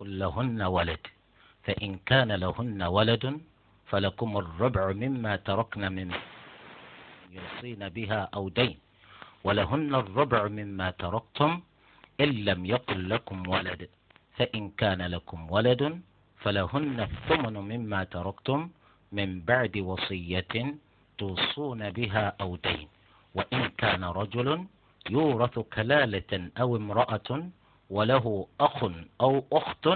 قل لهن ولد فإن كان لهن ولد فلكم الربع مما تركن من يوصين بها أو دين ولهن الربع مما تركتم إن لم يقل لكم ولد فإن كان لكم ولد فلهن الثمن مما تركتم من بعد وصية توصون بها أو دين وإن كان رجل يورث كلالة أو امرأة وله أخ أو أخت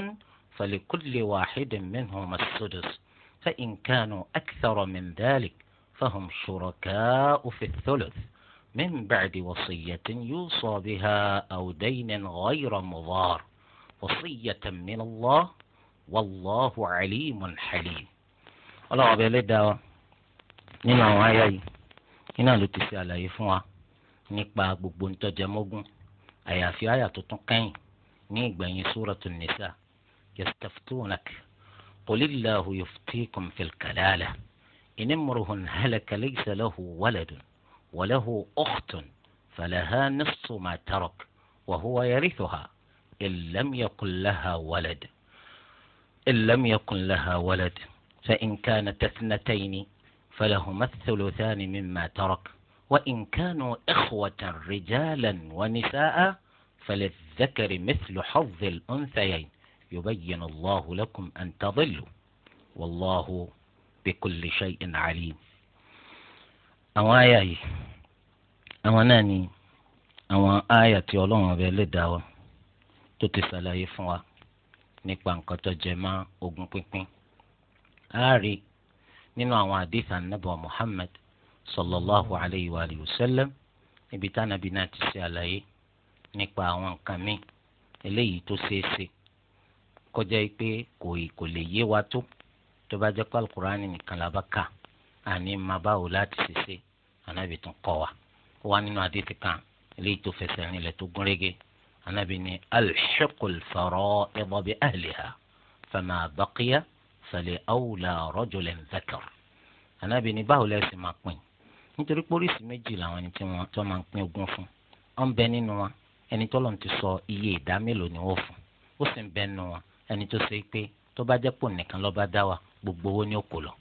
فلكل واحد منهما السدس فإن كانوا أكثر من ذلك فهم شركاء في الثلث من بعد وصية يوصى بها أو دين غير مضار وصية من الله والله عليم حليم الله أبي ẹlẹ́dàá wa nínú àwọn àyà yìí iná ló ti ṣe àlàyé في wa nípa نيجبني سورة النساء يستفتونك قل الله يفتيكم في الكلالة إن امره هلك ليس له ولد وله أخت فلها نصف ما ترك وهو يرثها إن لم يكن لها ولد إن لم يكن لها ولد فإن كانت اثنتين فلهما الثلثان مما ترك وإن كانوا إخوة رجالا ونساء فلذ للذكر مثل حظ الأنثيين يبين الله لكم أن تضلوا والله بكل شيء عليم àwọn àyà yìí àwọn náà ni àwọn àyà tí ọlọ́run ọbẹ̀ lè dá wa tó ti ṣàlàyé fún wa nípa nǹkan tó jẹ mọ́ ogún pínpín ààrí nínú àwọn àdìsá nàbọ̀ Muhammad sallallahu alayhi wa sallam ibi tánàbí náà ti ṣe àlàyé nípa àwọn nǹkan míì eléyìí tó ṣeé ṣe kọjá pé kò kò lè yé wa tó tó bá jẹ́ pé alukurani nìkan la bá kà àní máa báwo láti ṣe ṣe anábì tún kọ́ wa ó wá nínú àdéhùn kan eléyìí tó fẹsẹ̀ rinlẹ̀ tó gún régé anábì ní alḥiqul fara'id bi ahliha fama baqiya fali awla rajulan dhakar anábì ní báwo lẹ́sìn máa pín nítorí pólísì méjì làwọn ẹni tí wọ́n máa ń pín ogún fún ọ̀n bẹ nínú wọn ẹni tọ́lọ̀ ti sọ iye ìdá mélòó ni wọ́n fún ó sì ń bẹnu wọn ẹni tó ṣe pé tó bá jẹ́ pò nìkan ló bá dá wa gbogbo owó ni ó kò lọ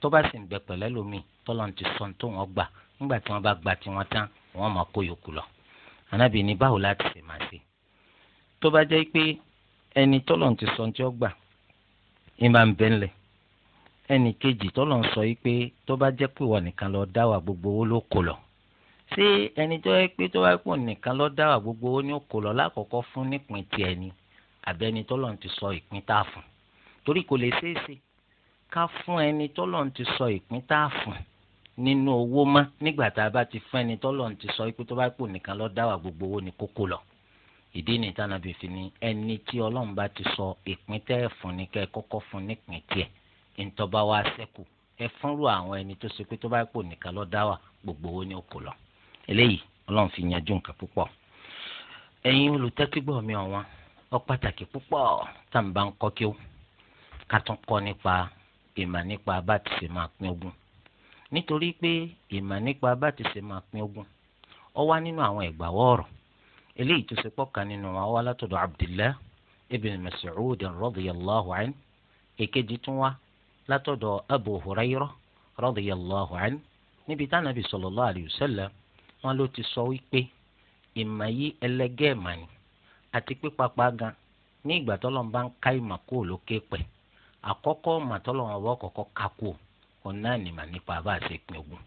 tó bá sì ń bẹ pẹ̀lẹ́ lómi tọ́lọ̀ ti sọ tó wọn gbà nígbà tí wọ́n bá gba tiwọn tán wọ́n máa kó yòókù lọ. anábì ní báwo láti ṣe máa ṣe tó bá jẹ́ pé ẹni tọ́lọ̀ ti sọ tí ó gbà ń bá ń bẹ́ńlẹ̀ ẹnì kejì tọ́lọ̀ ń sọ yìí pé tó bá jẹ́ pé ṣé ẹni tó yẹ pé tó wáá pò nìkan lọ dá wà gbogbo ó ní òkò lọ lákọ̀ọ́kọ́ fún nípìn tiẹ̀ ni àbẹ́ni tọ́lọ̀ ti sọ ìpín tá a fún torí kò lè ṣeé ṣe ká fún ẹni tọ́lọ̀ ti sọ ìpín tá a fún nínú owó mọ́ nígbà tá a bá ti fún ẹni tọ́lọ̀ ti sọ pé tó wáá pò nìkan lọ dá wà gbogbo ó ní kókó lọ ìdí ni tànàbí fi ni ẹni tí ọlọ́run bá ti sọ ìpín tẹ́ ẹ̀ fún ni kẹ́ ẹ kọ́kọ́ fún nípìn tiẹ̀ ntọ́ba wa sẹ́kù ẹ fúnrú àwọn ẹni tó ṣe pé tó bá pò nìkan lọ́ọ́ dá wà gbogbo owó ní òkú lọ eléyìí ọlọ́run fi yanjú nǹkan púpọ̀ ẹ̀yin olùtẹ́tígbọ̀ mi ọ̀wọ́n ọ pàtàkì púpọ̀ tá à ń bá ń kọ́ kí ó ká tún kọ́ nípa ìmọ̀ nípa bá ti ṣe máa pín ogún nítorí pé ìmọ̀ nípa bá ti ṣe máa pín ogún ó wá nínú àwọn ìgbàwọ́ ọ̀rọ̀ eléyìí tó ṣe pọ́ka nínú àwọn alátọ̀dọ̀ Abdullah ibn Mas'ud radiyallahu anhu èkejì tún wá látọ̀dọ̀ Abu Hurairah radiyallahu anhu níbi tánàbì sallallahu alayhi sallam wọn ló ti sọ wípé ìmọ̀ yìí ẹlẹgẹ́ ìmọ̀ ni àti pípapá gan ní ìgbà tọ́lọ́n bá ń ká ìmọ̀ kó lókè pẹ̀ àkọ́kọ́ ìmọ̀ tọ́lọ́n ọ̀bọ̀ kọ̀ọ̀kọ́ ká kó òun náà nìmọ̀ nípa bá a ṣe pín ogun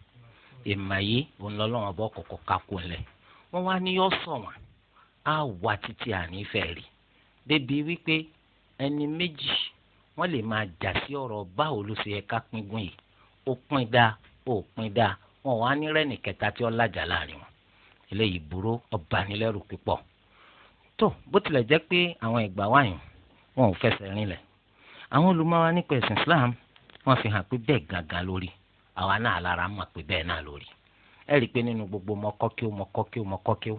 ìmọ̀ yìí òun lọ́lọ́run ọ̀bọ̀ kọ̀ọ̀kọ́ ká kó lẹ̀ wọ́n wá ní yọ́ sọ̀ wọ́n á wà títí ànífẹ́ rí débi wípé ẹni méjì wọ́n lè máa jà sí ọ̀rọ̀ báwo ló ṣe yẹ ká pín gun yìí ó pín dáa ó pín dáa wọn wá ní rẹ́nì kẹta tí ó lájà láàrin wọn eléyìí burú ọbanilẹ́rù púpọ̀ tó bó tilẹ̀ jẹ́ pé àwọn ìgbà wáyìn wọn ò fẹsẹ̀ rinlẹ̀ àwọn olùmọ̀wá nípa ẹ̀sìn Islam wọn fi hàn pé bẹ́ẹ̀ gàgà lórí àwa náà lára mọ̀ pé bẹ́ẹ̀ náà lórí ẹ rí i pé nínú gbogbo mọ́kọ́kíó mọ́kọ́kíó mọ́kọ́kíó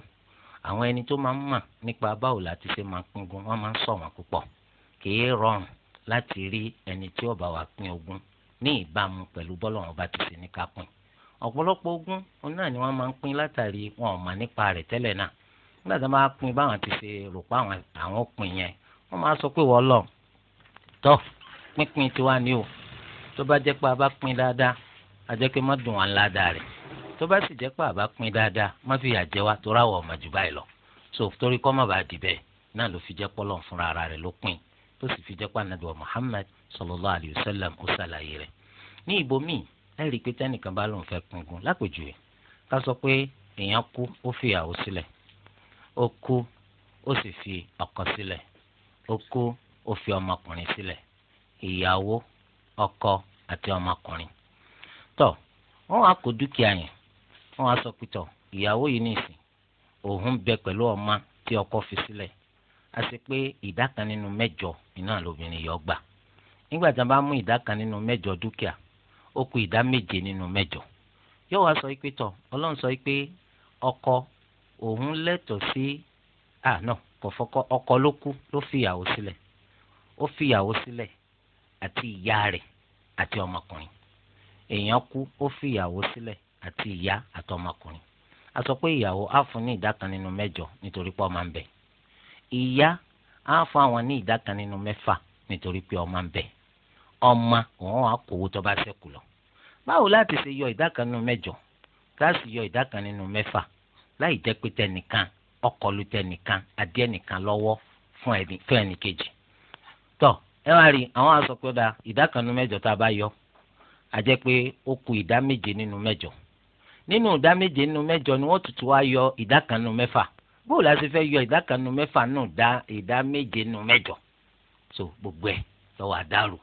àwọn ẹni tó máa ń mọ̀ nípa báwo láti ṣe máa pín ogun máa ń sọ wọn púpọ̀ kì í rọrùn láti rí ẹni tí ó bá wa pín ogun ní ìbámu pẹ̀lú bọ́lọ́wọ́n bá ti ṣe ní ká ọ̀pọ̀lọpọ̀ ogún òun náà ni wọ́n máa ń pín látàrí wọn ò mà nípa rẹ̀ tẹ́lẹ̀ náà nígbà tí wọ́n máa pín báwọn ti ṣe rò pa àwọn pín yẹn wọ́n máa sọ pé wọ́n lọ tọ́ pínpín tiwa ni o tó bá jẹ́ pé a bá pín dáadáa a jẹ́ pé má dùn wá ńlá dáa rẹ̀ tó bá sì jẹ́ pé a bá pín dáadáa má fìyà jẹ wá tó ráwọ̀ ọ̀mà jù báyìí lọ so torí kọ́ má bàa dì bẹ́ẹ̀ náà ló fi jẹ́ pọ́lọ́ Muhammad sallallahu sallam ó ṣàlàyé rẹ̀ ní ibòmíì ẹ rí i pé tẹ́nìkan bá lòun fẹ́ pingun lápèjúwe ká sọ pé èèyàn kú ó fi ìyàwó sílẹ̀ ó kú ó sì fi ọkọ sílẹ̀ ó kú ó fi ọmọkùnrin sílẹ̀ ìyàwó ọkọ àti ọmọkùnrin tó wọn wá kó dúkìá yẹn wọn wá sọ pé tó ìyàwó yìí nìsín òun bẹ pẹ̀lú ọmọ tí ọkọ fi sílẹ̀ a sì pé ìdá kan nínú mẹ́jọ iná lóbìnrin yọ gbà nígbà tí wọn bá mú ìdá kan nínú mẹ́jọ dúkìá ó kù ìdá méje nínú mẹ́jọ yóò wá sọ pé tọ Ọlọ́run sọ pé ọkọ òun lẹ́tọ̀ọ́ sí à náà kò fọkọ ọkọ ló kú ló fi ìyàwó sílẹ̀ ó fi ìyàwó sílẹ̀ àti ìyá rẹ̀ àti ọmọkùnrin èèyàn kú ó fi ìyàwó sílẹ̀ àti ìyá àti ọmọkùnrin a sọ pé ìyàwó á fún ní ìdá kan nínú mẹ́jọ nítorí pé ọmọ ń bẹ ìyá á fún àwọn ní ìdá kan nínú mẹ́fà nítorí pé ọmọ ń bẹ ọmọ wọn wà kówó tó bá ṣẹ́kù lọ báwo láti ṣe yọ ìdá kan nínú mẹ́jọ láti yọ ìdá kan nínú mẹ́fà láì jẹ́ pé tẹnìkan ọkọlù tẹnìkan adìẹ nìkan lọ́wọ́ fún ẹni fún ẹni kejì tọ ẹ wá rí àwọn aṣọ pé ọdà ìdá kan nínú mẹ́jọ tá a bá yọ a jẹ́ pé ó kù ìdá méje nínú mẹ́jọ nínú ìdá méje nínú mẹ́jọ ni wọ́n tutù wá yọ ìdá kan nínú mẹ́fà bó la ṣe fẹ́ yọ ìdá kan nínú mẹ́fà nù dá ìdá méje nínú mẹ́jọ so gbogbo ẹ̀ lọ́wọ́ àdárò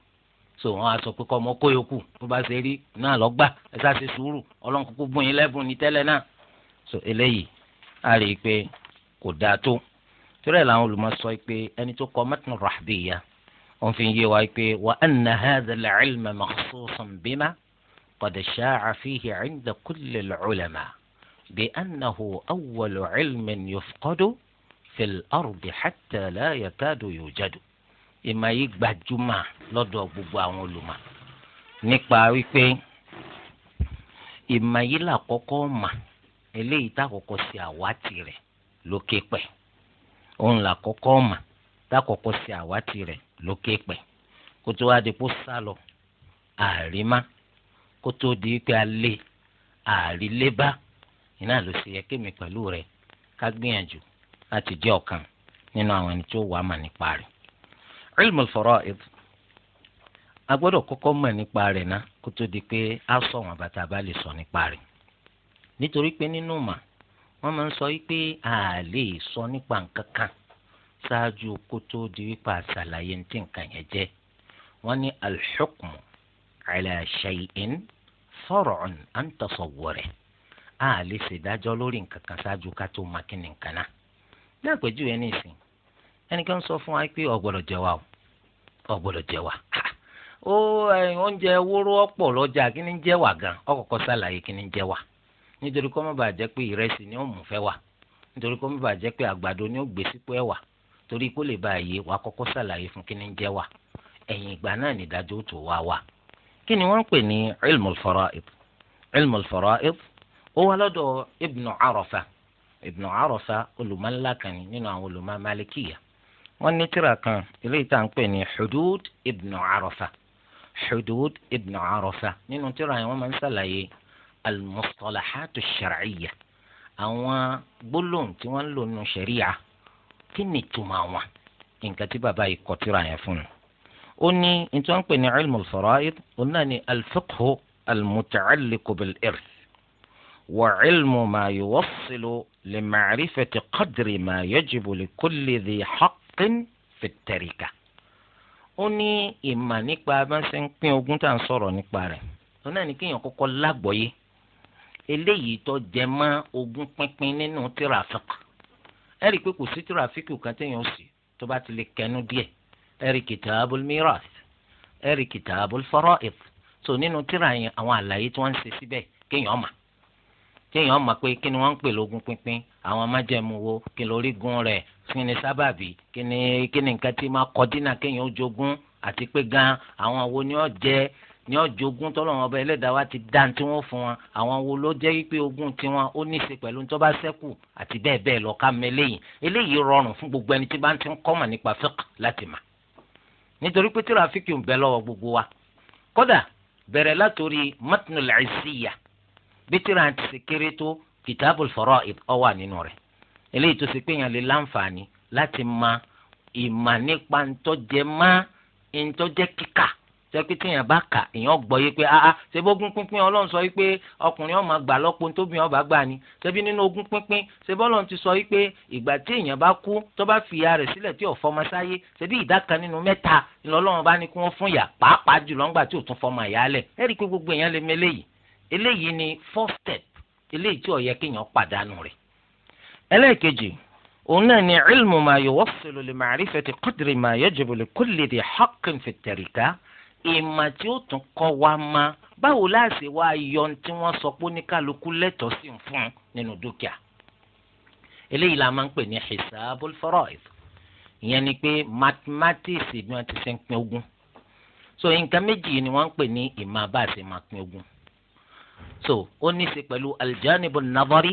so wọn á sọ pé kọ́ ọmọ kó yòókù bó bá ṣe rí náà lọ́gbà ẹ sá ṣe sùúrù ọlọ́run kúkú bùn yín lẹ́bùn ní tẹ́lẹ̀ náà so eléyìí a rí i pé kò dáa tó torí ẹ̀ làwọn olùmọ̀ sọ pé ẹni tó kọ mẹ́tàn ràbíyà wọn fi ń yé wa pé wa anna hadha al-ilma makhsusan bima qad sha'a fihi 'inda kulli al-ulama bi annahu awwalu 'ilmin yufqadu fil ardi hatta la yakadu yujadu ìmọ̀ yìí gbajúmọ̀ lọ́dọ̀ gbogbo àwọn olùmọ̀ nípa wípé ìmọ̀ yìí làkọ́kọ́ mà eléyìí tàkọ́kọ́ sí àwátì rẹ̀ lókè pẹ̀ òun làkọ́kọ́ mà tàkọ́kọ́ sí àwátì rẹ̀ lókè pẹ̀ kótó wá di kó sá lọ àrímá kótó di pé alẹ́ àrílébá iná ló ṣe yẹ kémi pẹ̀lú rẹ̀ ká láti jẹ́ ọ̀kan nínú àwọn ẹni tó wàá mà nípa rẹ̀. ilmu al a gbọ́dọ̀ nípa rẹ̀ ná kó tó di pé a sọ wọn bàtà bá lè sọ nípa ma. nítorí pé nínú mà máa ń sọ wípé a lè sọ nípa nǹkan kan ṣáájú kó tó di wípé àṣàlàyé ní tí nǹkan yẹn jẹ́ wọ́n ní al-hukmu a lè ṣèdájọ́ lórí nǹkan kan ṣáájú ká tó kí ni nǹkan ẹnìkan sọ fún wa pé ọ̀gbọ́dọ̀ jẹ wa ọ̀gbọ́dọ̀ jẹ wa ó oúnjẹ wóró ọ̀pọ̀ lọ́jà kí ni jẹ́ wà gan ọkọ̀kọ́ sàlàyé kí ni jẹ́ wà nítorí kọ́ mọ́ bàa jẹ́ pé ìrẹsì ni ó mú fẹ́ wà nítorí kọ́ mọ́ bàa jẹ́ pé àgbàdo ni ó gbé sípò ẹ̀ wà torí kó lè bàa yé wà kọ́kọ́ sàlàyé fún kí ni jẹ́ wà ẹ̀yìn ìgbà náà nìdájọ́ tó wá wà kí ni wọ́n pè ní ilmul fara'id ibnu arafa ibnu arafa olùmọ̀ńlá kan nínú àwọn olùmọ̀ malikiya wọ́n ní tírà kan ilé ìta ń pè ní Hudud ibn Arafa Hudud ibn Arafa nínú tírà yẹn wọ́n máa ń ṣàlàyé al-mustalahatu shar'iyya àwọn gbólóhùn tí wọ́n ń lò nínú ṣẹ̀ríà kí ni tuma wọn nǹkan tí bàbá yìí kọ tírà yẹn fún un. ó ní nítorí wọ́n ń pè ní ilmu al-fara'id ó náà ní al-fiqhu al-muta'alliqu bil-irth وعلم ما يوصل لمعرفة قدر ما يجب لكل ذي حق fi tẹ̀ríkà ó ní ìmà nípa bá ṣe ń pín ogún tá à ń sọ̀rọ̀ nípa rẹ̀ ó náà ní kéèyàn kọ́kọ́ lágbọ́yé eléyìí tó jẹ mọ́ ogún pínpín nínú tírafíkì ẹ rí i pé kò sí tírafíkì kan téèyàn sì tó bá ti lè kẹnu díẹ̀ ẹ rí kitabul mirath ẹ rí kitabul fara'id so nínú tíra yẹn àwọn àlàyé tí wọ́n ń ṣe síbẹ̀ kéèyàn máa kéèyàn mọ̀ pé kí ni wọ́n ń pè lógún pínpín àwọn májẹ̀mú wo kí lórí gun rẹ̀ kí ni sábàbí kí ni kí ni nǹkan tí máa kọ dínà kéèyàn ó jogún àti pé gan àwọn wo ni ó jẹ ni ó jogún tọ́lọ́wọ́n ọba ẹlẹ́dàá ti dá tí wọ́n fún wọn àwọn wo ló jẹ́ wípé ogún tiwọn ó ní í ṣe pẹ̀lú tó bá ṣẹ́kù àti bẹ́ẹ̀ bẹ́ẹ̀ lọ ká mọ̀ eléyìí eléyìí rọrùn fún gbogbo ẹni tí bá ń ti ń kọ́mọ̀ nípa fiqh láti mà nítorí pé tí ràfíkì ń bẹ lọ́wọ́ gbogbo wa kódà bẹ̀rẹ̀ látòrí matnul isiya bítírà ti ṣe kéré tó kìtàbù faraid ó wà nínú rẹ̀ eléyìí tó ṣe pé èèyàn lè láǹfààní láti ma ìmà nípa ntọ́jẹ má kíkà tẹ́pẹ́ téèyàn bá kà èèyàn gbọ́ yé pé ah, ah ṣé bógún pínpín ọlọ́run sọ wípé ọkùnrin ó máa gbà lọ́pọ̀ tóbi gbà ni ṣebí nínú ogún pínpín ṣé bọ́lọ́run ti sọ wípé ìgbà tí èèyàn bá kú tó bá fi ìyá rẹ̀ sílẹ̀ tí ò fọmọ sáyé ṣebí ìdá kan nínú mẹ́ta lọ́lọ́run bá ní kí wọ́n fún yà pàápàá jùlọ ńgbà tí ò tún fọmọ ìyá lẹ̀ ẹ rí i pé gbogbo èèyàn lè mẹ́lẹ̀ yìí eléyìí ni first step eléyìí tí ó yẹ kéèyàn pàdánù rẹ̀ ẹlẹ́ẹ̀kejì òun náà ni ilmu ma yuwassilu li ma'rifati qadri ma yajibu li kulli di haqqin fi tarika ìmọ̀ tí ó tún kọ́ wa ma báwo láàṣẹ wá yọ tí wọ́n sọ pé oníkálukú lẹ́tọ̀ọ́ sí fún nínú dúkìá eléyìí la máa ń pè ní hisabul faraid ìyẹn ni pé mathematics ni wọ́n ti ṣe pín ogún so nǹkan méjì ni wọ́n ń pè ní ìmọ̀ bá máa pín ogún so ó ní í ṣe pẹ̀lú aljanibu nadari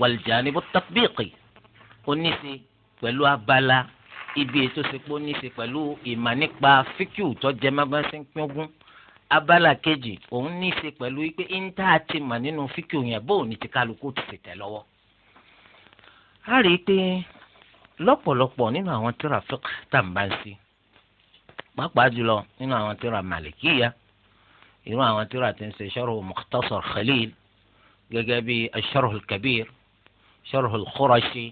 waljanibu tatbiqi ó ní í ṣe pẹ̀lú abala ibi ètò ìsìnkú ní í ṣe pẹ̀lú ìmọ̀ nípa fíkìú tó jẹ́ mágbánsí pín ogún abala kejì òun ní í ṣe pẹ̀lú pé íńtà ti mà nínú fíkìú yẹn bóun ní ti kálukú ti sì tẹ̀ lọ́wọ́. a rí i pé lọ́pọ̀lọpọ̀ nínú àwọn tíra fíkì tá à bá ń sí pàápàá jùlọ nínú àwọn tíra màlìkíyà irú àwọn tíra ti ń ṣe sharhu mukhtasar khalil gẹ́gẹ́ bí asharhu kabir sharhu khurashi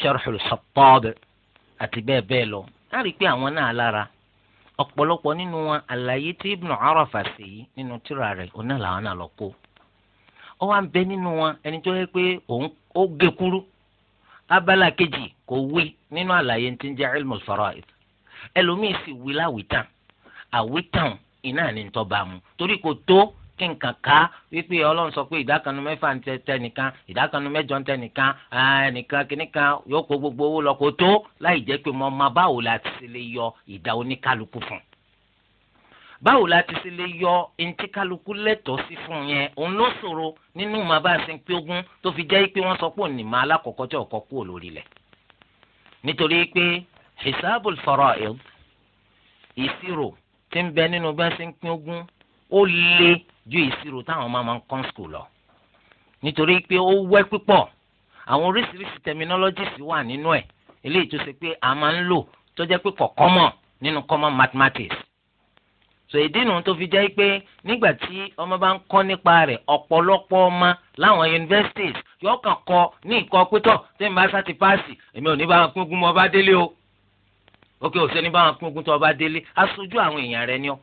sharhu hattab àti bẹ́ẹ̀ bẹ́ẹ̀ lọ á rí i pé àwọn náà lára ọ̀pọ̀lọpọ̀ nínú wọn àlàyé tí ibn arafa sì yí nínú tíra rẹ̀ ọ̀nà làwọn náà lọ kó ó wá ń bẹ nínú wọn ẹni tó yẹ pé òun ó gé abala kejì kò wí nínú àlàyé tí ń jẹ́ ilmul fara'id ẹlòmíì sì wí láwìtàn àwìtàn iná ní tọ́ba mu torí kò tó kí n kàn ká wípé ọlọ́run sọ pé ìdákanu mẹ́fà ń tẹ nìkan ìdákanu mẹ́jọ ń tẹ nìkan ẹnìkan kìnìkan yóò kó gbogbo owó lọ kó tó láì jẹ́ pé mo máa báwo la ti ṣe lè yọ ìdá oníkálukú fún un báwo la ti ṣe lè yọ eŋti kálukú lẹ́tọ̀ọ́ sí fún yẹn òun ló ṣòro nínú màá bá a ṣe ń pé ogún tó fi jẹ́ pé wọ́n sọ pé òní màá alákọ̀ọ́kọ́ tí ọ̀kọ́ kú olórí lẹ̀ nítorí pé hisabul fara'id ìṣirò tí ń bẹ nínú bá ṣe ń pín ogún ó lé ju ìṣirò táwọn máa máa ń kọ́ skul lọ nítorí pé ó wẹ́ púpọ̀ àwọn oríṣiríṣi terminologies wà nínú ẹ̀ eléyìí tó ṣe pé a máa ń lò tó jẹ́ pé kò common nínú common mathematics so ìdí nu tó fi jẹ́ pé nígbà tí ọmọ bá ń kọ́ nípa rẹ̀ ọ̀pọ̀lọpọ̀ ọmọ láwọn universities yóò kàn ní ìkọ́ pẹ́tọ̀ tí mo bá sá páàsì èmi ò ní bá pín ogún mọ́ bá délé o òkè òsèlú bá wọn pín ogun tó ọba délé aṣojú àwọn èèyàn rẹ ni ọ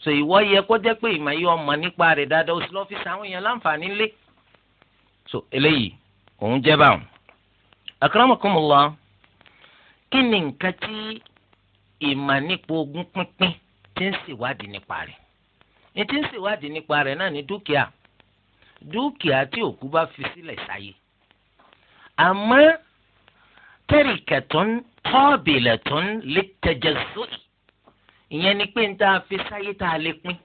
so ìwọ yẹ kó jẹ pé ìmọ̀ yìí ọmọ nípa rẹ̀ dáadáa ó sì lọ́ọ́ fi sàwọn èèyàn láǹfààní lé so eléyìí òun jẹ́ báwọn. akramakumullah kí ni nǹkan tí ìmọ̀ nípa ogun pínpín ti ń ṣèwádìí nípa rẹ̀ ní ti ń ṣèwádìí nípa rẹ̀ náà ní dúkìá dúkìá tí òkú bá fi sílẹ̀ sáyé àmọ́ tẹ́rìkẹ̀tọ́ qabilatun litajazzu'i ìyẹn ni pé níta fi sáyé tá a lè pín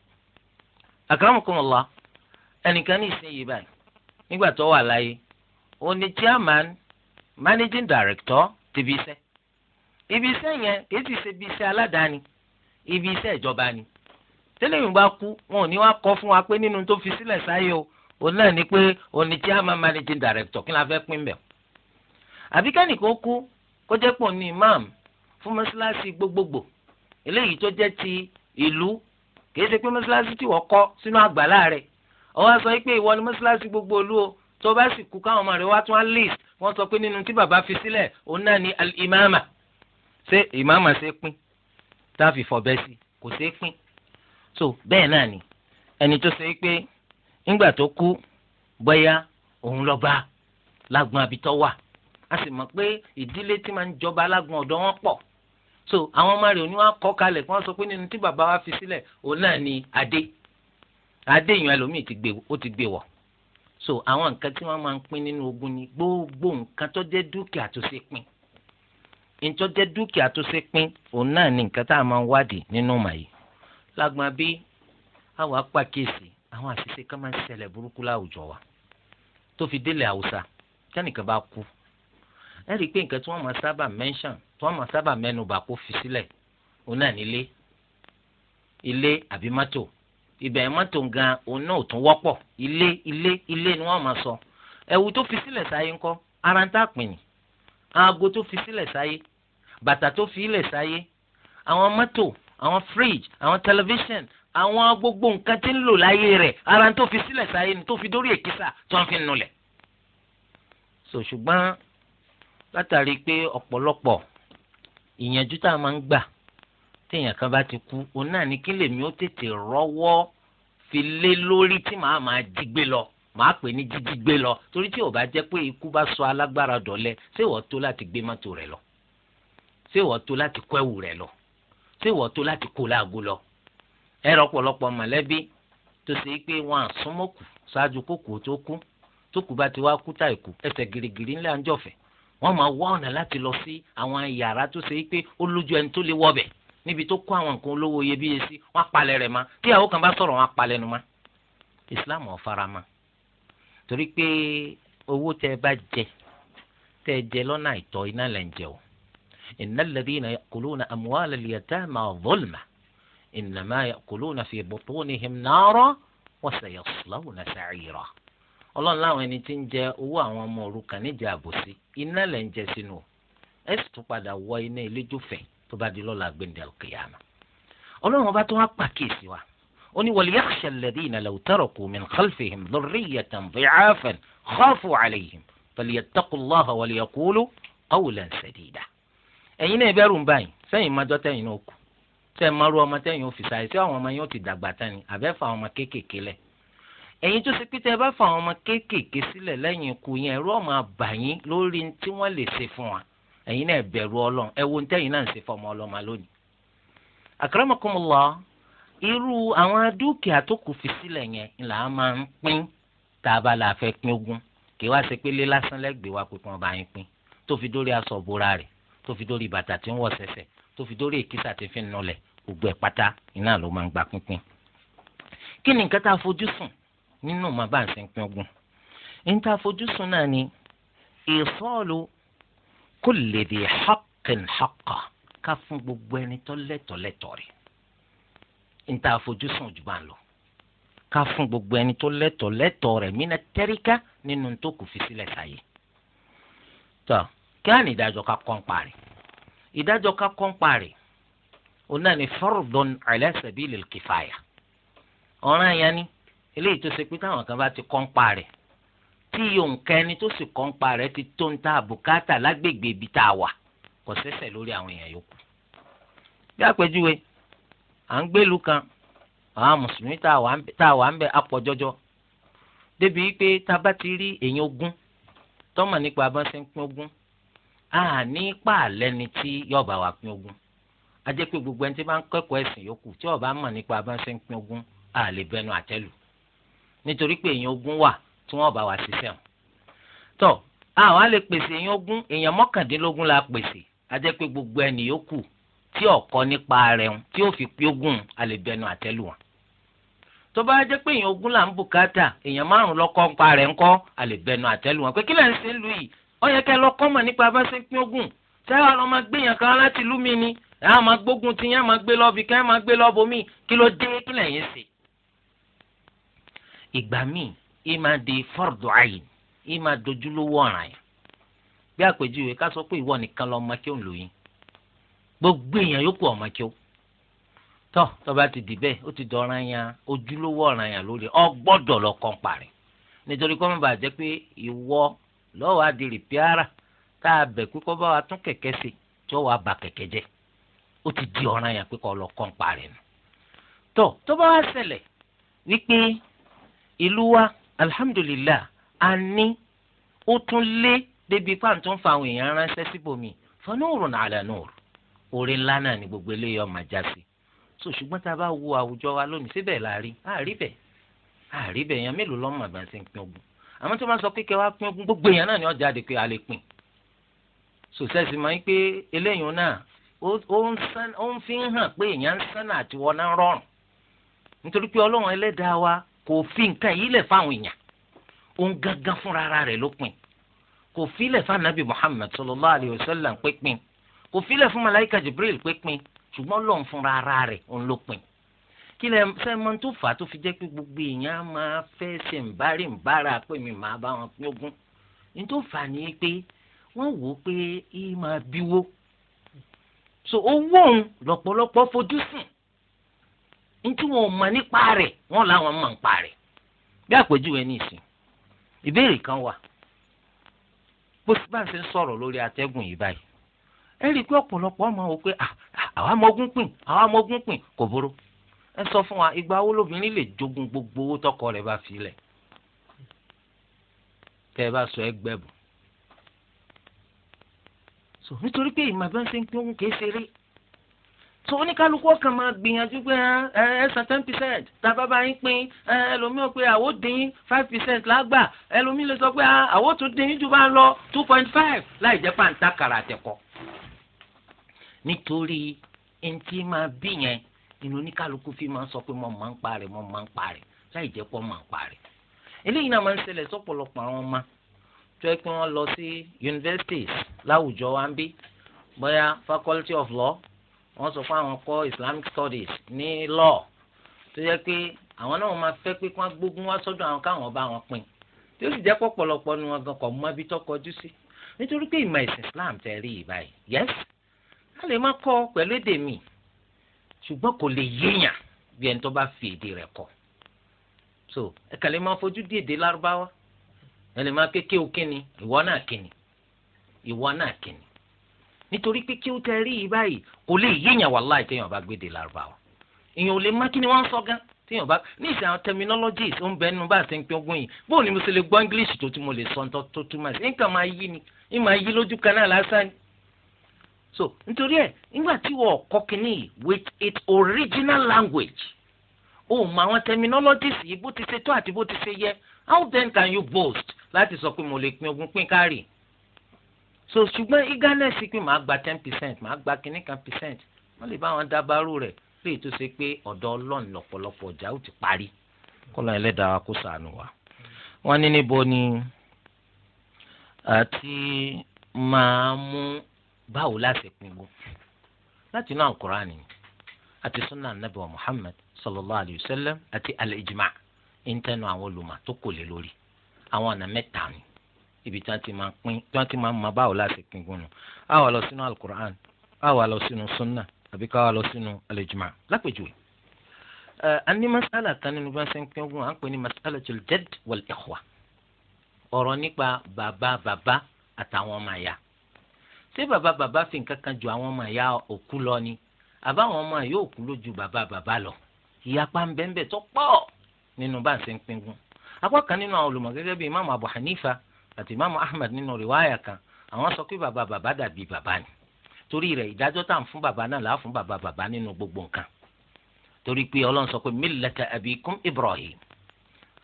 akramakumullah ẹnìkan ní ìsinyìí báyìí nígbà tó wà láyé òun ni chairman managing director ti fi iṣẹ́ ibi iṣẹ́ yẹn kìí ti ṣe ibi iṣẹ́ aládàáni ibi iṣẹ́ ìjọba ni tẹ́lẹ̀mí bá kú wọn ò ní wá kọ́ fún wa pé nínú tó fi sílẹ̀ sáyé o òun náà ni pé òun ni chairman managing director kí n la fẹ́ pín bẹ̀. àbí kẹ́nìkan kú kó jẹ́ ní imam fún mọ́ṣáláṣí gbogbogbò eléyìí tó jẹ́ ti ìlú kìí ṣe pé mọ́ṣáláṣí tí wọ́n kọ́ sínú àgbàlá rẹ̀ ọwọ́ sọ pé ìwọ ni mọ́ṣáláṣí gbogbo olú o tó bá sì kú káwọn ọmọ rẹ̀ wá tún á list wọ́n sọ pé nínú tí bàbá fi sílẹ̀ òun náà ni al-imama ṣé imama ṣe pín tá a fi fọ̀bẹ sí kò ṣe pín so bẹ́ẹ̀ náà ni ẹni tó ṣe pé nígbà tó kú bóyá òun lọ́ba lágbọ́n abitọ́ wà a sì mọ̀ pé ìdílé tí máa ń jọba alágun ọ̀dọ́ wọn pọ̀ so àwọn ọmọ rẹ̀ òní wọn kọ́ kalẹ̀ kí wọ́n sọ pé nínú tí bàbá wa fi sílẹ̀ òun náà ni adé adé èèyàn ẹlòmíì ó ti gbé wọ̀ so àwọn nǹkan tí wọ́n máa ń pín nínú ogun ni gbogbo nǹkan tó jẹ́ dúkìá tó ṣe pín nǹkan tó jẹ́ dúkìá tó ṣe pín òun náà ni nǹkan tá a máa ń wádìí nínú màyí lágbọn bí àwọn apákíyèsí àwọn àṣìṣe kan máa ń ṣẹlẹ̀ burúkú láwùjọ wa tó fi délẹ̀ haúsá tẹ́nìkan bá kú ẹ rí i pé nǹkan tí wọ́n máa sábà mention tí wọ́n máa sábà mẹ́nubà kó fi sílẹ̀ òun náà nílé ilé àbí mọ́tò ibẹ̀ mọ́tò gan òun náà ò tún wọ́pọ̀ ilé ilé ilé ni wọ́n máa sọ ẹ̀wù tó fi sílẹ̀ sáyé ńkọ́ ara ń tà pìn ní aago tó fi sílẹ̀ sáyé bàtà tó fi ilẹ̀ sáyé àwọn mọ́tò àwọn fridge àwọn television àwọn gbogbo nǹkan tí ń lò láyé rẹ̀ ara tó fi sílẹ̀ sáyé ni tó fi dórí èkísà tó ń fi nulẹ̀. so ṣùgbọ́n látàrí pé ọ̀pọ̀lọpọ̀ ìyànjú tá a máa ń gbà téèyàn kan bá ti kú òun náà ní kí lèmi ó tètè rọ́wọ́ fi lé lórí tí màá máa jí gbé lọ màá pè ní jíjí gbé lọ torí tí ò bá jẹ́ pé ikú bá sọ alágbára dọ̀lẹ ṣé wọ́n tó láti gbé mọ́tò rẹ̀ lọ ṣé wọ́n tó láti kó ẹ̀wù rẹ̀ lọ ṣé wọ́n tó láti kó láago lọ ẹ̀rọ ọ̀pọ̀lọpọ̀ mọ̀lẹ́bí tó ṣe pé wọ́n àsúnmọ́kù ṣáájú kókò tó kú tó bá ti wá kú táìkù ẹsẹ̀ gírígírí ńlẹ̀ àńjọ̀fẹ́ wọ́n máa wá ọ̀nà láti lọ sí àwọn yàrá tó ṣe pé ó lójú ẹni tó lè wọ̀bẹ̀ níbi tó kó àwọn nǹkan olówó iyebíye sí wọ́n apalẹ̀ rẹ̀ ma tí àwọn kan bá sọ̀rọ̀ wọ́n apalẹ̀ nu ma Islam ò fara mọ́ torí pé owó tẹ ẹ bá jẹ tẹ ẹ jẹ lọ́nà àìtọ́ iná lẹ̀ ń jẹ o innal ladhina ya'kuluna amwalal yatama zulma innama ya'kuluna fi butunihim nara wa sayaslawna sa'ira ọlọ́run láwọn ẹni tí ń jẹ owó àwọn ọmọ òrukàn níjẹ àbòsí iná lẹ̀ ń jẹ sínú ẹ sì tún padà wọ iná iléjòfẹ́ tó bá di lọ́la gbẹ̀ndẹ̀ al-qiyamah ọlọ́run ọba tó wá pàkíyèsí wa ó ní wal yakhsha alladhina law taraku kù tẹ̀ máa ru ọmọ tẹ̀yìn ó fi sáyé sí àwọn ọmọ yẹn ó ti dàgbà tán ẹ̀yin tó ṣe pé tẹ́ ẹ bá fa àwọn ọmọ kéékèèké sílẹ̀ lẹ́yìn ikú yẹn ẹ̀rú ọ̀mọ̀ àbàyín lórí tí wọ́n lè ṣe fún wa ẹ̀yin náà bẹ̀rù ọlọ́run ẹ wo tẹ́yin náà ń ṣe fọmọ ọlọ́mọ lónìí. Akramakumullah irú àwọn dúkìá tó kù fi sílẹ̀ yẹn là á máa ń pín tá a bá la fẹ́ pín ogún kì í ṣe pé lé lásán lẹ́gbẹ̀ẹ́ wa pé kí wọ́n bá yín pín tó fi dórí aṣọ ìbora rẹ̀ tó fi dórí bàtà tí ń wọ̀ sẹ̀sẹ̀ tó fi dórí èkìsà tí fi ń nulẹ̀ gbogbo ẹ̀ pátá iná ló máa ń gbà pínpín. kí ni nǹkan tá a fojú sùn nínú màá bá ń sin pin ogun níta àfojúsùn náà ni ìsọ́ọ̀lù kulli dhi haqqin haqqa ká fún gbogbo ẹni tó lẹ́tọ̀ọ́ lẹ́tọ̀ọ́ rẹ̀ níta àfojúsùn jù bá ń lọ ká fún gbogbo ẹni tó lẹ́tọ̀ọ́ lẹ́tọ̀ọ́ rẹ̀ mí tẹ́ríkà nínú tó kù fi sílẹ̀ sáyé. tó kí á ní ìdájọ́ ká kọ́ ń parí ìdájọ́ ká kọ́ ń parí òun náà ni fardun ala sabilil kifaya ọ̀ràn yẹn ni eléyìí tó ṣe pé táwọn kan bá ti kọ́ ń pa rẹ̀ tí yòǹkà ẹni tó sì kọ́ ń pa rẹ̀ ti tó ń ta àbùkátà lágbègbè ibi tá a wà kò sẹ́sẹ̀ lórí àwọn èèyàn yòókù. bí àpèjúwe à ń gbélú kan àwọn mùsùlùmí tá a wà ń bẹ apọ̀ débi pé tá a bá ti rí èèyàn ogún tọ́mọ̀ nípa bá ṣe ń pín ogún a ní pààlẹ́ ni tí yọ̀ọ̀bà wà pín ogún a jẹ́ pé gbogbo ẹni tí bá ń kẹ́kọ̀ọ́ ẹ̀sìn yòókù tí yọ̀ọ̀bà nítorí pé èèyàn ogún wà tí wọ́n bá wà ṣiṣẹ́ wọn. tó àwọn á lè pèsè èèyàn ogún èèyàn mọ́kàndínlógún la pèsè a jẹ́ pé gbogbo ẹnì yòókù tí ọ̀kọ́ nípa rẹ̀ ń tí ó fi pé ogún a lè bẹnu àtẹ́lù wọn. tó bá jẹ́ pé èèyàn ogún là ń bùkátà èèyàn márùn lọ́kọ́ ń pa rẹ̀ a lè bẹnu àtẹ́lù wọn pé kí lẹ́yìn sí lu yìí ó yẹ kẹ́ lọ́kọ́ mọ̀ nípa bá pín ogún sẹ́wà lọ́ máa gbé yàn kan láti lú mi ni ẹ̀ á máa gbógun ti yẹn máa gbé lọ́ọ́ fi kẹ́ máa gbé lọ́ọ́ bomi kí ló dé kí lẹ́yìn sí i ìgbà míì í di fọ́ọ̀dù àyè í máa dojúlówó ọ̀ràn yẹn bí àpèjúwe ká sọ pé ìwọ nìkan lọ ọmọ kí ó ń lò yín gbogbo èèyàn yòókù ọmọ kí ó tọ tọba ti dì bẹ́ẹ̀ ó ti dọ̀ràn yẹn ojúlówó ọ̀ràn yẹn lórí ọ gbọ́dọ̀ lọ kàn parí nítorí kọ́ mọ́ bàa jẹ́ pé ìwọ lọ́wọ́ adi rìpíárà tá a bẹ̀ pé kọ́ bá wa tún kẹ̀kẹ́ sí tí ó wàá ba kẹ̀kẹ́ jẹ́ ó ti di ọ̀ràn yẹn pé kọ́ lọ parí nù tọ tó bá wá wípé ìlú wa alhamdulillah a ní ó tún lé débi pàǹtó ń fa àwọn èèyàn ránṣẹ́ síbòmí fanurun ala nur orí ńlá náà ni gbogbo eléyìí ọmọ ajá sí so ṣùgbọ́n tá a bá wo àwùjọ wa lónìí síbẹ̀ la rí àárí bẹ̀ àárí bẹ̀ èèyàn mélòó lọ́mọ àgbà ṣe ń pín ogun àmọ́ tí wọ́n sọ pé kẹwàá pín ogun gbogbo èèyàn náà ni wọ́n jáde pé a lè pín sòsẹ́sì máa ń pé eléyìí náà ó ń fi hàn pé èèyàn ń sánà àti náà rọrùn nítorí pé ọlọ́run ẹlẹ́dàá wa kò fi nǹkan yìí lẹ̀ fáwọn èèyàn òun gangan fúnra ara rẹ̀ ló pin kò fi lẹ̀ fún anabi muhammed sallallahu alayhi wa sallam pínpín kò fi lẹ̀ fún malayika jibril pínpín ṣùgbọ́n lọ́n fúnra ara rẹ̀ òun ló pin kí lẹ sẹ́mọ́n tó fà á tó fi jẹ́ pé gbogbo èèyàn máa fẹ́ ṣe ń bárí ń bára pé mi máa bá wọn pín ní tó fà ní pé wọ́n wò ó pé í bíwó so owó òun lọ́pọ̀lọpọ̀ fojú sùn ntí wọn ò mọ̀ nípa rẹ̀ wọ́n làwọn mọ̀ nípa rẹ̀ bí àpèjúwe ní ìsìn ìbéèrè kan wà bó bá ń ṣe sọ̀rọ̀ lórí atẹ́gùn yìí báyìí ẹ rí i pé ọ̀pọ̀lọpọ̀ ọmọ wò pé àwa mọ́gún pín àwa mọ́gún pín kò burú ẹ sọ fún wa ìgbà wo lóbìnrin lè jogun gbogbo owó tọkọ rẹ̀ bá fi lẹ̀ tẹ́ ẹ bá sọ ẹ gbẹ̀bù so nítorí pé ìmọ̀ bá ń ṣe ń pín òun kì ṣeré so oníkálukú ọkàn máa gbìyànjú pé ẹ ten percent tàbá bá yín pín ẹ ẹlòmíràn pé àwọ̀ dín five percent lágbà ẹlòmíràn lè sọ pé ah, àwọ̀ tún dín jù bá ń lọ two point five láì jẹ́ pàǹtà kàrà àtẹ̀kọ́. nítorí ẹni tí máa bí yẹn inú oníkálukú fi máa ń sọ pé mo máa ń parẹ́ mo máa ń parẹ́ láì jẹ́ pọ́ máa ń parẹ́. eléyìí náà máa ń ṣẹlẹ̀ sọ́pọ̀lọpọ̀ àwọn ọmọ tó yẹ kí wọ́n lọ sí faculty of law wọ́n sọ fún àwọn kọ́ Islamic studies ní law tó yẹ pé àwọn náà máa fẹ́ pé wọ́n gbógun wá sọ́dọ̀ àwọn káwọn bá wọn pín tí ó sì jẹ́ pọ̀pọ̀lọpọ̀ ni wọn gan kọ̀ mọ́ ibi tó kọjú sí nítorí pé ìmọ̀ ẹ̀sìn Islam tẹ̀ rí yìí báyìí yes a lè má kọ́ pẹ̀lú èdè mi ṣùgbọ́n kò lè yéèyàn bí ẹni tó bá fi èdè rẹ̀ kọ́ so ẹ kàn lè máa fojú di èdè lárúbáwá ẹ lè máa kéke òkínni ìwọ náà kínni ìwọ náà kínni nítorí pé kí ó tẹ rí i báyìí kò lè yéèyàn wà láì téèyàn bá gbé de lárúbáwá èèyàn ò lè má kí ni wọ́n ń sọ gan téèyàn bá ní ìsìn àwọn terminologies ó ń bẹ nínú bá a ti ń pín ogún yìí bóun ni mo ṣe lè gbọ́ english tó tí mo lè sọ tó túmọ̀ sí nǹkan máa yí ni ń máa yí lójú kan náà lásán ni. so nítorí ẹ nígbà tí wọ́n kọ́ kínní with its original language ó mọ àwọn terminologies yìí bó ti ṣe tó àti bó ti ṣe yẹ how then can you boast láti sọ pé mo lè pín ogún pín kárì so ṣùgbọ́n eagerness pé màá gba ten percent màá gba kínní kan percent wọ́n lè bá wọn dábàárò rẹ̀ léyìí tó ṣe pé ọ̀dọ̀ ọlọ́run lọ́pọ̀lọpọ̀ ọjà ó ti parí kọ́lọ́ ẹlẹ́dàá kó sànù wa. wọ́n ní níbo ni àti máa mú báwo láti pinnu láti inú àkùránì àti sunna anabi wa muhammad sallallahu alayhi wa sallam àti al-ijma' ń tẹnu àwọn olùmọ̀ tó kò lè lórí àwọn ọ̀nà mẹ́ta ni ibi tí wọ́n ti máa pín tí wọ́n ti máa ma báwo láti pín gbónú a wà lọ sínú alukur'an a wà lọ sínú sunna àbí ká wà lọ sínú alejima lápèjúwe. a ní masala kan nínú bá ṣe ń pín ogún à ń pè ní masala tó jẹ́d wal ikhwa ọ̀rọ̀ nípa bàbá bàbá àtàwọn ọmọ àyà ṣé bàbá bàbá fi nǹkan kan ju àwọn ọmọ àyà òkú lọ ni àbáwọn ọmọ àyà òkú ló ju bàbá bàbá lọ ìyapa ń bẹ́ẹ̀ bẹ́ẹ̀ tó pọ̀ nínú bá ṣe ń pín ogún apá kan nínú àwọn olùmọ̀ gẹ́gẹ́ bíi imáàmù Abu Hanifa àti imaamu ahmed nínú riwaya kan àwọn sọ pé bàbá bàbá dàbí bàbá ni torí rẹ̀ ìdájọ́ tá à ń fún bàbá náà làá fún bàbá bàbá nínú gbogbo nǹkan torí pé ọlọ́run sọ pé millata abikum ibrahim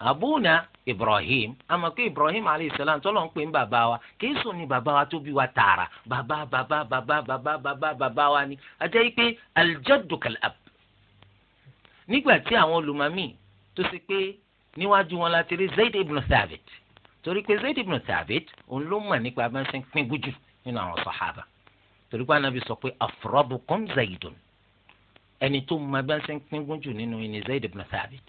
abuna ibrahim àmọ́ pé ibrahim aleyhisselam tọ́lọ́ ń pè ń bàbá wa kìí sùn ní wa tó wa tààrà bàbá bàbá bàbá bàbá bàbá bàbá wa ni ajẹ́ pé aljaddu nígbà tí àwọn olùmọ̀mí tó ṣe pé níwájú wọn la rí zayd ibn thabit torí pé Zaid ibn Thabit òun ló mọ̀ nípa bá ń ṣe ń pín gújù nínú àwọn sàhábà torí pé anabi sọ pé afradukum Zaidun ẹni tó mọ̀ bá ń ṣe ń pín gújù nínú ni Zaid ibn Thabit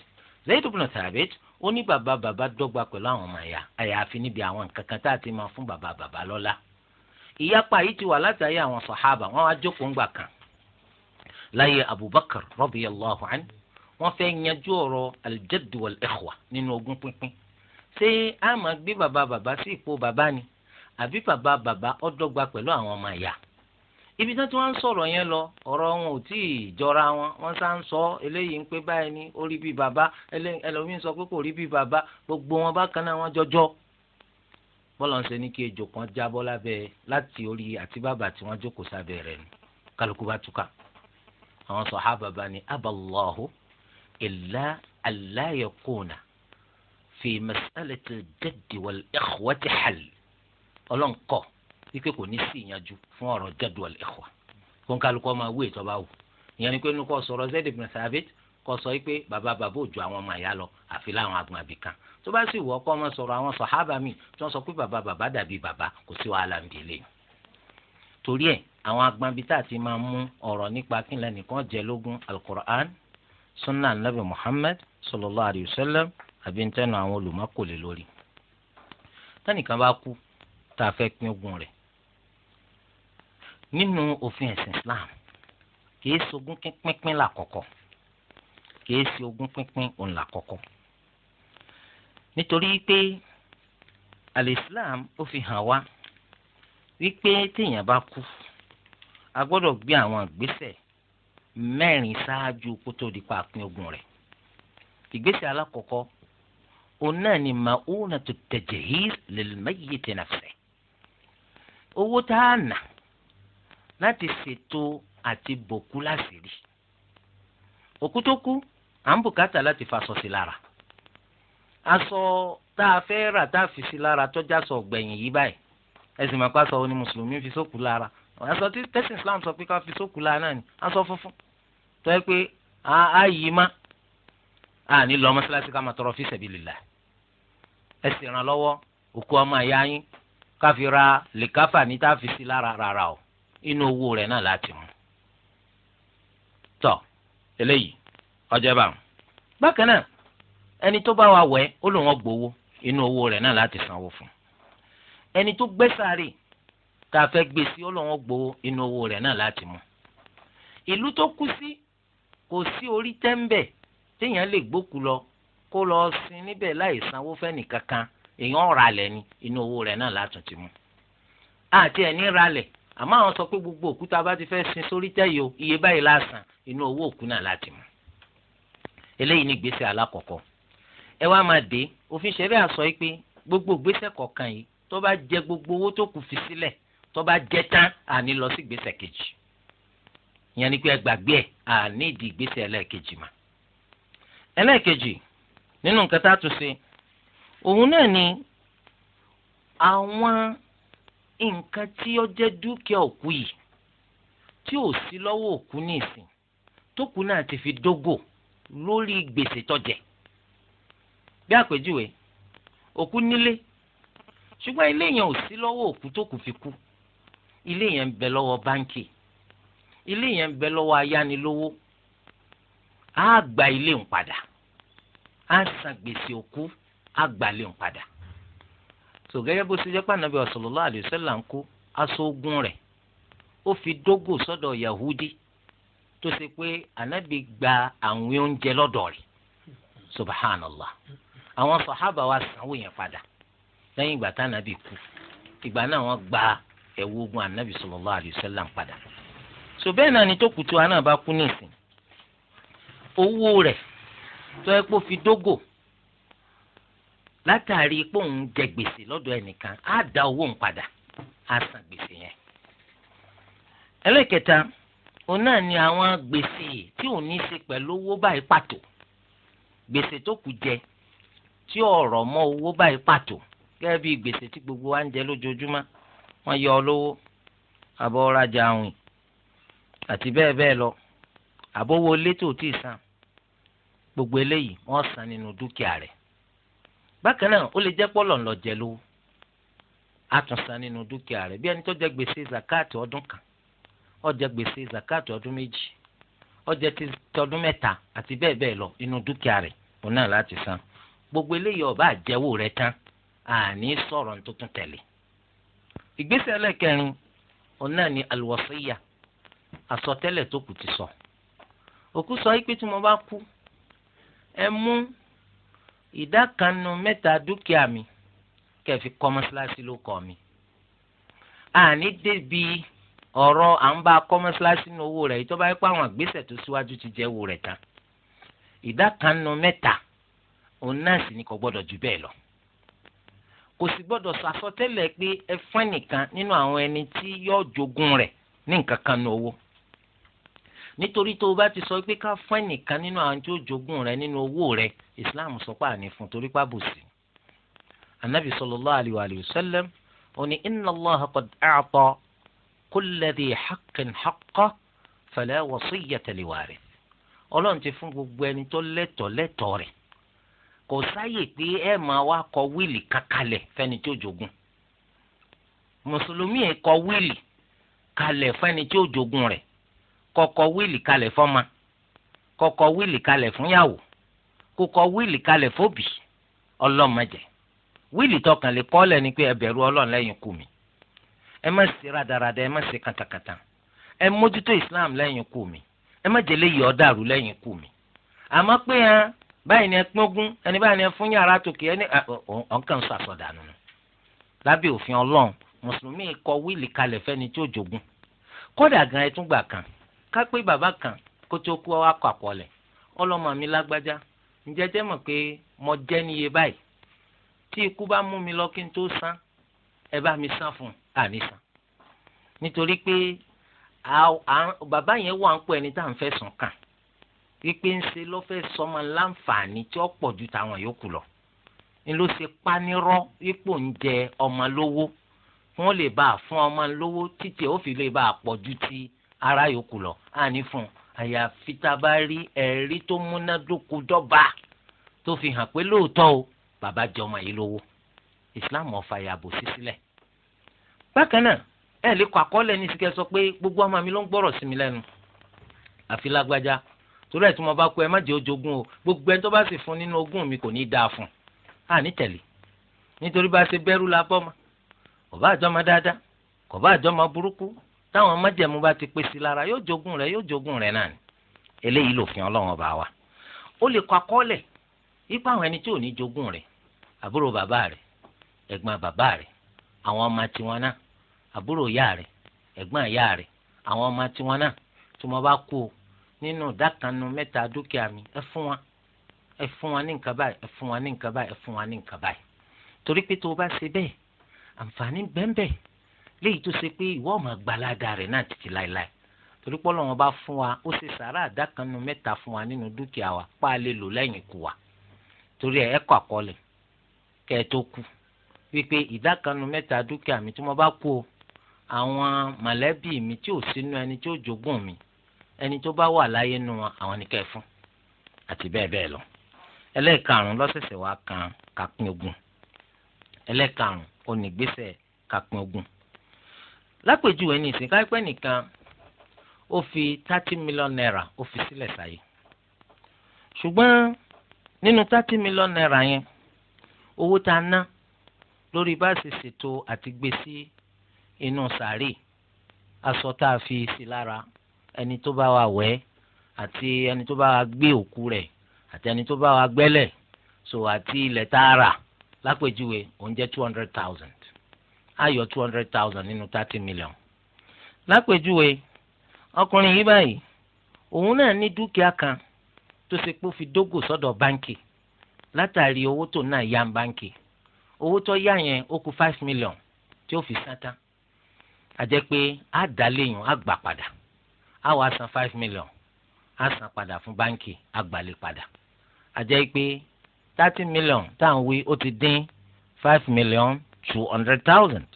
Zaid ibn Thabit ó ní bàbá bàbá dọ́gba pẹ̀lú àwọn ọmọ ẹ̀yà àyàfi níbi àwọn nǹkan kan tá a ti máa fún bàbá bàbá lọ́lá ìyapa yìí ti wà láti ayé àwọn sàhábà wọn wá jókòó ńgbà kan láyé Abubakar radiyallahu wọn fẹ́ yanjú ọ̀rọ̀ al wal-ikhwa nínú ogún pínpín ṣé a máa gbé bàbá bàbá sí ipò bàbá ni àbí bàbá bàbá ọdọ́gba pẹ̀lú àwọn ọmọ ìyá ibi tí wọ́n ń sọ̀rọ̀ yẹn lọ ọ̀rọ̀ wọn ò tí ì jọra wọn wọ́n sá ń sọ eléyìí ń pé báyìí ni ó rí bí bàbá ẹlòmíín sọ pé kò rí bí bàbá gbogbo wọn bákan náà wọ́n jọjọ́ bọ́lá ń ṣe ní kí ejò kan jábọ́ lábẹ́ láti orí àti bàbá tí wọ́n jókòó sábẹ́ rẹ̀ ni kálukú bá túká àwọn sọ̀hábà bá ní abalọ́hu ìlà aláyẹ̀kùnà fi masalati jaddi wal ikhwati hal ọlọ́nkọ́ wípé kò ní sí ìyanjú fún ọ̀rọ̀ jaddi wal ikhwa kó ń kálukọ́ máa wé ìtọ́ba wò ìyẹn ni pé nínú kọ́ sọ̀rọ̀ Zaid ibn Thabit kọ́ sọ wípé bàbá bàbá òjò àwọn ọmọ àyà lọ àfi láwọn agbọ̀nàbì kan tó bá sì wọ́ ọkọ́ ọmọ sọ̀rọ̀ àwọn sàhábà mi tí wọ́n sọ pé bàbá bàbá dàbí bàbá kò sí wàhálà ń délé torí ẹ̀ àwọn agbọ̀nàbì tá a ti máa mú ọ̀rọ̀ nípa kínlẹ̀ nìkan jẹ́ lógún al-Qur'an nabi Muhammad sallallahu alayhi wa sallam àbí ntẹnu àwọn olùmọkòlè lórí tẹnìkan bá kú tá a fẹ́ pín ogún rẹ̀ nínú òfin ẹ̀sìn Islam kìí ṣe ogún pínpín làkọ́kọ́ kìí ṣe ogún pínpín òun làkọ́kọ́ nítorí pé alìsílám ó fi hàn wá wípé téèyàn bá kú a gbọ́dọ̀ gbé àwọn ìgbésẹ̀ mẹ́rin ṣáájú kó tó di pa pín ogún rẹ̀ ìgbésẹ̀ alákọ̀ọ́kọ́ òun náà ni ma'unatu tajhiz lil mayyiti nafsihi owó tá a nà láti ṣètò àti bòkú láṣìírí òkú tó kú à ń bùkátà láti faṣọ sí lára aṣọ tá a fẹ́ rà tá a fi sí lára tọ́jà sọ gbẹ̀yìn yìí báyìí ẹ̀sìn máa pa aṣọ oní mùsùlùmí fi sókù lára aṣọ tí tẹ́sán Islam sọ pé ká fi sókù lára náà ni aṣọ funfun tọ́ ẹ pé a yìí má a ní lọ mọ́ṣáláṣí ká máa tọrọ fi sabilillah ẹ sì ràn lọ́wọ́ òkú ọmọ ìyá yín káfi ra lèkáfà ní tá a fi sí lára rárá o inú owó rẹ̀ náà láti mú. tọ́ eléyìí ọjọ́ bá wọn. bákan náà ẹni tó bá wa wẹ̀ ó lò wọ́n gbowó inú owó rẹ̀ náà láti sanwó fún un. ẹni tó gbẹ́ sáré tá a fẹ́ gbé sí ó lò wọ́n gbowó inú owó rẹ̀ náà láti mú. ìlú tó kú sí kò sí orí tẹ́ńbẹ̀ téèyàn lè gbókù lọ kó lọ sin níbẹ̀ láì sanwó fẹ́nì kankan èèyàn ra ni inú owó rẹ̀ náà látún ti mú àti ẹ̀ ní ra lẹ̀ àmọ́ àwọn sọ pé gbogbo òkúta bá ti fẹ́ sin sórí tẹ́yọ̀ iye báyìí lásán inú owó òkú náà láti mú eléyìí ní gbèsè alákọ̀ọ́kọ́ ẹ wá máa dé òfin ṣẹlẹ̀ àsọ yìí pé gbogbo gbèsè kọ̀ọ̀kan yìí tó bá jẹ gbogbo owó tó kù fi sílẹ̀ tó bá jẹ tán àní lọ sí gbèsè kejì ìyẹn ni pé ẹ gbàgbé ẹ àní ìdí gbèsè ẹlẹ́ẹ̀kejì mà ẹlẹ́ẹ̀kejì nínú nǹkan tá a tún ṣe òun náà ni àwọn nǹkan tí ó jẹ́ dúkìá òkú yìí tí ò sí lọ́wọ́ òkú ní ìsìn tókù náà ti fi dógò lórí gbèsè tó jẹ bí àpèjúwe òkú nílé ṣùgbọ́n ilé yẹn ò sí lọ́wọ́ òkú tókù fi kú ilé yẹn ń bẹ lọ́wọ́ báńkì ilé yẹn ń bẹ lọ́wọ́ ayánilówó á ilé ń padà á san gbèsè òkú á gbalẹ̀ ń padà so gẹ́gẹ́ bó ṣe jẹ́ pé ogun rẹ̀ ó fi dógò sọ́dọ̀ yahudi tó ṣe pé Anabi gba àwọn oúnjẹ lọ́dọ̀ rẹ̀ subhanallah àwọn sàhábà wa sanwó yẹn padà lẹ́yìn ìgbà tá ànábì kú ìgbà gba ewu ogun Anabi sallallahu alaihi wasallam padà so bẹ́ẹ̀ náà ni tó ẹ pé ó fi dógò látàrí pé òun jẹ gbèsè lọ́dọ̀ ẹnìkan á da owó òun padà á san gbèsè yẹn. ẹlẹ́kẹta òun náà ni àwọn gbèsè tí ò ní í ṣe pẹ̀lú owó báyìí pàtó gbèsè tó kù jẹ tí ọ̀rọ̀ mọ́ owó báyìí pàtó gẹ́gẹ́ bí gbèsè tí gbogbo wa ń jẹ lójoojúmọ́ wọ́n yọ lówó àbọ̀ ọ̀rajà àwìn àti bẹ́ẹ̀ bẹ́ẹ̀ lọ àbówó létò tí ì san gbogbo eléyìí wọ́n san nínú dúkìá rẹ̀ bákan náà ó lè jẹ́ pọ́lọ̀ ńlọ jẹ lówó á tún san nínú dúkìá rẹ̀ bí ẹni tó jẹ gbèsè zakat ọdún kan ó jẹ gbèsè zakat ọdún méjì ó jẹ ti tọdún mẹ́ta àti bẹ́ẹ̀ bẹ́ẹ̀ lọ inú dúkìá rẹ̀ òun náà láti san gbogbo eléyìí ó àjẹwò rẹ̀ tán àní sọ̀rọ̀ tó tún tẹ̀lé ìgbésẹ̀ òun náà ni alwasiya àsọtẹ́lẹ̀ tó kù ti sọ òkú sọ yìí pé tí mo bá kú ẹ mú ìdá kan nu mẹ́ta dúkìá mi kẹfì kọ́ ló kọ́ mi àní débi ọ̀rọ̀ à ń bá nu owó rẹ̀ ìjọba yẹn pé àwọn àgbésẹ̀ tó síwájú ti jẹ́ owó rẹ̀ tán ìdá kan nu mẹ́ta òun náà sì ni kò gbọ́dọ̀ jù bẹ́ẹ̀ lọ kò sì gbọ́dọ̀ sọ pé ẹ fún ẹnìkan nínú àwọn ẹni tí yóò jogún rẹ̀ ní nǹkan kan owó. nítorí tó o bá ti sọ pé ká fún ẹnìkan nínú àwọn tí ó jogún rẹ nínú owó rẹ islam sọ pé àní fún torí pàbòsí anabi sallallahu alayhi wa sallam ó ní inna allaha qad a'ta kulli dhi haqqin haqqahu fala wasiyyata li warith ọlọ́run ti fún gbogbo ẹni tó lẹ́tọ̀ọ́ lẹ́tọ̀ọ́ rẹ̀ kò sáyè pé ẹ máa wá kọ wíìlì kankalẹ̀ fẹ́ni tó jogún mùsùlùmí ẹ̀ kọ wíìlì kalẹ̀ fẹ́ni tó jogún rẹ̀ kọkọ wíìlì kalẹ̀ fọ́mà kọkọ wíìlì kalẹ̀ fúnyàwó kọkọ wíìlì kalẹ̀ fóbì ọlọ́mọdé wíìlì tọkàn lè kọ́ lẹ́ni pé ẹ bẹ̀rù ọlọ́run lẹ́yìn kú mi ẹ má ṣe rádaràda ẹ má ṣe kàtàkàtà ẹ mójútó islam lẹ́yìn kú mi ẹ má jẹ́ léyìí ọ̀dàrú lẹ́yìn kú mi àmọ́ pé hàn báyìí ni ẹ pín ogún ẹni báyìí ni ẹ fún yàrá tòkè ẹni ọ̀nkàn sọ àsọdànù lábẹ́ òfin ọlọ́run mùsùlùmí kọ wíìlì kalẹ̀ fẹ́ni tí ó jogun kódà gan ẹ tún gbà kan ká pé bàbá kan kó tó kú wá kọ àkọọ́lẹ̀ ọlọ́mọ mi lágbájá ǹjẹ́ jẹ́ mọ̀ pé mo jẹ́ níye báyìí tí ikú bá mú mi lọ kí n tó san ẹ bá mi san fún un san nítorí pé bàbá yẹn wà ń pọ ẹni tá à ń fẹ́ sùn kàn wípé ń ṣe ló sọmọ láǹfààní tí ó pọ̀ ju tàwọn yòókù lọ ni ló ṣe panirọ́ ipò ń jẹ ọmọ lówó wọ́n lè bá a fún ọmọ lówó títí ó fi lè bá a pọ̀ ju ti ara yòókù lọ àní fún un àyàfi tá a bá rí ẹ̀rí tó múnádóko dọ́ba tó fi hàn pé lóòótọ́ o bàbá jẹ ọmọ yìí lówó islam ọ̀fà yàbò sí sílẹ̀. bákan náà ẹ lè kọ àkọọ́lẹ̀ ní sikẹ́ sọ pé gbogbo ọmọ mi ló ń gbọ́rọ̀ sí mi lẹ́nu àfi lágbájá torí ẹ̀ tí mo bá kú ẹ má jẹ́ ojogún o gbogbo ẹni tó bá sì fún nínú ogún mi kò ní í dáa fún un ní tẹ̀lé nítorí bá a ṣe bẹ́rù la bọ́ ma kò bá àjọ ma dáadáa kò bá àjọ ma burúkú táwọn májẹ̀mú bá ti pèsè lára yóò jogún rẹ̀ yóò jogún rẹ̀ náà ni eléyìí lòfin ọlọ́run ọba wa ó lè kọ akọ́lẹ̀ ipa àwọn ẹni tí ò ní jogún rẹ̀ àbúrò bàbá rẹ̀ ẹ̀gbọ́n bàbá rẹ̀ àwọn ọmọ tiwọn náà àbúrò ìyá rẹ̀ ẹ̀gbọ́n ìyá rẹ̀ àwọn ọmọ tiwọn náà tí wọ́n bá kú o nínú dákanu mẹ́ta dúkìá mi ẹ fún wa ẹ fún wa ní nǹkan báyìí ẹ fún wa ní nǹkan báyìí ẹ fún wa ní nǹkan báyìí léyìí tó ṣe pé ìwọ ọmọ gbalada rẹ̀ náà títí láéláé torí pọ́lọ́ wọn bá fún wa ó ṣe sàrà àdákanu mẹ́ta fún wa nínú dúkìá wa pa á lè lò lẹ́yìn kú wa torí ẹ̀ ẹ́ kọ́ àkọọ́lẹ̀ kẹ́ ẹ tó kú wípé ìdákanu mẹ́ta dúkìá mi tí mo bá kú o àwọn mọ̀lẹ́bí mi tí ò sínú ẹni tí ó jogún mi ẹni tó bá wà láyé nu wọn àwọn ni kẹ́ ẹ fún àti bẹ́ẹ̀ bẹ́ẹ̀ lọ ẹlẹ́ẹ̀karùn-ún lọ́sẹ̀sẹ̀ wa kan kápín ogun ẹlẹ́ẹ̀karùn-ún onígbésẹ̀ ogun lápèjúwe ní ìsìn káípẹ́ nìkan ó fi thirty million naira ó fi sílẹ̀ sáyé ṣùgbọ́n nínú thirty million naira yẹn owó tá a ná lórí bá a ṣe ṣètò àti gbé sí inú sàárè aṣọ tá a fi sí lára ẹni tó bá wa wẹ̀ àti ẹni tó bá wa gbé òkú rẹ̀ àti ẹni tó bá wa gbẹ́lẹ̀ so àti ilẹ̀ tá a rà lápèjúwe òun jẹ́ two hundred thousand ayọ̀ two hundred thousand nínú thirty million. lápèjúwe ọkùnrin yìí báyìí òun náà ní dúkìá kan tó ṣe pé ó fi dógò sọ́dọ̀ báńkì látàrí owó tó náà yá báńkì owó tó yá yẹn ó kù five million tí ó fi sátán àjẹ́ pé á dá léyìn á gbà padà á wàá san five million á san padà fún báńkì á gbalẹ̀ padà àjẹ́ pé thirty million tá à ń wí ó ti dín five million two hundred thousand.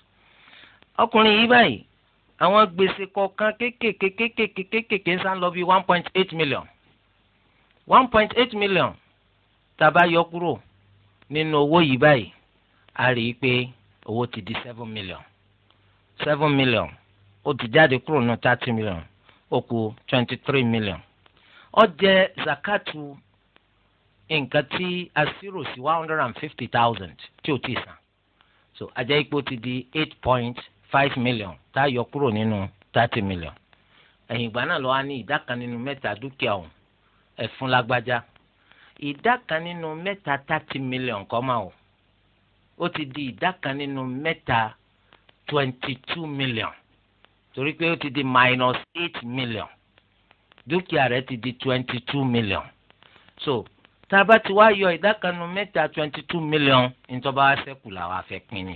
ọkùnrin yìí báyìí àwọn gbèsè kọ̀ọ̀kan kéékèèké kéékèèké kéékèèké ń sá lọ bí one point eight million one point eight million tàbá yọ kúrò nínú owó yìí báyìí a rí i pé owó ti di seven million seven million ó ti jáde kúrò ní thirty million ó kù twenty three million ó jẹ zakatu nǹkan tí a ṣírò sí one hundred and fifty thousand tí ó ti san so ajá ipò ti di eight point five million tá a yọ kúrò nínú thirty million ẹ̀yìn ìgbà náà ló wá ní ìdá kan nínú mẹ́ta dúkìá ọ̀hún ẹ fún lágbájá ìdá kan nínú mẹ́ta thirty million kọ́ máa o ó ti di ìdá kan nínú mẹ́ta twenty two million torí pé ó ti di minus eight million dúkìá rẹ̀ ti di twenty two million so tá a bá ti wá yọ ìdá kan twenty two million níjọba wa ṣẹ́kù làwọn afẹ́ pín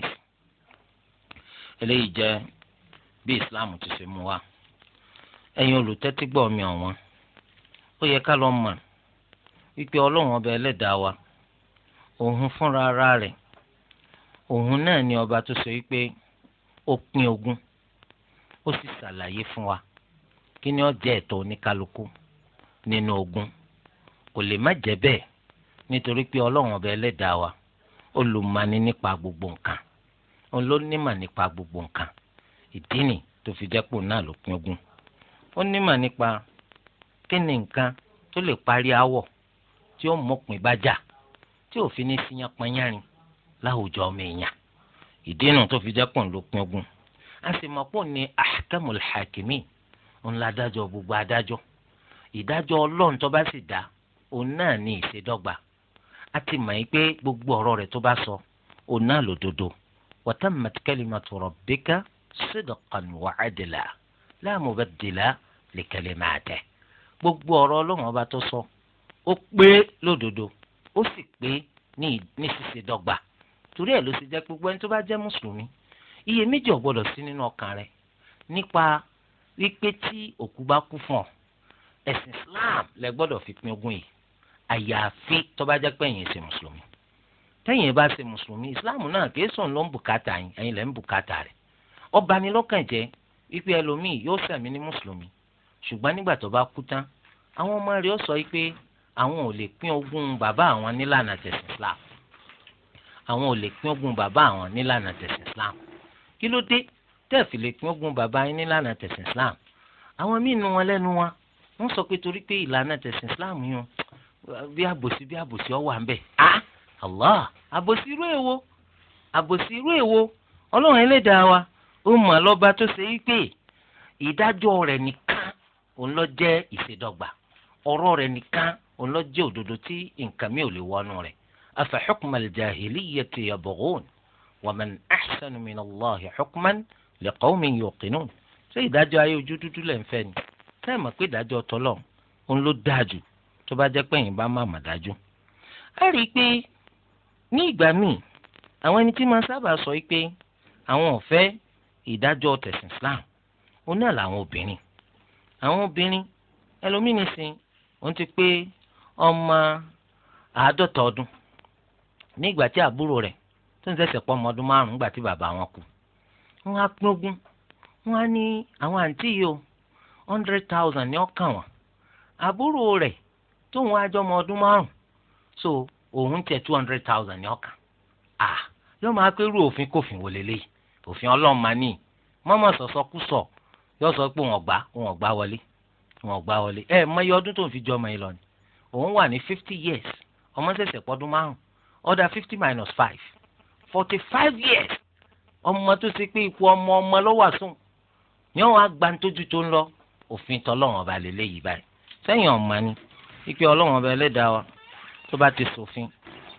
eléyìí jẹ́ bí islam ti ṣe mú wa ẹ̀yin olùtẹ́tígbọ́ mi ọ̀wọ́n ó yẹ ká lọ mọ̀ wípé ọlọ́run ọba ẹlẹ́dàá wa òun fúnra ara rẹ̀ òun náà ni ọba tó sọ wípé ó pín ogún ó sì ṣàlàyé fún wa kí ni ó ẹ̀tọ́ oníkálukú nínú ogún kò lè má jẹ́ bẹ́ẹ̀ nítorí pé ọlọ́run ọba ẹlẹ́dàá wa olùmọ̀ni nípa gbogbo nǹkan òun ló nímọ̀ nípa gbogbo nǹkan ìdí nì tó fi jẹ́ pò náà ló pín ogún ó nímọ̀ nípa kí ni nǹkan tó lè parí awọ̀ tí ó mọ̀pin bá jà tí òfin ní síyan pọnyárin láwùjọ ọmọ èèyàn ìdí nù tó fi jẹ́ ló pín ogún a sì mọ̀ pò ní ahkamul hakimi ńlá adájọ́ gbogbo adájọ́ ìdájọ́ ọlọ́run tó bá sì dá òun náà ní ìṣèdọ́gba a ti mọ̀ pé gbogbo ọ̀rọ̀ rẹ̀ tó bá sọ òun náà lòdodo wa tammat kalimatu rabbika sidqan wa adla la mubaddila li kalimatihi gbogbo ọ̀rọ̀ ọlọ́run ọba tó sọ ó pé lódodo ó sì pé ní ṣíṣe dọ́gba torí ẹ̀ ló ṣe jẹ́ gbogbo ẹni tó bá jẹ́ mùsùlùmí iye méjì ò sí nínú ọkàn rẹ̀ nípa wípé tí òkú bá kú fún ọ ẹ̀sìn Islam lẹ gbọ́dọ̀ fi pín ogún yìí àyàfi tó bá jẹ́ pé ẹ̀yin ṣe mùsùlùmí tẹ́yin bá ṣe mùsùlùmí islam náà kìí sùn ló ń bùkátà yín ẹ̀yin lẹ́ ń bùkátà rẹ̀ ó bà ni lọ́kàn jẹ́ wípé ẹlòmíì yóò sẹ̀mí ní mùsùlùmí ṣùgbọ́n nígbà tó bá kú tán àwọn ọmọ rẹ̀ ó sọ pé àwọn ò lè pín ogún bàbá àwọn nílànà tẹ̀sìn islam àwọn ò lè pín ogún bàbá àwọn nílànà tẹ̀sìn islam kí ló dé tẹ́ẹ̀ fi lè pín ogún bàbá yín nílànà tẹ̀sìn islam àwọn míì nu wọn lẹ́nu wọn wọ́n sọ pé torí pé ìlànà tẹ̀sìn islam yun bí àbòsí bí àbòsí ọ wà ń bẹ ah allah àbòsí irú èwo àbòsí irú èwo ọlọ́run ẹlẹ́dàá wa ó mọ̀ lọ́ba tó ṣe wípé ìdájọ́ rẹ̀ nìkan òun ló jẹ́ ìṣèdọ́gba ọ̀rọ̀ rẹ̀ nìkan òun ló jẹ́ òdodo tí nǹkan mi ò lè wọnú rẹ̀ afa hukmal jahiliyyati yabghun wa man ahsanu min allahi hukman liqawmin yuqinun ṣé ìdájọ́ ayé ojú dúdú lẹ́ ni sẹ́ẹ̀ pé ìdájọ́ tọ́lọ̀ òun ló dáa jù tó bá jẹ́ pé ẹ̀yin bá má mà dájú. a rí i pé ní ìgbà míì àwọn ẹni tí máa sábà sọ pé àwọn ò ìdájọ́ tẹ̀sìn Islam ó náà làwọn obìnrin àwọn obìnrin ẹlòmíín nìsín òun ti pé ọmọ àádọ́ta ọdún ní ìgbà tí àbúrò rẹ̀ tó ń ṣẹ̀ṣẹ̀ pọ̀ ọmọ ọdún márùn-ún nígbà tí bàbá wọn kú wọn á pín wọn á ní àwọn àǹtí yìí o hundred thousand ní ọkàn wọn àbúrò rẹ̀ tóun ajọ ọmọ ọdún márùn so òun tẹ two hundred thousand ní ọkàn ah yóò máa pé irú òfin kòfin wò lélẹ́yìí òfin ọlọ́run máa ní mọ́mọ́ sọ̀sọ́ kú sọ yóò sọ pé wọ́n gbá wọ́n gbá wọlé wọ́n gbá wọlé ẹ mọyì ọdún tó ń fi jọ ọmọ yìí lọ ni òun wà ní fifty years ọmọ ṣẹ̀ṣẹ̀ pọ́dún márùn ọ̀dà fifty minus five forty five years ọmọ tó ṣe pé ipò ọmọ ọmọ lọ́wọ́ àsùn yóò wá gbantójú tó ń lọ òfin tọ́lọ́run ọba lélẹ́yìí báyìí sẹ́yìn ọ̀ma ni ike ọlọ́run ọba ẹlẹ́dàá wa tó bá ti ṣòfin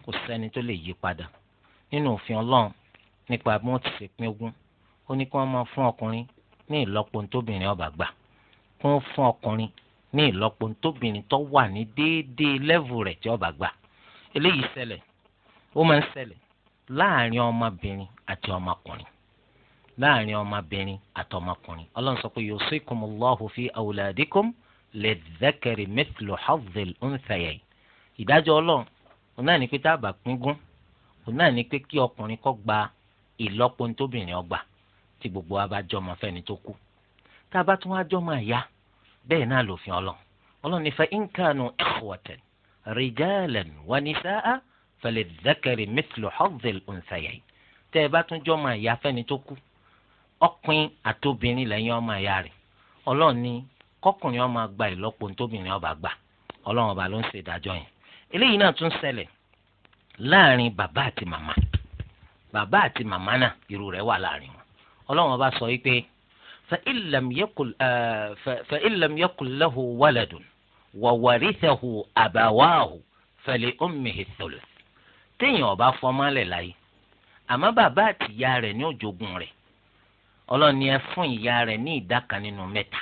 kò sẹ́ni tó lè yí padà nínú òfin ọlọ́run nípa bí wọ́n ti ṣe pín ogún ó ní kí wọ́n máa fún ọkùnrin ní ìlọ́po tóbìnrin ọba gbà kí wọ́n fún ọkùnrin ní ìlọ́po tóbìnrin tó wà ní déédéé lẹ́vù rẹ̀ tí ọba gbà eléyìí ṣẹlẹ̀ ó máa ń ṣẹlẹ̀ láàrin ọmọbìnrin àti ọmọkùnrin láàrin ọmọbìnrin àti ọmọkùnrin ọlọ́run sọ pé yusikumullahu fi awladikum lidhakari mithlu hazzil unthayayn ìdájọ́ ọlọ́run òun náà ní pé tá a bá pín gún òun náà ní pé kí ọkùnrin kó gba ìlọ́po tóbìnrin ọgbà tí gbogbo wa bá jọmọ fẹ́ni tó kú tá a bá tún wá jọmọ àyà bẹ́ẹ̀ náà lòfin ọlọ́run ọlọ́run ní fa in kanu ikhwatan rijalan wa nisaa falidhakari mithlu hazzil kọkùnrin ọmọ àgbà ìlọ́po tóbìnrin ọba gbà ọlọ́run ọba ló ń ṣe ìdájọ́ yẹn eléyìí náà tún ṣẹlẹ̀ láàrin bàbá àti màmá bàbá àti màmá náà irú rẹ̀ wà láàrin wọn ọlọ́run ọba sọ wípé fa illam yakul lahu waladun wa warithahu abawahu fali ummihi téèyàn ọba fọmọlẹ̀ láyé àmọ́ bàbá àti ìyá rẹ̀ ní ó jogún rẹ̀ ọlọ́ni ẹ fún ìyá rẹ̀ ní ìdá kan nínú mẹ́ta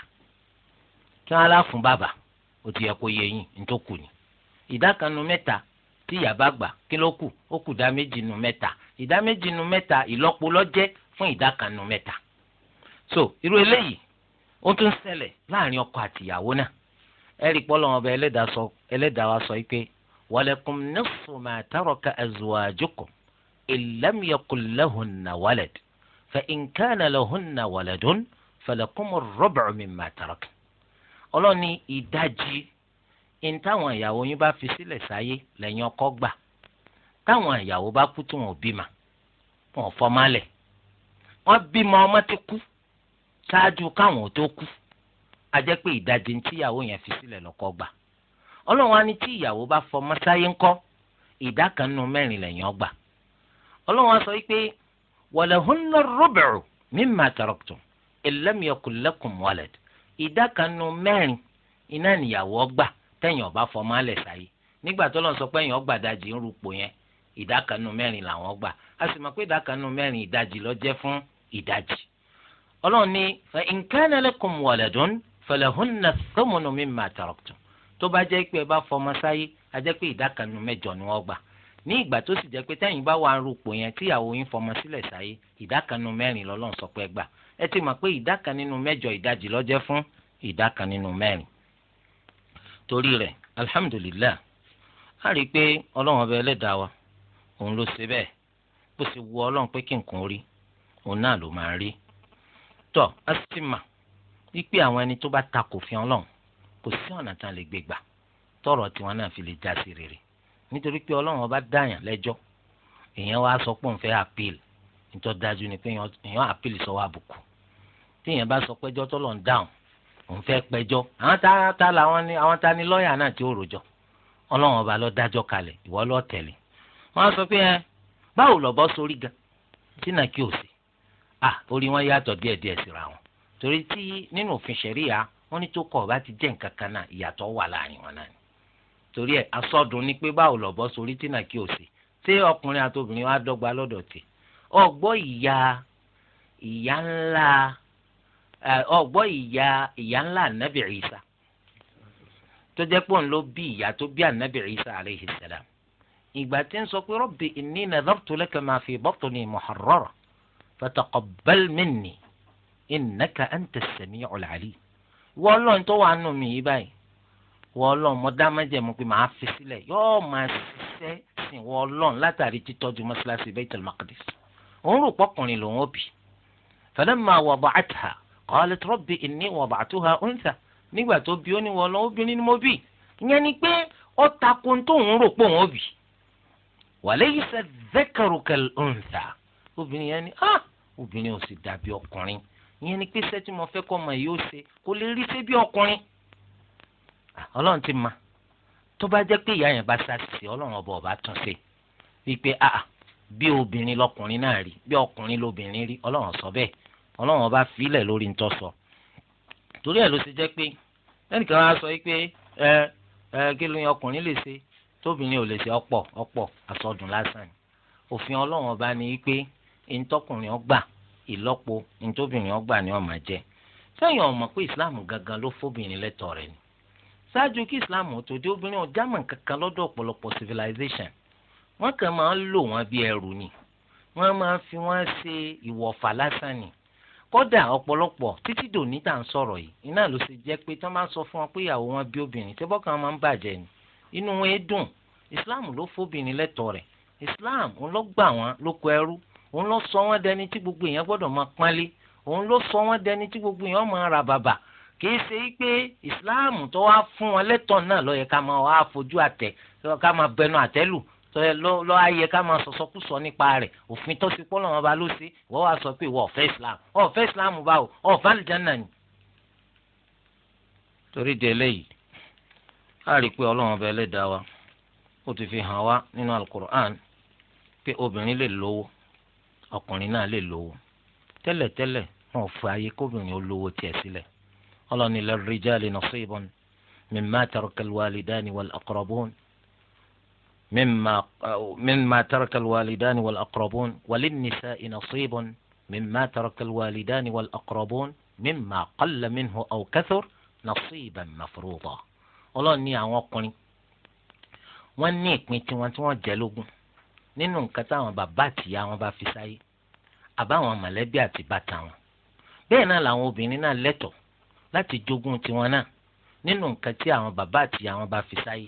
kí wọn aláfún bàbà ó ti yẹ kó yẹ yín ní tó kù ni ìdá kan nu mẹ́ta tí ìyá bá gbà kí ló kù ó kù ìdá méjì nu mẹ́ta ìdá méjì nu mẹ́ta ìlọ́po lọ́jẹ́ fún ìdá kan nu mẹ́ta so irú eléyìí ó tún ṣẹlẹ̀ láàrin ọkọ àtìyàwó náà ẹ̀rí pọ́lọ́ ọba ẹlẹ́dàá wa sọ pé walakum nisfu ma taraka azwajukum illam yakul lahunna walad fa in kana lahunna waladun falakum ar-rubu mimma taraka ọlọ́run ní ìdajì ní táwọn ìyàwó yín bá fi sílẹ̀ sáyé lẹ́yìn ọkọ gbà táwọn ìyàwó bá kú tí wọn ò bímọ wọn ò fọmálẹ̀ wọn bímọ ọmọ ti kú ṣáájú káwọn ò tó kú a jẹ́ pé ìdajì ní tíyàwó yẹn fi sílẹ̀ lọ́kọ gbà ọlọ́run á ní tí ìyàwó bá fọmọ sáyé ńkọ́ ìdá kan nínú mẹ́rin lẹ́yìn ọgbà ọlọ́run á sọ pé walahunna rubu mimma taraktum illam yakun lakum walad ìdá kan nu mẹ́rin iná níyàwó ọgbà tẹ̀yìn ọba fọmọ alẹ̀ sáyé nígbà tó lọ́n sọ pé ẹ̀yìn ọgbà dajì ń rúpo yẹn ìdá kan nu mẹ́rin làwọn gbà a sì mọ̀ pé ìdá kan nu mẹ́rin ìdajì ló jẹ́ fún ìdajì. ọlọ́run ní fa in kana lakum waladun falahunna thumnu mimma taraktum tó bá jẹ́ pé ẹ fọmọ sáyé a jẹ́ pé ìdá mẹ́jọ ni wọ́n gbà ní ìgbà tó sì jẹ́ pé tẹ́yìn bá wà ń rúpo yẹn tíyàwó yín fọmọ sílẹ̀ sáyé ìdá mẹ́rin lọ́lọ́run sọ pé gbà ẹ ti mọ̀ pé ìdá kan nínú mẹ́jọ ìdajì ló jẹ́ fún ìdá kan nínú mẹ́rin torí rẹ̀ alihamudulilayi a rí i pé ọlọ́run ọba ẹlẹ́dàá wa òun ló ṣe bẹ́ẹ̀ bó ṣe wù ọlọ́run pé kí nǹkan rí òun náà ló máa rí tọ́ a sì mà wípé àwọn ẹni tó bá ta kò fi ọlọ́run kò sí ọ̀nà tá lè gbé gbà tọ̀rọ̀ tiwọn náà fi lè já sí rere nítorí pé ọlọ́run ọba dáyàn lẹ́jọ́ èèyàn wá sọ pé òun fẹ́ appeal nítorí dájú ni pé èèyàn appeal sọ wá àbùkù téèyàn bá sọ pẹ́jọ́ tọ́lọ̀ ń dáhùn òun fẹ́ pẹ́jọ́ àwọn tá tá làwọn ni àwọn tá ni lọ́ọ̀yà náà tí ó rojọ́ ọlọ́run ọba lọ dájọ́ kalẹ̀ ìwọ lọ tẹ̀lé wọ́n á sọ pé ẹ báwo lọ́bọ́ sórí gan tí náà kí o sì à orí wọn yàtọ̀ díẹ̀díẹ̀ síra wọn torí tí nínú òfin ṣẹ̀ríyà wọ́n ní tó kọ̀ bá ti jẹ́ nǹkan kan náà ìyàtọ̀ wà láàrin wọn náà ni torí ẹ asọdùn ni pé báwo lọ́bọ́ sórí tí náà kí o sì ṣé ọkùnrin àti obìnrin wa dọ́gba lọ́dọ̀ tì ọgbọ́ ìyá ìyá ńlá ọgbọ́ ìyá ìyá ńlá ànábì Ìsá tó jẹ́ pé òun ló bí ìyá tó bí ànábì Ìsá alayhi salam ìgbà tí ń sọ pé rabbi inni nadhartu laka ma fi batni muharrara fataqabbal minni innaka anta as-sami'ul 'alim wọ́n lọ́n tó wà nù mí yí báyìí wọ́n lọ́n mo dá májẹ̀mú pé màá fi sílẹ̀ yóò máa ṣiṣẹ́ sìn wọ́n lọ́n látàrí títọ́jú mọ́ṣáláṣí Baitul Maqdis òun rò pọ́kùnrin lòun ó bì falamma wada'atha قالت ربي إني wada'tuha أنثى nígbà tó bí ó ní wọn lọ obìnrin ni mo bí ìyẹn ni pé ó takò tó ń rò pé òun bì walaysa dhakaru kal unsa obìnrin yẹn ni ah obìnrin ò sì dàbí ọkùnrin ìyẹn ni pé sẹ́tí mo fẹ́ kọ́ ọmọ yìí ó ṣe kó lè rí ṣe bí ọkùnrin ọlọ́run ti ma tó bá jẹ́ pé ìyá yẹn bá ṣàṣìṣe ọlọ́run ọba ọba tún ṣe wípé bí obìnrin lọkùnrin náà rí bí ọkùnrin lobìnrin rí ọlọ́run sọ bẹ́ẹ̀ ọlọ́run ọba filẹ̀ lórí ntọ́sọ torí ẹ̀ ló ṣe jẹ́ pé ẹnìkan á sọ pé ẹ ẹ kí ló yẹ ọkùnrin lè ṣe tóbìnrin ò lè ṣe ọ̀pọ̀ ọ̀pọ̀ àsọdùn lásán ni òfin ọlọ́run ọba ni pé ntọ́kùnrin ọgbà ìlọ́po ntóbìnrin ọgbà ni ó máa jẹ sẹ́yìn ọmọ pé islam gangan ló fóbìnrin lẹ́tọ̀ọ́ rẹ̀ ni ṣáájú kí islam tó dé obìnrin ọ̀jámọ̀ kankan lọ́dọ̀ ọ̀pọ̀lọpọ̀ civilization wọ́n kàn máa ń lò wọ́n bí ẹrù ni wọ́n máa ń fi wọ́n ṣe ìwọ̀fà lásán ni kódà ọ̀pọ̀lọpọ̀ títí dòní tá à ń sọ̀rọ̀ yìí iná ló ṣe jẹ́ pé tán máa ń sọ fún wọn pé ìyàwó wọn bí obìnrin tí bọ́kàn máa ń bàjẹ́ ni inú wọn é dùn islam ló fóbìnrin lẹ́tọ̀ọ́ rẹ̀ islam òun ló gbà wọn ló kọ ẹrú òun ló sọ wọn dẹni tí gbogbo èèyàn gbọ́dọ̀ máa pánlé òun ló sọ wọn dẹni tí gbogbo èèyàn máa ra bàbà kì í ṣe pé islam tó wá fún wọn lẹ́tọ̀ọ́ náà ló tọ́yẹ ló ayẹ ká máa sọ̀sọ́ kú sọ nípa rẹ̀ òfin tó ti pọ́ lọ́wọ́ ba ló sí wọ́n wá sọ pé ìwọ ọ̀fẹ́ islam ọ̀fẹ́ islam báwo ọ̀fẹ́ àlùjáná ni. torí di eléyìí a rí i pé ọlọ́run ọba ẹlẹ́dàá wa ó ti fi hàn wá nínú alukur'an pé obìnrin lè lówó ọkùnrin náà lè lówó tẹ́lẹ̀tẹ́lẹ̀ wọn ò fẹ́ ayé kóbìnrin ó tiẹ̀ sílẹ̀ ọlọ́ni lil rijali nasibun mimma مما مما ترك الوالدان والأقربون وللنساء نصيب مما ترك الوالدان والأقربون مما قل منه أو كثر نصيبا مفروضا Ọlọ́run ní àwọn ọkùnrin wọ́n ní ìpín tiwọn tí wọ́n jẹ lógún nínú nǹkan táwọn bàbá àtìyá wọn bá fi sáyé àbáwọn mọ̀lẹ́bí àti bàtà wọn bẹ́ẹ̀ náà làwọn obìnrin náà lẹ́tọ̀ọ́ láti jogún tiwọn náà nínú nǹkan tí àwọn bàbá àtìyá wọn bá fi sáyé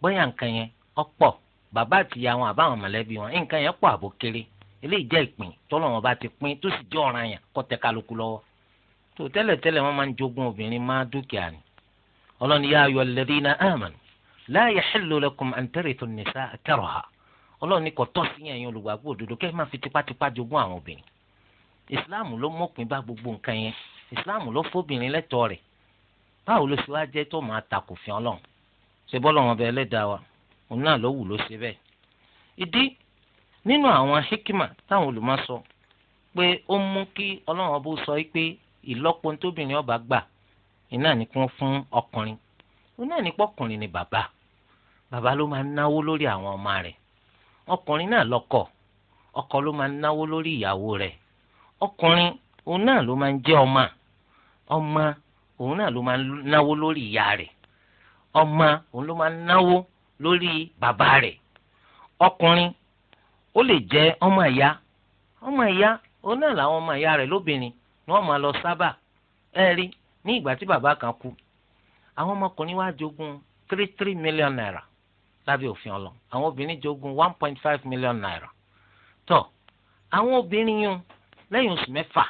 bóyá nǹkan yẹn ọ̀pọ̀ bàbá àtìyá wọn àbáwọn mọ̀lẹ́bí wọn nǹkan yẹn pọ̀ àbò kéré eléyìí jẹ́ ìpín tọ́lọ̀ wọn bá ti pín tó sì jẹ́ ọ̀ràn yẹn kó tẹ́ kálukú lọ́wọ́ tó tẹ́lẹ̀ tẹ́lẹ̀ wọ́n máa ń jogún obìnrin máa dúkìá ni ọlọ́ni yá ayọ̀ alladhina amanu la yahillu lakum an tarithu an-nisaa karaha ọlọ́ni kò tọ́ sí ẹ̀yin olùgbàgbọ́ òdodo kẹ́ ẹ máa fi tipátipá jogún àwọn obìnrin ìsìláàmù ló mọ̀pin bá gbogbo nǹkan yẹn ìsìláàmù ló fóbìnrin lẹ́tọ̀ọ́ rẹ̀ báwo ló ṣe wá jẹ́ tó máa takò fi ọlọ́run ṣe bọ́lọ̀ wọn bẹ wa òun náà ló wù ló ṣe bẹ́ẹ̀. ìdí nínú àwọn hikima táwọn olùmọ̀ sọ pé ó mú kí ọlọ́run ọbọ̀ sọ pé ìlọ́po tóbìnrin ọba gbà iná ní kún fún ọkùnrin òun náà ní pọ́kùnrin ni bàbá bàbá ló máa ń náwó lórí àwọn ọmọ rẹ̀ ọkùnrin náà lọ́kọ ọkọ ló máa ń náwó lórí ìyàwó rẹ̀ ọkùnrin òun náà ló máa ń jẹ́ ọmọ ọmọ òun náà ló máa náwó lórí ìyá rẹ̀ ọmọ òun ló máa náwó lórí bàbá rẹ̀ ọkùnrin ó lè jẹ́ ọmọ ìyá ọmọ ìyá òun náà làwọn ọmọ ìyá rẹ̀ lóbìnrin ni wọ́n máa lọ sábà ẹ rí ní ìgbà tí bàbá kan kú àwọn ọmọkùnrin wá jogún three three million naira lábẹ́ òfin ọlọ àwọn obìnrin jogún one point five million naira tó àwọn obìnrin yun lẹ́yìn oṣù mẹ́fà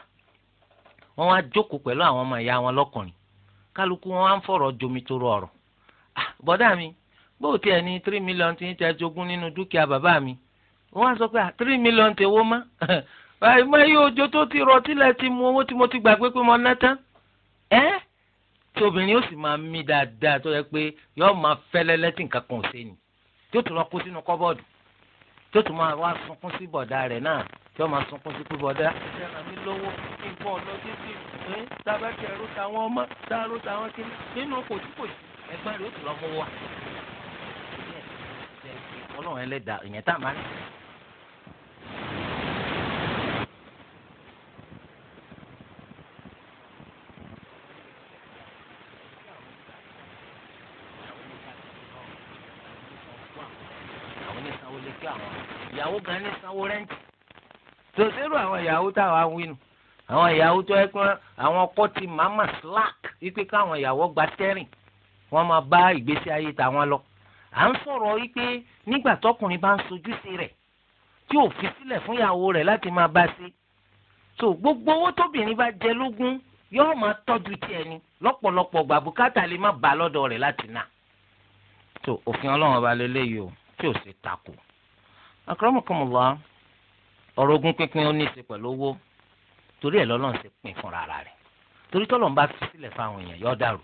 wọ́n wá jókòó pẹ̀lú àwọn ọmọ ìyá wọn lọ́kùnrin kálukú wọn wá ń fọ̀rọ̀ jomitoro ọ̀rọ̀ ah, bọ́dà mi bóòtì ẹni three million ti ń tẹ jogún nínú dúkìá bàbá mi wọ́n á sọ pé ah, three million ti wó má báyìí má yóò jó tó ti rọ tílẹ̀ ti mu owó tí mo ti gbàgbé pé mo ná tán ẹ́ tí obìnrin ó sì máa mí dáadáa tó yẹ pé yóò máa fẹ́lẹ́lẹ́ tí nǹkan kan ò ṣe ni tí ó tún lọ kó sínú kọ́bọ́ọ̀dù tí ó tún máa wá sunkún sí bọ̀dá rẹ̀ náà tí ó máa sunkún sí bọ̀dá rẹ̀ náà mi lówó kí n bọ̀ lọ títí ẹ dábàá kí táwọn ọmọ dáhùn táwọn kiri nínú kò ẹgbẹ́ rẹ̀ ó tún lọ mú wa ọlọ́run ẹlẹ́dàá ìyẹn tá a máa ń. ìyàwó gan ní sanwó rẹ́ǹtì tòṣèlú àwọn ìyàwó táwa ń winu àwọn ìyàwó tó ẹ pé àwọn ọkọ ti màmá slack wípé káwọn ìyàwó gba tẹ́rìn wọ́n máa bá ìgbésí ayé tàwọn lọ à ń sọ̀rọ̀ wípé nígbà tọkùnrin bá ń sojúṣe rẹ̀ tí ò fi sílẹ̀ fún ìyàwó rẹ̀ láti máa bá ṣe so gbogbo owó tóbìnrin bá jẹ lógún yóò máa tọ́jú tiẹ̀ ni lọ́pọ̀lọpọ̀ gbàbùkátà lè má bà lọ́dọ̀ rẹ̀ láti nà so òfin ọlọ́run ọba lélẹ́yìí o tí ò sì takò akọ́rọ́mọkọ́mọlá ọ̀rọ̀ ogún pínpín ó ní í ṣe pẹ̀lú owó torí ẹ̀ lọ́lọ́run ṣe pín fúnra rẹ̀ torí tọ́lọ́run bá fi sílẹ̀ fáwọn èèyàn yóò dàrú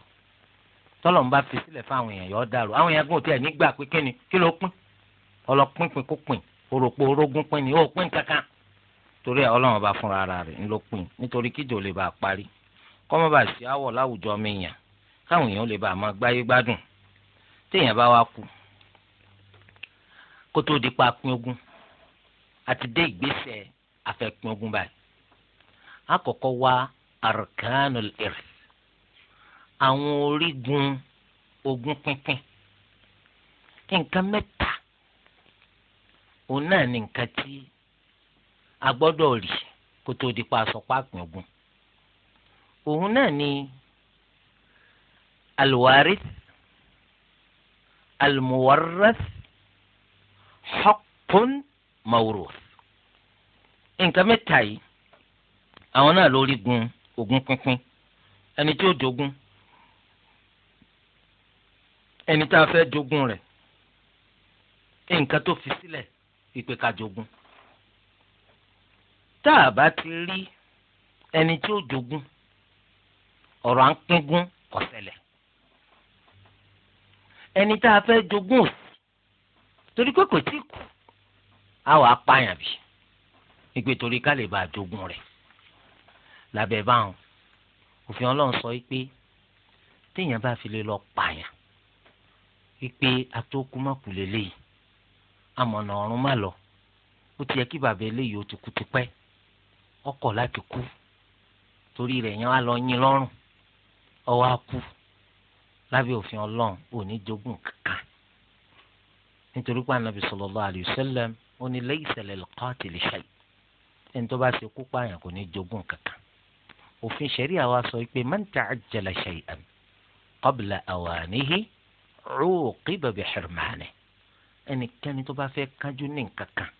tọ́lọ̀ ń bá fi sílẹ̀ fáwọn èèyàn yọ ọ́ dàrú àwọn èèyàn gùn tiẹ̀ nígbà pé kíni kí ló pín ọlọ́pínpín kó pín òròpó orógún pín ni ó pín kankan torí ẹ̀ ọlọ́run bá fúnra ara rẹ̀ ńlọ pín nítorí kíjò lè bá a parí kọ́mọ́ bá sí àwọ̀ láwùjọ mìíyàn káwọn èèyàn lè bá a máa gbáyé gbádùn téèyàn bá wá kú kó tó di pa pín ogún àti dé ìgbésẹ̀ afẹ́pín ogún báyìí àkọ́kọ́ wá arkanul irth àwọn orígun ogún pínpín nǹkan mẹ́ta òun náà ni nǹkan tí a gbọ́dọ̀ rí kó tó di pa aṣọ pápín ogún òun náà ni alwarith almuwarrath haqqun mawruth nǹkan mẹ́ta yìí àwọn náà lórí gun ogún pínpín ẹni tí ó jogún ẹni tá a fẹ́ jogún rẹ̀ nǹkan tó fi sílẹ̀ ìpè ká jogun, tá a bá ti rí ẹni tí ó jogún ọ̀rọ̀ à ń pínkún kò ṣẹlẹ̀ ẹni tá a fẹ́ jogún òsì torí pé kò tí kù á wà á pààyàn bì ìpè torí ká lè bá a jogún rẹ̀ lábẹ́ báwọn òfin ọlọ́run sọ pé téèyàn bá fi lè lọ pààyàn wípé atókùmọ̀kù lélẹ́yìí àmọ̀nà ọ̀run má lọ ó ti yẹ kí bàbá eléyìí ó ti kú tipẹ́ ọkọ̀ láti kú torí rẹ̀ yẹn wá lọ yín lọ́rùn ọwọ́ á kú lábẹ́ òfin ọlọ́run ò ní jogún kankan nítorí pé anabi sallallahu alayhi wa sallam ó ní laysa lil qatil shay ẹni tó bá ṣe kú pààyàn kò ní jogún kankan òfin ṣẹ̀ríà wa sọ pé man ta'ajjala shay'an qabla awanihi uqiba bi hirmanihi ẹnikẹ́ni tó bá fẹ́ kánjú ní nǹkan kan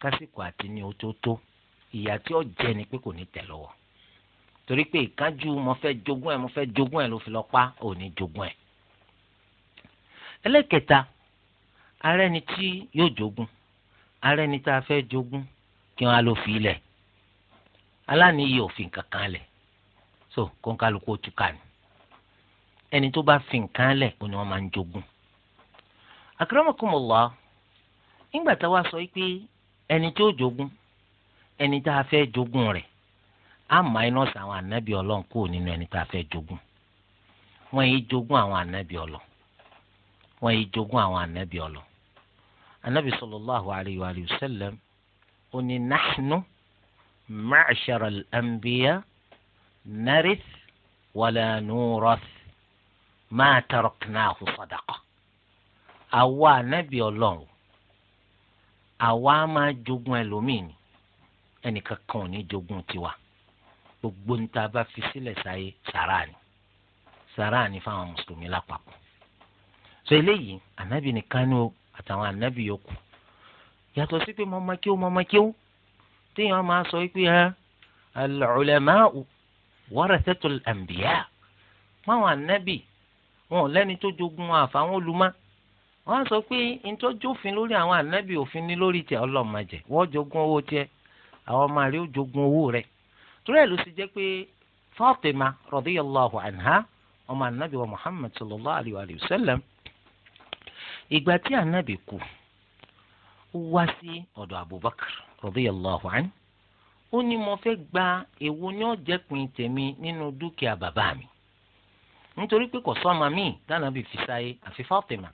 kásìkò àti ní otótó ìyá tí ó jẹ ni pé kò ní tẹ̀ lọ́wọ́ torí pé ìkánjú mo fẹ́ jogún ẹ̀ mo fẹ́ jogún ẹ̀ ló fi lọ pa ò ní jogún ẹ̀. ẹlẹ́kẹta ara ẹni tí yóò jogún ara ẹni tá a fẹ́ jogún kí wọ́n á lọ fi ilẹ̀ aláníyí òfin kankan lẹ̀ so kó ń kálukú ó túká ni ẹni tó bá fi nǹkan lẹ̀ kó ni wọ́n máa ń jogún. akramakumullah nígbà tá a wá sọ pé ẹni tó jogún ẹni tá a fẹ́ jogún rẹ̀ á minus àwọn ànábì ọlọ́run kò nínú ẹni tá a fẹ́ jogún wọ́n yìí jogún àwọn ànábì ọlọ́run wọ́n yìí jogún àwọn ànábì ọlọ́run ànábì sallallahu alayhi wa sallam ó ní nahnu ma'shara al-anbiya narith wala máa taraknahu sadaqa àwa ànábì ọlọ́run àwa máa jogún ẹlòmíì ni ẹnìkan kan ò ní jogún tiwa gbogbo níta bá fi sílẹ̀ sáyé sàrà ni sàrà ni fáwọn mùsùlùmí lápapọ̀ so eléyìí ànábì nìkan ni o àtàwọn ànábì yòókù yàtọ̀ sí pé mọ̀mọ́ kí téèyàn máa sọ pé ẹ al-ulama'u warathatul anbiya máwọn ànábì wọn ò lẹ́ni tó jogun wọn àfàwọn olùmọ́ wọn á sọ pé ntọ́jú òfin lórí àwọn ànábì òfin ní lórí tẹ ọlọ́màjẹ wọ́n jogun owó tiẹ àwọn ọmọ rẹ ó jogun owó rẹ torí ẹ̀ ló sì jẹ́ pé Fatima radiyallahu anha ọmọ ànábì wa Muhammad sallallahu alayhi wa sallam ìgbà tí ànábì kú ó wá sí ọ̀dọ̀ Abubakar radiyallahu anhu ó ní mo fẹ́ gba èwo ni ó jẹ́ pin tèmi nínú dúkìá bàbá mi nítorí pé kò sọ́mà míì dáná bíi fi sáyé àfi Fátímà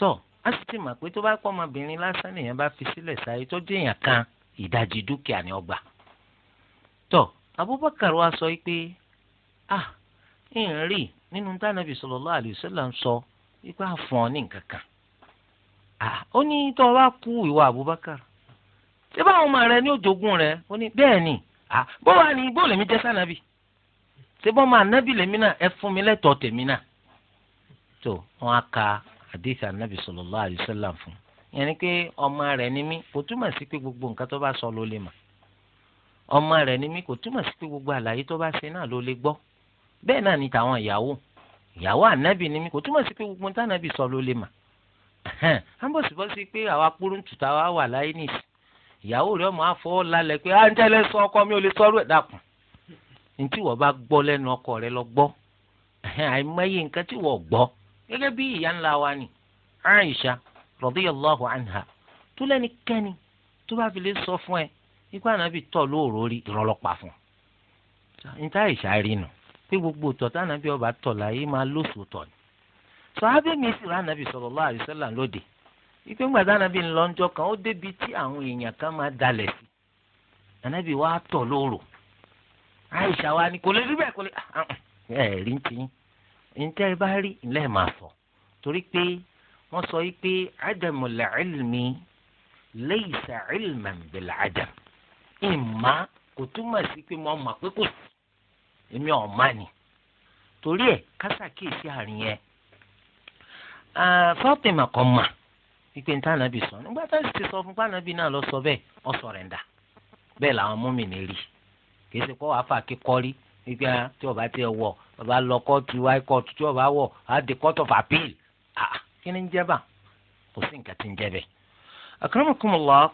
tó a sì ti mà pé tó bá kọ́ ọmọbìnrin lásán nìyẹn bá fi sílẹ̀ sáyé tó jẹ́ èèyàn kan ìdajì dúkìá ni ọgbà tó Abubakar wa sọ pé ah ń rí nínú tánàbì sallallahu alaihi wasallam sọ ipá fún ọ ní nǹkan kan ah ó ní tó o bá kú ìwà Abubakar ṣé báwọn ọmọ rẹ ní òjògùn rẹ ó ní bẹ́ẹ̀ ni ah bó wà ní bó lèmi jẹ́ sànàbì tẹ́bọ́ máa nábì lèmi náà ẹ fún mi lẹ́tọ̀ọ́ tèmi náà tó wọn á ka àdéhìí ànábì sallallahu alaihi wasallam fún yẹn ni pé ọmọ rẹ̀ ni mí kò túmọ̀ sí pé gbogbo nǹkan tó bá sọ ló lè mà ọmọ rẹ̀ ni mí kò túmọ̀ sí pé gbogbo àlàyé tó bá ṣe náà ló lè gbọ́ bẹ́ẹ̀ náà ni tàwọn ìyàwó ìyàwó ànábì ni mí kò túmọ̀ sí pé gbogbo nǹkan tànábì sọ ló lè mà á ń bọ̀ sí sí pé àwa kúrúntùtà wa wà láyé nìyí ìyàwó rẹ̀ ọmọ àfọwọ́ lálẹ́ pé à ń tẹ́lẹ̀ sọ ntí wọ́n bá gbọ́ lẹ́nu ọkọ rẹ lọ gbọ́ àìmọye nǹkan tí wọ́n gbọ́ gẹ́gẹ́ bí ìyá ńlá wa ni Aisha radiyallahu anha tó lẹ́nikẹ́ni tó bá fi lè sọ fún ẹ ikú ànábì tọ̀ lóòrò rí ìrọlọ́pàá fún un níta Aisha rí nù pé gbogbo òtọ̀ tá ànábì ọba tọ̀ láyé máa lóṣù tọ̀ ni sọ́hábẹ́ mi sì rà ànábì sallallahu alaihi wasallam lóde ìpè ńgbà ànábì ńlọ́njọ́ kan ó débi tí àwọn èèyàn kan máa dalẹ̀ sí ànábì wa tọ̀ lóòrò Aisha wa ni kò lè rí bẹ́ẹ̀ kò lè ah, ah. ẹ rí ń tiyín ǹjẹ́ ẹ bá rí ilẹ̀ máa sọ torí pé wọ́n sọ yìí pé adamul ilmi laysa ilman bil adam ìmá kò túmọ̀ sí pé mo mọ̀ pé kò sí èmi ò ni torí ẹ̀ kásàkíyèsí àárín yẹn Fatima kan mà pípé ní tànàbí sọ nígbà tá a sì ti sọ fún tànàbí náà lọ sọ bẹ́ẹ̀ ọ sọ̀rẹ̀ǹdà bẹ́ẹ̀ làwọn múmi rí i kì í ṣe pọ́ wàá fà kíkọ́rí nígbà ah, tí ọba ti wọ̀ ọba lọ kóòtù wáyé kóòtù tí ọba wọ̀ á di court of appeal ah, kí ni ń jẹ́ bà kò sí nǹkan tí ń jẹ́ bẹ́ẹ̀. akramakumullah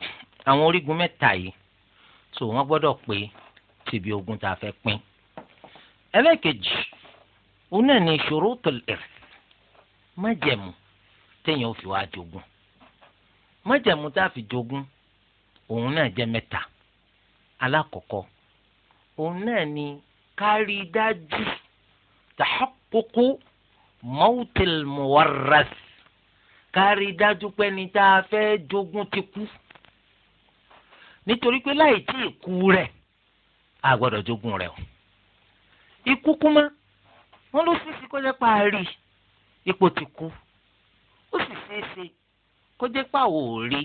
àwọn orígun mẹ́ta yìí tó wọ́n gbọ́dọ̀ pé tìbí ogun tá a fẹ́ pín. ẹlẹ́ẹ̀kejì òun náà ni shurutul irth májẹ̀mú téèyàn ò fi wá jogún májẹ̀mú tá a fi jogún òun náà jẹ́ mẹ́ta alákọ̀ọ́kọ́ òun náà ni kárí dájú tàhákókó mọ́tìl muwarras kárí dájú pé ní tá a fẹ́ jogún ti kú nítorí pé láì tí ì kú rẹ̀ a gbọ́dọ̀ jogún rẹ̀ o ikú kú mọ́ wọ́n ló ṣeéṣe kó jẹ́ pa àárí ipò ti kú ó sì ṣeéṣe kó jẹ́ pa òòrí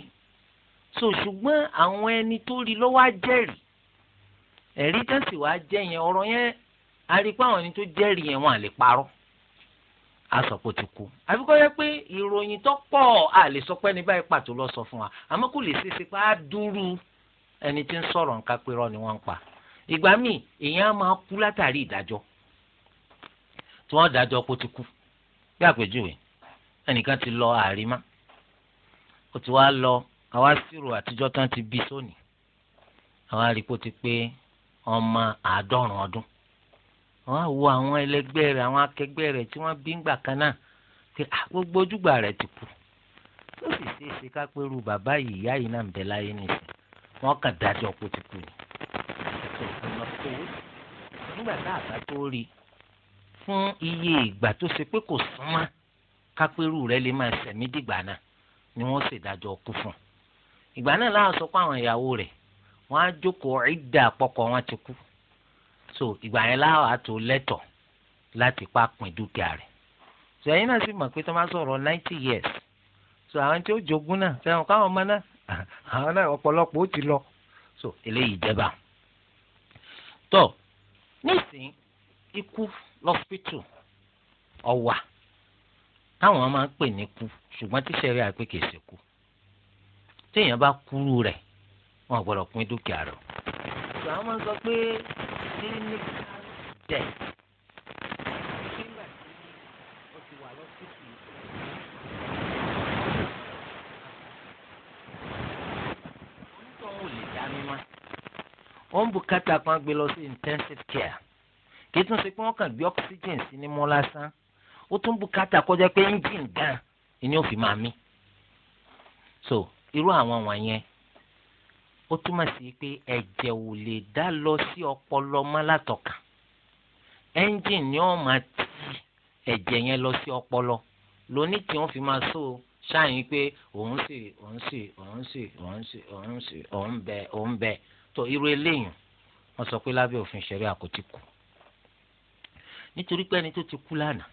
so ṣùgbọ́n àwọn ẹni tó rí lọ́wọ́ á jẹ́rìí ẹ̀rí tán sì wá jẹ́ yẹn ọ̀rọ̀ yẹn arípa àwọn ẹni tó jẹ́rìí yẹn wọn à lè parọ́ asọ̀pọ̀ ti kú àfi yẹ pé ìròyìn tó pọ̀ à lè sọ pé ní báyìí pàtó lọ sọ fún wa àmọ́ kò lè ṣe é ṣe pé á dúró ẹni tí ń sọ̀rọ̀ nǹkan pé irọ́ ni wọ́n ń pa ìgbà míì èèyàn á máa kú látàrí ìdájọ́ tí wọ́n dájọ́ kó ti kú bí àpèjúwe ẹnìkan ti lọ àrímá ó ti wá lọ àwa sírò àtijọ́ tán ti bí sóni àwa rí kó ti pé ọmọ àádọ́rùn ọdún wọ́n á wo àwọn ẹlẹgbẹ́ rẹ̀ àwọn akẹgbẹ́ rẹ̀ tí wọ́n bí ńgbà kan náà tí ah, gbogbo ojúgbà rẹ̀ ti kú ó sì ṣe é ṣe ká pé irú bàbá yìí ìyá yìí náà ń bẹ láyé nìyẹn wọ́n kàn dájọ́ kó ti kú ni nígbà tá àbá tó rí fún iye ìgbà tó ṣe pé kò súnmọ́ kápẹ́rù rẹ̀ lè máa ṣẹ̀mí dìgbà náà ni wọ́n ṣèdájọ́ kú fún un ìgbà náà láwọn sọ pé àwọn ìyàwó rẹ̀ wọ́n á jókòó ìdá àpọ̀kọ̀ wọn ti kú so ìgbà yẹn láwọn àtò lẹ́tọ̀ láti pa pín dúkìá rẹ̀ so ẹ̀yin náà sì mọ̀ pé tó máa sọ̀rọ̀ ninety years so àwọn tí ó jogún náà fẹ́ràn káwọn ọmọ náà àwọn náà ọ̀pọ̀lọpọ̀ ó ti lọ so eléyìí jẹba tó nísìnyí ikú lọ́sítù ọ̀wà táwọn máa ń pè ní kú ṣùgbọ́n tíṣẹ̀rí àpèkèsè kú téèyàn bá kúrú rẹ̀ wọn gbọ́dọ̀ pín dúkìá rẹ̀. ìgbà wọn máa ń sọ pé ní ní jẹ nígbà tí ó kan gbé lọ sí intensive care kì í tún ṣe pé wọ́n kàn gbé oxygen sí ní mú lásán ó tún bùkátà kọjá pé engine gan ni ó fi máa mí. so irú àwọn wọ̀nyẹn ó túmọ̀ sí pé ẹ̀jẹ̀ ò lè dá lọ sí ọpọlọ mọ́ látọkàn ẹ́ńjìn ni ó máa ti ẹ̀jẹ̀ yẹn lọ sí ọpọlọ lóní tí wọ́n fi máa sọ ṣáàyìn pé òun sì òun sì òun sì òun sì òun sì òun bẹ òun bẹ tó irú eléyìí wọ́n sọ pé lábẹ́ òfin ṣẹ̀rí àkótí kù nítorí pé ẹni tó ti kú lánàá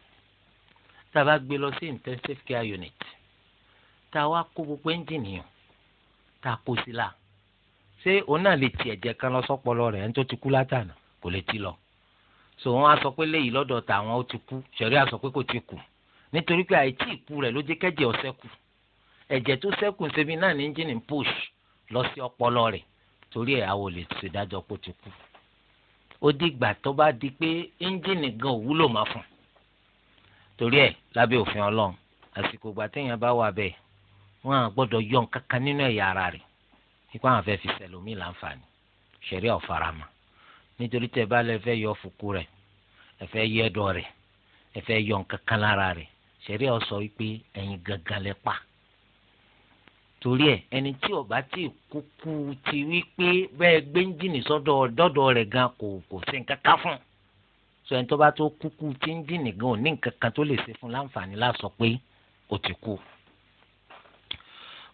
tá a bá gbé lọ sí intensive care unit tá a wá kó gbogbo ẹ́ńjìnì yàn tá a kó sí láà ṣé òun náà lè tiẹ̀ jẹ́ kán lọ sọ́pọlọ rẹ̀ ẹni tó ti kú látànà kò lè ti lọ so wọn á sọ pé léyìí lọ́dọ̀ tàwọn ó ti kú ṣẹ̀rí á sọ pé kò ti kù nítorí pé àìtí ìkú rẹ̀ ló jẹ́ kẹ́jẹ̀ ó ẹ̀jẹ̀ tó ṣẹ́kù ṣebí náà ní engine push lọ sí ọpọlọ rẹ̀ torí ẹ̀ àwọn ò lè ṣèdájọ́ pé ti kú ó dìgbà tó bá di pé engine gan òwúlò máa fún torí ẹ̀ lábẹ́ òfin ọlọ́run àsìkò ìgbà téèyàn bá wà bẹ́ẹ̀ wọ́n á gbọ́dọ̀ yọ nǹkan kan nínú ẹ̀yà ara rẹ̀ ikú àwọn fẹ́ẹ́ fi sẹlómi láǹfààní ṣẹ̀rí ọ̀farama nítorí tẹ́ bá lẹ fẹ́ yọ fùkú rẹ̀ ẹ fẹ́ yọ ẹ̀dọ̀ rẹ̀ ẹ fẹ́ yọ nǹkan kan lára rẹ̀ ṣẹ̀rí ọ sọ wípé ẹ̀yin gangan lẹ pa torí ẹ ẹni tí ọba tí kúkú ti wí bẹ́ẹ̀ gbé sọ́dọ̀ dọ́dọ̀ rẹ̀ gan kò kò sí nǹkan fún so ẹni tó bá tó kúkú tí ńjìnì gan ò ní nǹkan tó lè ṣe fún láǹfààní láà pé ó ti kú.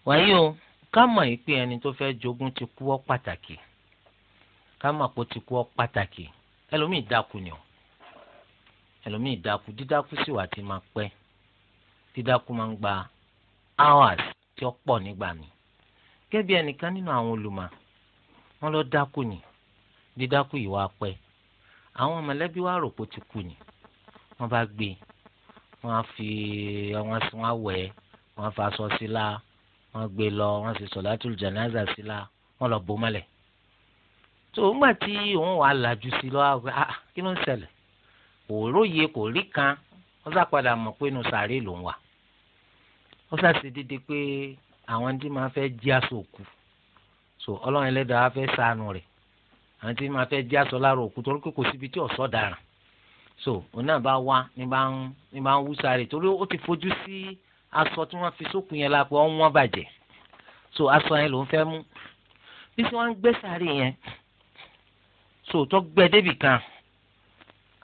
wàyí o. Kama mọ̀ yìí pé ẹni tó fẹ́ jogún ti kú ọ́ pàtàkì ká mọ̀ pé ó ti kú ọ́ pàtàkì ẹlòmíì dákú ni o ẹlòmíì dákú dídákú sì wà tí máa pẹ́ dídákú máa ń gba hours tí ó pọ̀ nígbà mi gẹ́gẹ́ ẹnìkan nínú àwọn olùmọ̀ wọn lọ dákú ni dídákú yìí wá pẹ́ àwọn mọ̀lẹ́bí wa rò pé ó ti kú ni wọ́n bá gbé wọ́n á fi wọ́n á wẹ̀ wọ́n á fa aṣọ sí láà wọ́n gbé lọ wọ́n sì sọ̀látùl janaza sí la wọ́n lọ bò mọ́lẹ̀ tó ń gbà tí òun wà lájú sí lọ ah, ah kí ló ń ṣẹlẹ̀ kò róye kò rí kan wọ́n sá padà mọ̀ pé inú sàárè ló ń wà ó sá ṣe dédé pé àwọn tí máa fẹ́ jí aṣọ òkú so ọlọ́run ẹlẹ́dàá fẹ́ sànù rẹ̀ àwọn tí máa fẹ́ jí aṣọ lára òkú torí pé kò síbi tí ọ̀sọ́ daràn so òun náà bá wá ní bá ń wú sáré torí ó ti fojú sí aṣọ tí wọ́n fi sókun yẹn la pé wọ́n bàjẹ́ so aṣọ yẹn ló ń fẹ́ mú bí wọ́n ń gbé sáré yẹn so tó gbẹ débì kan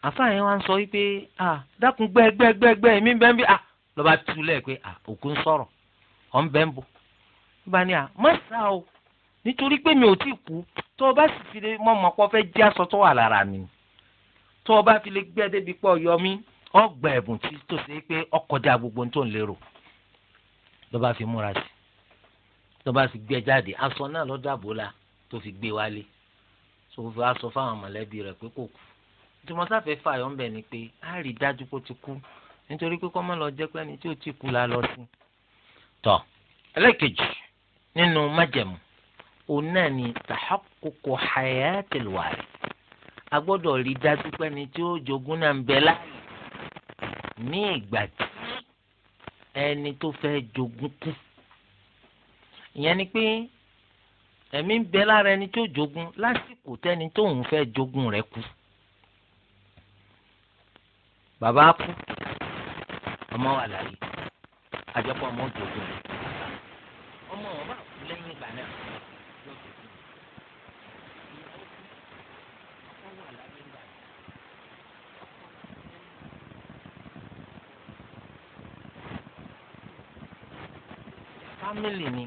àfáà yẹn wá ń sọ wípé ah dákun gbẹ gbẹ gbẹ gbẹ èmi bẹ́ẹ̀ bí ah lọ́ba túlẹ̀ pé ah òkú ń sọ̀rọ̀ ọ̀ ń bẹ́ẹ̀ ń bò bá ní à má sá o nítorí pé mi ò tí ì kú tó o bá sì fi lè mọ ọmọ pọ fẹ́ jí aṣọ tó wà lára mi tó o bá fi lè gbẹ débi pọ̀ yọ mí ọgbà ẹ̀bùn tí tó pé ọkọjá gbogbo tó ń lérò ló bá fi múra sí ló bá sì gbé jáde aṣọ náà ló dàbò la tó fi gbé wálé tó fi aṣọ fáwọn mọ̀lẹ́bí rẹ̀ pé kò kú ìtumọ̀ sáfẹ́ fààyàn bẹ̀ ni pé a rí i dájú pé ó ti kú nítorí pé kọ́mọ́ lọ jẹ́ pé ẹni tí ó ti kú la lọ sí. tọ́ ẹlẹ́kejì nínú májẹ̀mú òun náà ni tàhákòkò hayatilwari a gbọ́dọ̀ rí i dájú pé ẹni tí ó jogún náà ń bẹ láàyè ní ìgbà tí ẹni tó fẹ́ jogún kú ìyẹn ni pé ẹ̀mí ń bẹ lára ẹni tó jogún lásìkò tẹ́ni tóun fẹ́ jogún rẹ̀ kú bàbá kú ọmọ wà láyé àjẹpọ̀ ọmọ jogún rẹ̀. fámìlì ni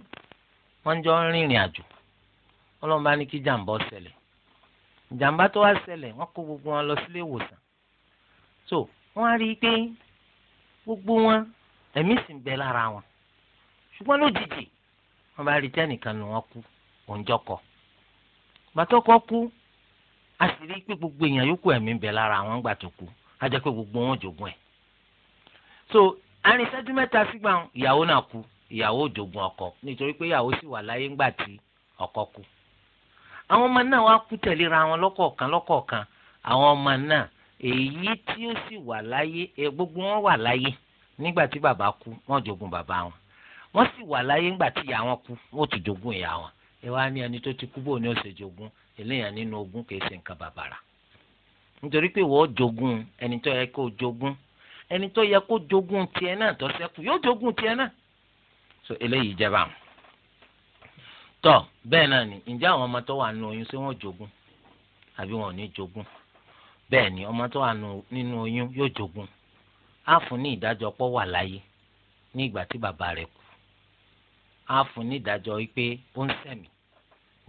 wọ́n jọ ń rìnrìn àjò ọlọ́run bá ní kí jàǹbá ṣẹlẹ̀ jàǹbá tó wá ṣẹlẹ̀ wọ́n kó gbogbo wọn lọ sílé ìwòsàn so wọ́n á rí i pé gbogbo wọn ẹ̀mí sì ń bẹ lára wọn ṣùgbọ́n lójijì wọ́n bá rí tẹ́nìkan nù wọ́n kú òǹjọkọ̀ gbàtọ́kọ̀ kú a sì rí i pé gbogbo èèyàn yòókù ẹ̀mí ń bẹ lára wọn gbà tó kú a jẹ́ pé gbogbo wọn jogún ẹ̀ so àárín ìṣẹ́jú mẹ́ta sígbà ìyàwó náà kú ìyàwó òjògùn ọkọ nítorí pé ìyàwó sì wà láyé ńgbà tí ọkọ kú àwọn ọmọ náà wá kú tẹ̀léra wọn lọ́kọ̀ọ̀kan lọ́kọ̀ọ̀kan àwọn ọmọ náà èyí tí ó sì wà láyé e, gbogbo wọn wà láyé nígbà tí bàbá kú wọn jogún bàbá wọn wọn sì wà láyé nígbà tí ìyá wọn kú wọn ò tún jogún ìyá wọn ẹ wá ní ẹni tó ti kú bò ní ó ṣe eléyàn nínú ogún kìí ṣe nǹkan bàbàrà nítorí pé wọ́n jogún ẹni tó yẹ kó jogún ẹni tó yẹ kó jogún tiẹ̀ náà tó ṣẹ́kù yóò jogún tiẹ̀ náà so eléyìí jẹba tọ bẹ́ẹ̀ náà ni ǹjẹ́ àwọn ọmọ tó wà nínú oyún ṣé wọ́n jogún àbí wọn ò ní jogún bẹ́ẹ̀ ni ọmọ tó wà nínú oyún yóò jogún á fún ní ìdájọ́ pọ̀ wà láyé ní ìgbà tí bàbá rẹ̀ kú á fún ní ìdájọ́ pé ó ń ṣẹ̀mí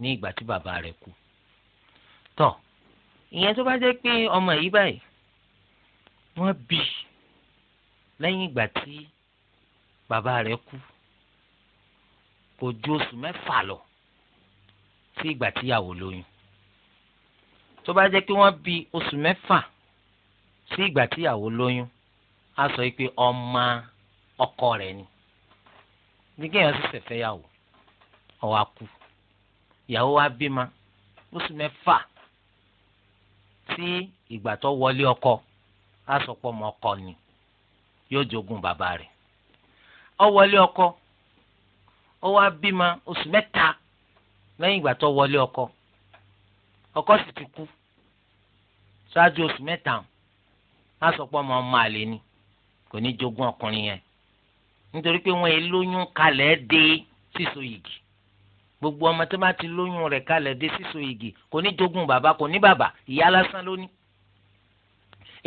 ní ìgbà tí bàbá rẹ̀ kú tọ ìyẹn tó bá jẹ́ pé ọmọ yìí báyìí wọ́n bí lẹ́yìn ìgbà tí bàbá rẹ̀ kú kò ju oṣù mẹ́fà lọ sí ìgbà tíyàwó lóyún tó bá jẹ́ pé wọ́n bí oṣù mẹ́fà sí ìgbà tíyàwó lóyún á sọ pé ọmọ ọkọ rẹ̀ ni ní kéèyàn sì ṣẹ̀fẹ̀ yàwó ọwọ́ akú ìyàwó wa bímọ oṣù mẹ́fà sí ìgbà tó wọlé ọkọ á sọ pé ọmọ ọkọ ni yóò jogún bàbá rẹ̀ ó wọlé ọkọ ó wá bímọ oṣù mẹ́ta lẹ́yìn ìgbà tó wọlé ọkọ ọkọ sì ti kú ṣáájú oṣù mẹ́ta á sọ pé ọmọ ọmọ àlè ni kò ní jogún ọkùnrin yẹn nítorí pé wọn èé lóyún kalẹ̀ dé sísọ yìgì gbogbo ọmọ tó bá ti lóyún rẹ̀ kalẹ̀ dé sísọ yìgì kò ní jogún bàbá kò ní bàbá ìyá lásán ló ní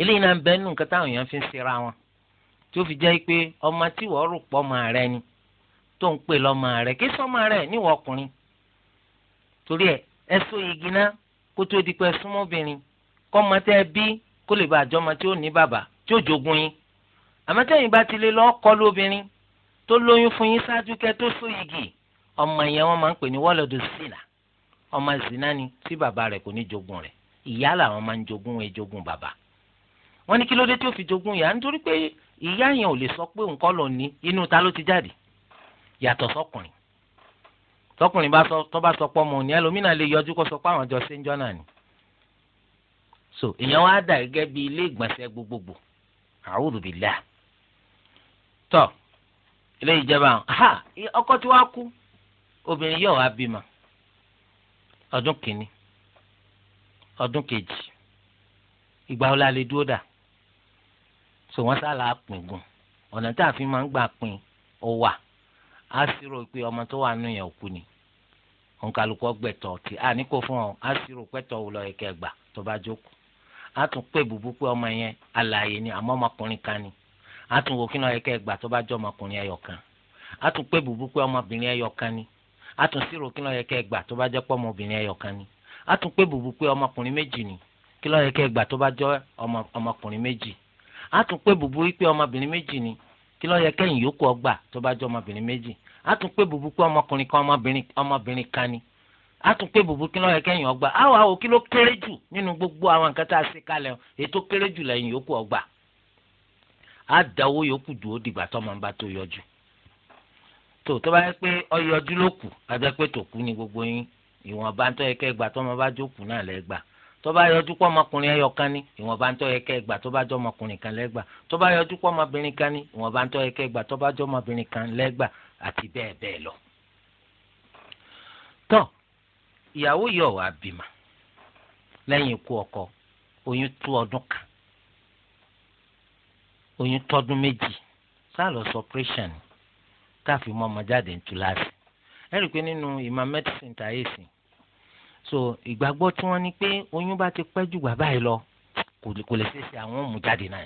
eléyìí náà bẹ́ẹ̀ nù nǹkan táwọn èèyàn fi ń ṣera wọn tí fi jẹ́ pé ọmọ tí wọ́n rò pọ̀ ọmọ rẹ ni tó ń pè lọ́mọ rẹ̀ kí sọ́mọ rẹ̀ níwọ̀ ọkùnrin torí ẹ ẹ so igi náà kó tó di pé súnmọ́bìnrin kọ́ ọmọ tẹ́ ẹ bí kó lè bá àjọmọ tí ó ní bàbá tí ó jogun yín àmọ́ bá ti lè lọ́ọ́ kọ́ lóbìnrin tó lóyún fún yín ṣáájú kẹ́ tó so igi ọmọ yẹn wọ́n máa ń pè ní wọ́lọ́dọ̀ sílà ọmọ zina ni tí bàbá rẹ̀ kò ní jogun rẹ̀ ìyá làwọn máa ń jogun ẹ jogun bàbá wọ́n ní kí ló dé tí ó fi jogun ìyá nítorí pé ìyá yẹn ò lè sọ pé nǹkan lọ ní inú ta ló ti jáde yàtọ̀ sọkùnrin sọkùnrin bá sọ tó bá sọ pọ́ mọ òní ẹlòmínà lè yọjú kó sọ pé àwọn jọ ṣe ń jọ́nà ni so èèyàn wá dà gẹ́gẹ́ bí ilé ìgbọ̀nsẹ̀ gbogbogbò a'udhu billah tọ ilé ìjẹba ha ọkọ tí wàá kú obìnrin yóò wá bímọ ọdún kìíní ọdún kejì ìgbà wo la lè dúró dà so wọ́n sá la pín gùn ọ̀nà tá a fi máa ń gbà pín ó Asiro sì rò pé ọmọ tó wà nù yẹn òkú ni òun kálukọ gbẹtọ tí a ní kó fún ọ á sì rò pẹtọ wò lọ ẹkẹ gbà tó bá jókòó á tún pé bùbú pé ọmọ yẹn alààyè ni àmọ́ ọmọkùnrin kan ni á tún wò kí lọ ẹkẹ gbà tó bá jọ ọmọkùnrin ẹyọ kan á tún bùbú pé ọmọbìnrin ẹyọ kan ni á tún sì rò kí lọ ẹkẹ gbà tó bá jẹ pọ ọmọbìnrin ẹyọ kan ni á tún bùbú pé ọmọkùnrin méjì ni kí lọ ẹkẹ gbà tó bá jọ ọmọkùnrin méjì á tún bùbú pé ọmọbìnrin méjì ni kí lọ ẹkẹ yìí ọgbà tó bá jọ ọmọbìnrin méjì á tún pé bùbú pé ọmọkùnrin kan ọmọbìnrin kan ni á tún pé bùbú kí ló yẹ kẹ́yìn ọgbà á wà ó kí ló kéré jù nínú gbogbo àwọn nǹkan tá a ṣe kalẹ̀ o ètò kéré jù lẹ́yìn yòókù ọgbà á dáwó yòókù dúró dìgbà tó máa ń bá tó yọjú tó tó bá yẹ pé ọyọjú ló kù ajá pé tòkú ni gbogbo yín ìwọ̀nba tó yẹ kẹ́ gbà tó máa bá jókòó náà lẹ́ gbà tó bá yọjú pọ̀ ọmọkùnrin ẹyọ kan ní ìwọ̀nba tó yẹ kẹ́ gbà tó bá jọ ọmọkùnrin kan lẹ́gbà tó bá yọjú pọ̀ ọmọbìnrin kan ní ìwọ̀nba tó yẹ kẹ́ gbà tó bá jọ ọmọbìnrin kan lẹ́gbà àti bẹ́ẹ̀ bẹ́ẹ̀ lọ. tọ́ ìyàwó yọ̀ wá bímọ lẹ́yìn ikú ọkọ oyún tó ọdún kan oyún tọdún méjì sáàlọ sọpírẹ́ṣàn káfí mọ́ ọmọ jáde ń tu láti ẹ rí i pé nínú ìmọ̀ mẹ́dísìn tàyè sí so ìgbàgbọ́ tí wọ́n ní pé oyún bá ti pẹ́ jù bàbá yìí lọ kò lè ṣeéṣe àwọn òmù jáde náà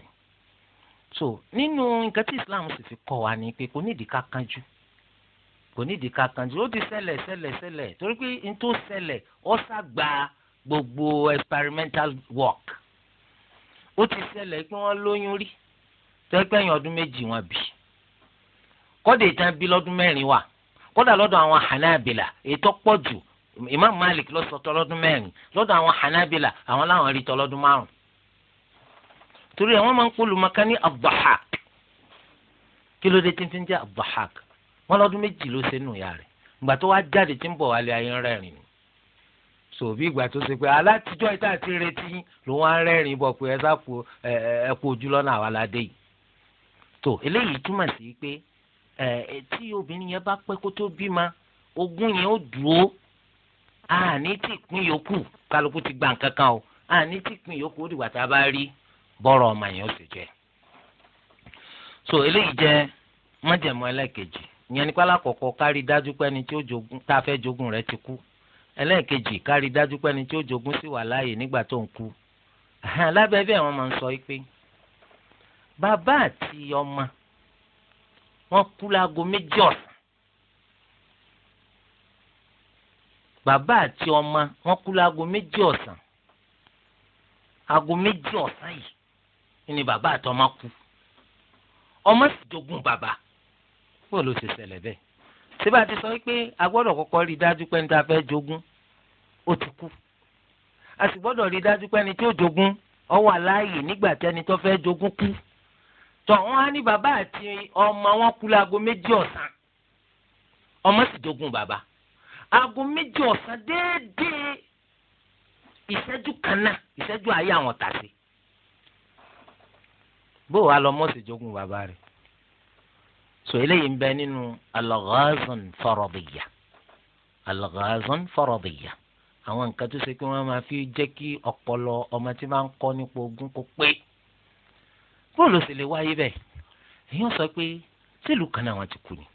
so nínú nǹkan tí Islam sì fi kọ́ wa ni pé kò nídìí ká kánjú kò nídìí ká kánjú ó ti ṣẹlẹ̀ ṣẹlẹ̀ ṣẹlẹ̀ torí pé n tó ṣẹlẹ̀ ó ṣàgbà gbogbo experimental work ó ti ṣẹlẹ̀ pé wọ́n lóyún rí tẹ́gbẹ́yìn ọdún méjì wọn bí kọ́dà ìtàn bí lọ́dún mẹ́rin wà kọ́dà lọ́dọ̀ àwọn hanabila ètò pọ̀jù Imam Malik ló sọ tọ́lọ́dún mẹ́rin lọ́dọ̀ àwọn hanabila àwọn làwọn rí tọ́lọ́dún márùn torí àwọn máa ń polùmọ̀ká ní abdulhaq kí ló dé tí ń fi ń jẹ́ abdulhaq wọn lọ́dún méjì ló ṣe nù ya rẹ̀ ìgbà tó wá jáde tí ń bọ̀ wálé ayé ń rẹ́rìn ni sòbí ìgbà tó ṣe pé alátijọ́ ìta àti retí ló wá ń rẹ́rìn bọ̀ pé ẹ̀sà kú ẹ̀kú ojú lọ́nà àwa la dé yìí tó eléyìí túmọ̀ sí pé tí obìnrin yẹn bá pẹ́ kó tó bímọ ogún yẹn ó dúró àní tí ìpín yòókù kálukú ti gba nǹkan kan o àní tí ìpín yòókù ó dìgbà tá a bá rí bọ́rọ̀ ọmọ yẹn ó sì jẹ́ so eléyìí jẹ́ májẹ̀mú ẹlẹ́kejì ìyẹn nípa alákọ̀ọ́kọ́ kárí dájú pé ẹni tí ó jogún tá a fẹ́ jogún rẹ̀ ti kú ẹlẹ́ẹ̀kejì kárí dájú pé ẹni tí ó jogún sì wà láàyè nígbà tó ń kú lábẹ́ bẹ́ẹ̀ wọ́n máa ń sọ pé bàbá àti ọmọ wọ́n kú láago méjì ọ̀sán bàbá àti ọmọ wọ́n kú láago méjì ọ̀sán aago méjì ọ̀sán yìí ni bàbá àti ọmọ kú ọmọ sì jogún bàbá bó ló ti ṣẹlẹ̀ bẹ́ẹ̀ síbà ti sọ pé a gbọ́dọ̀ kọ́kọ́ rí dájú pé ní ta fẹ́ jogún ó ti kú a sì gbọ́dọ̀ rí dájú pé ẹni tí ó jogún ó wà láàyè nígbà tí ẹni tó fẹ́ jogún kú tọ̀hún á ní bàbá àti ọmọ wọn kú láago méjì ọ̀sán ọmọ sì jogún bàbá aago méjì ọ̀sán déédéé ìṣẹ́jú kan náà ìṣẹ́jú ayé àwọn tàṣe bó wàá lọ mọ́ sí jogún bàbá rẹ̀ so eléyìí الغاز فرضية الغاز فرضية faradiyya alghazan faradiyya àwọn nǹkan tó ṣe pé wọ́n máa fi jẹ́ kí ọpọlọ ọmọ tí máa ń kọ́ nípa ogun kó pé bóòlù sì lè wáyé bẹ́ẹ̀ èèyàn sọ pé sílùú kan náà wọ́n ti kú ni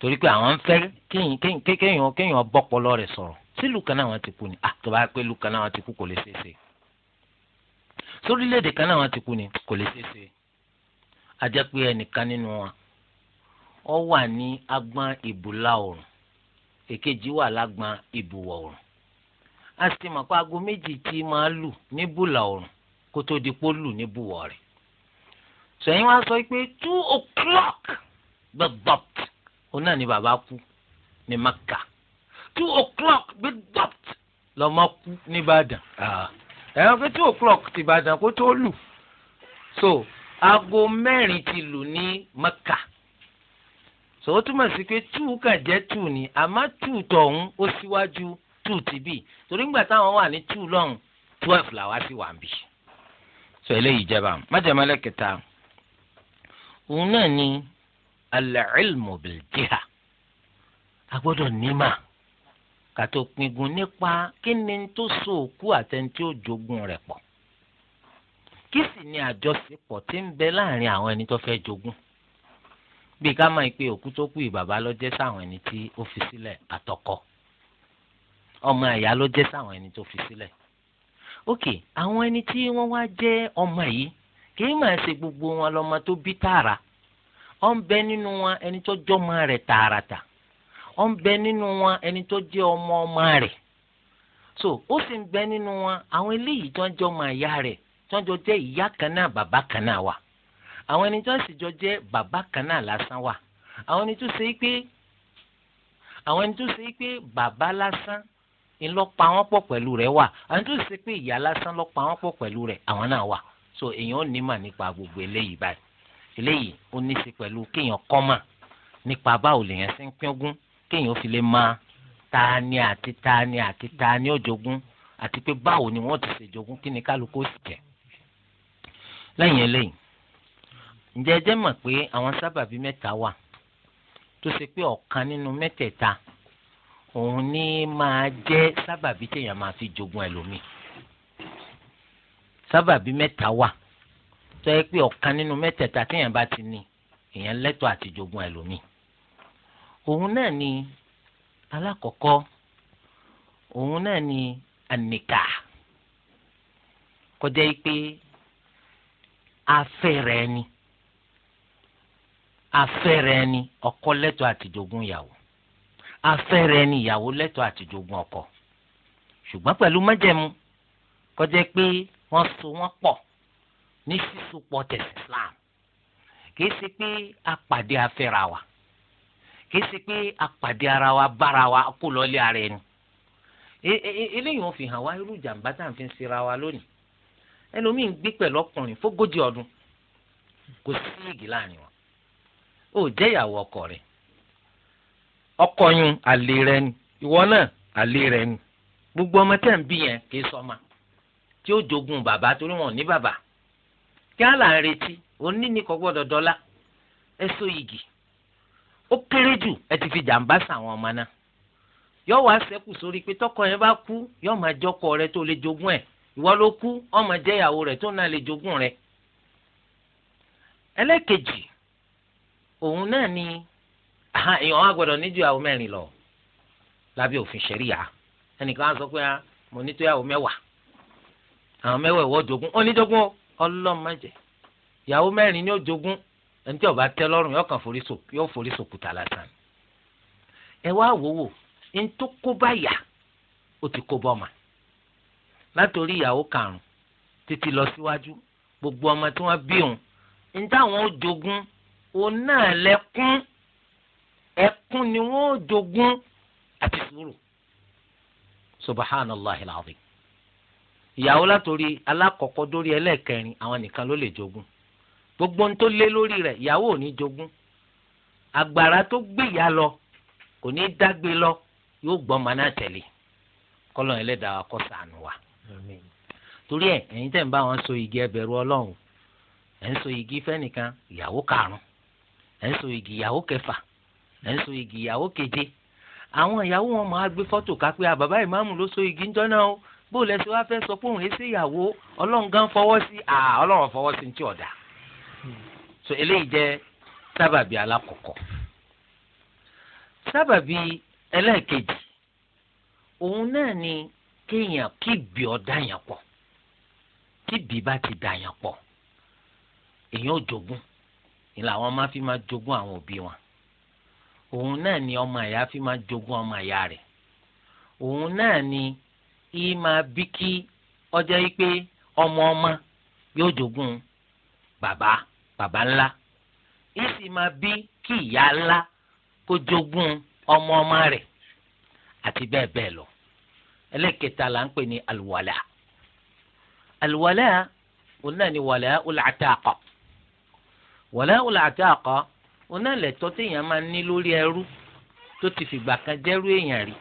torí pé àwọn ń fẹ́ kéèyàn kéèyàn bọ́pọlọ rẹ̀ sọ̀rọ̀ sílùú kan náà wọ́n ti kú ni ah bá pé lùú náà wọ́n ti kú kò lè ṣeé ṣe sórílẹ̀ kan náà wọ́n ti kú ni kò lè ṣeé ṣe ajẹ́pé ẹnìkan nínú wọn ọ wà ní agbọn ìbùlà oòrùn èkejì wà lágbọn ìbùwọ̀ oòrùn a sì mọ̀ pé aago méjì tí máa lù ní bùlà oòrùn kó tó di pó lù ní bùwọ̀ rẹ̀ sẹ́yìn wá sọ pé two o'clock gbẹ̀gbọ̀t òun náà ni bàbá kú ní Maka two o'clock gbẹ̀gbọ̀t lọ́mọ kú ní Ìbàdàn ah, ẹ̀rọ pé two o'clock ti Ìbàdàn kó tó lù so aago mẹ́rin ti lù ní mẹ́kà sọ túmọ̀ sí pé tù kà jẹ́ tù ní àmọ́ tù tọ̀hún ó síwájú tù tìbí torí ńgbà táwọn wà ní tù lọ́hùn twelve làwa sì wà ń bì sọ eléyìí jẹba májàmálẹ kẹta òun náà ni al-ilmu bil-jiha a gbọ́dọ̀ nímà kàtó pingun nípa kí ni tó so òkú àtẹni tí rẹ̀ pọ̀ kí sì ni àjọṣepọ̀ tí ń bẹ láàrin àwọn ẹni tó fẹ́ jogún bí ká máa pe òkú tó kú ìbàbá ló jẹ́ sáwọn ẹni tí ó fi sílẹ̀ àtọkọ ọmọ ìyá ló jẹ́ sáwọn ẹni tó fi sílẹ̀ ok àwọn ẹni tí wọ́n wá jẹ́ ọmọ yìí kì í máa ṣe gbogbo wọn lọ́mọ tó bí tààrà ó ń bẹ nínú wọn ẹni tó jọmọ rẹ̀ tààràtà ó ń bẹ nínú wọn ẹni tó jẹ́ ọmọ ọmọ rẹ̀ so ó sì ń bẹ nínú wọn àwọn eléyìí tó ń jọmọ ìyá rẹ̀ tí wọ́n jọ jẹ́ ìyá kan náà bàbá kan náà wà àwọn ẹni tí wọ́n sì jọ jẹ́ bàbá kan náà lásán wà àwọn ẹni tó ṣe pé àwọn ẹni tó ṣe pé bàbá lásán ńlọpa wọn pọ̀ pẹ̀lú rẹ̀ wà àwọn ẹni tó ṣe pé ìyá lásán lọpa wọn pọ̀ pẹ̀lú rẹ̀ àwọn náà wà so èèyàn ò ní mà nípa gbogbo eléyìí báyìí eléyìí ó ní í ṣe pẹ̀lú kéèyàn kọ́ mà nípa báwo lèèyàn ṣe ń pín ogún kéèyàn ó fi lè máa tani àti tani àti tani ó jogún àti pé báwo ni wọ́n ti ṣe kí ni kálukú ó sì jẹ́ lẹ́yìn eléyìí ǹjẹ́ jẹ́ mọ̀ pé àwọn sábàbí mẹ́ta wà tó ṣe pé ọ̀kan nínú mẹ́tẹ̀ẹ̀ta òun ní máa jẹ́ sábàbí téèyàn máa fi jogun ẹlòmíì sábàbí mẹ́ta wà tó yẹ pé ọ̀kan nínú mẹ́tẹ̀ẹ̀ta téèyàn bá ti ní èèyàn lẹ́tọ̀ọ́ àti jogun ẹlòmíì òun náà ni alákọ̀ọ́kọ́ òun náà ni ànìkà kọjá yìí pé afẹ́rẹ́ ẹni afẹ́rẹ́ ẹni ọkọ lẹ́tọ̀ọ́ àtijogún ìyàwó afẹ́rẹ́ ẹni ìyàwó lẹ́tọ̀ọ́ àtijogún ọkọ ṣùgbọ́n pẹ̀lú májẹ̀mú kó jẹ́ pé wọ́n so wọ́n pọ̀ ní sísopọ̀ tẹ̀sí Islam kìí ṣe pé apàdé afẹ́ra wa kìí ṣe pé apàdé ara wa bára wa kó lọ́ọ́lé ara ẹni e, e, e, eléyìí wọn fi hàn wá irú jàǹbá tá à ń fi ń ṣera wa lónìí ẹlòmíì ń gbé pẹ̀lú ọkùnrin fógójì ọdún kò sí ìgì láàrin wọn ó jẹ́ ìyàwó ọkọ rẹ̀ ọkọ yun àlè rẹ ni ìwọ náà àlè rẹ ni gbogbo ọmọ tẹ̀ ń bí yẹn kì í sọmọ tí ó jogun bàbá torí wọn ò ní bàbá kí á là ń retí òní ní kò gbọ́dọ̀ dọ́là ẹ igi ó kéré jù ẹ ti fi jàǹbá sàwọn ọmọ náà yọ wá ṣẹ́kù sórí pé tọkọ yẹn bá kú yọ máa jọkọ rẹ tó lè jogún ẹ̀ ìwọ ló kú ọmọ jẹ́ ìyàwó rẹ̀ tó náà lè jogún rẹ̀ ẹlẹ́kejì òun náà ni èèyàn á gbọ́dọ̀ níjú ìyàwó mẹ́rin lọ lábẹ́ òfin ṣẹ̀ríyà ẹnìkan á sọ pé mo ní tó ìyàwó mẹ́wàá àwọn mẹ́wàá ìwọ jogún ó ní jogún ọlọ́mọdé ìyàwó mẹ́rin ni ó jogún ẹni tí ó bá lọ́rùn yóò kàn forí sòkúta lásán ẹ wá wò wò ní ó ti kó bọ́ ọmọ látòrí ìyàwó karùn títí lọ síwájú gbogbo ọmọ tí wọ́n bí òun ní táwọn ó jogún òun náà lẹ́kún ẹkún ni wọ́n ó àti sùúrù subhanallah alazim ìyàwó látòrí alákọ̀ọ́kọ́ dórí ẹlẹ́ẹ̀kẹrin àwọn nìkan ló lè jogún gbogbo ohun tó lé lórí rẹ̀ ìyàwó ò ní jogún agbára tó gbé ìyá lọ kò ní dágbé lọ yóò gbọ́n náà tẹ̀lé kọ́lọ́n ẹlẹ́dàá wa kó wa torí ẹ ẹ̀yin tẹ́ ń bá wọn so igi ẹbẹ̀rù ọlọ́run ẹ̀ ń so igi fẹ́nìkan ìyàwó karùn-ún ẹ̀ ń so igi ìyàwó kẹfà ẹ̀ ń so igi ìyàwó keje àwọn ìyàwó wọn máa gbé fọ́tò ká pé àbàbá ìmáàmù ló so igi ńjọ́ náà o bó o lẹ́sẹ̀ wá fẹ́ sọ pé òun èsì ìyàwó ọlọ́run gan fọwọ́ sí à ọlọ́run fọwọ́ sí ti ọ̀dà so eléyìí jẹ́ sábàbí alákọ̀ọ́kọ́ sábàbí ẹlẹ́ẹ̀kejì òun náà ni kéèyàn kí bì ọ́ dàyàn pọ̀ tí bì bá ti dàyàn pọ̀ èèyàn ò jogún ni làwọn máa fi máa jogún àwọn òbí wọn òun náà ni ọmọ àyà fi máa jogún ọmọ àyà rẹ̀ òun náà ni í máa bí kí ọjọ́ yìí pé ọmọ ọmọ yóò jogún bàbá bàbá ńlá í sì máa bí kí ìyá ńlá kó jogún ọmọ ọmọ rẹ̀ àti bẹ́ẹ̀ bẹ́ẹ̀ lọ ẹlẹ́kẹta là ń pè ní alwala alwala òun náà ni wàlá olàtàkọ wàlá olàtàkọ òun náà lẹ́tọ́ téèyàn máa ní lórí ẹrú tó ti fìgbà kan jẹ́rú èèyàn rí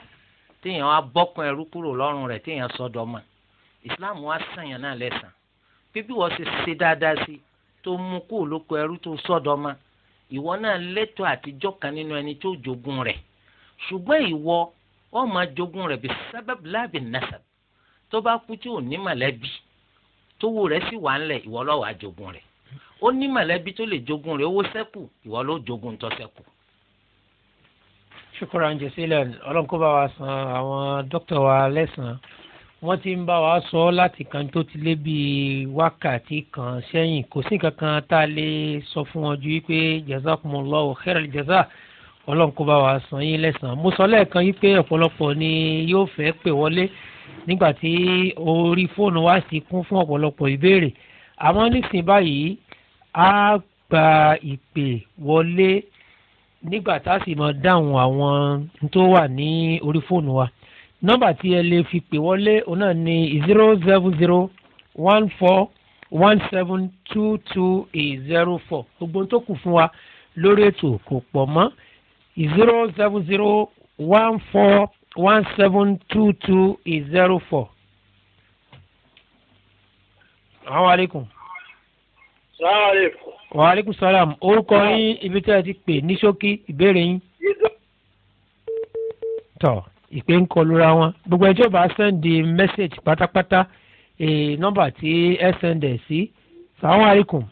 téèyàn wá bọ́kùn ẹrú kúrò lọ́rùn rẹ̀ téèyàn sọ́dọ̀ mọ́ islam wá sànyàn náà lẹ́sàn bíbí wọ́n ṣe ṣe dáadáa sí tó mú kó olóko ẹrú tó sọ́dọ̀ mọ́ ìwọ náà lẹ́tọ̀ọ́ àtijọ́ kan nínú ẹni tó jogun rẹ̀ ṣùgbọ́n ìwọ wọ́n máa jogún rẹ̀ bí sábàb láàbì nasab tó bá kú tí ò ní mọ̀lẹ́bí tówó rẹ̀ sì wà ńlẹ̀ ìwọ ló wá jogún rẹ̀ ó ní mọ̀lẹ́bí tó lè jogún rẹ̀ owó ṣẹ́kù ìwọ ló jogún tó ṣẹ́kù. ṣùkúrà ń jẹ sílẹ̀ ọlọ́run kó bá wa san àwọn dókítà wa lẹ́sàn-án wọ́n ti ń bá wa sọ láti kan tó ti lé bíi wákàtí kan sẹ́yìn kò sí kankan tá a lè sọ fún wọn ju wípé jazakumullahu khairal jazaa ọlọ́run kó bá wa san yín lẹ́sàn-án mo sọ lẹ́ẹ̀kan yìí pé ọ̀pọ̀lọpọ̀ ni yóò fẹ́ pè wọlé nígbà tí orí fóònù wa sì kún fún ọ̀pọ̀lọpọ̀ ìbéèrè àmọ́ nísìnyí báyìí a gba ìpè wọlé nígbà tá a sì mọ dáhùn àwọn tó wà ní orí fóònù wa nọ́mbà tí ẹ lè fi pè wọlé òun náà ni zero seven zero one four one seven two two eight zero four gbogbo tó kù fún wa lórí ètò kò pọ̀ mọ́ zero seven zero one four one seven two two zero four. salaamaleykum. salaamaleykum. waaleykum salaam orúkọ yín ibi tí a ti pè ní ṣókí ìbéèrè yín. tọ ìpè ń kọlu ra wọn gbogbo ẹjọ́ bá sẹ́ndì mẹ́sẹ̀gì pátápátá nọ́mbà tí ẹ sẹ́ndẹ̀ sí. salaamaleykum.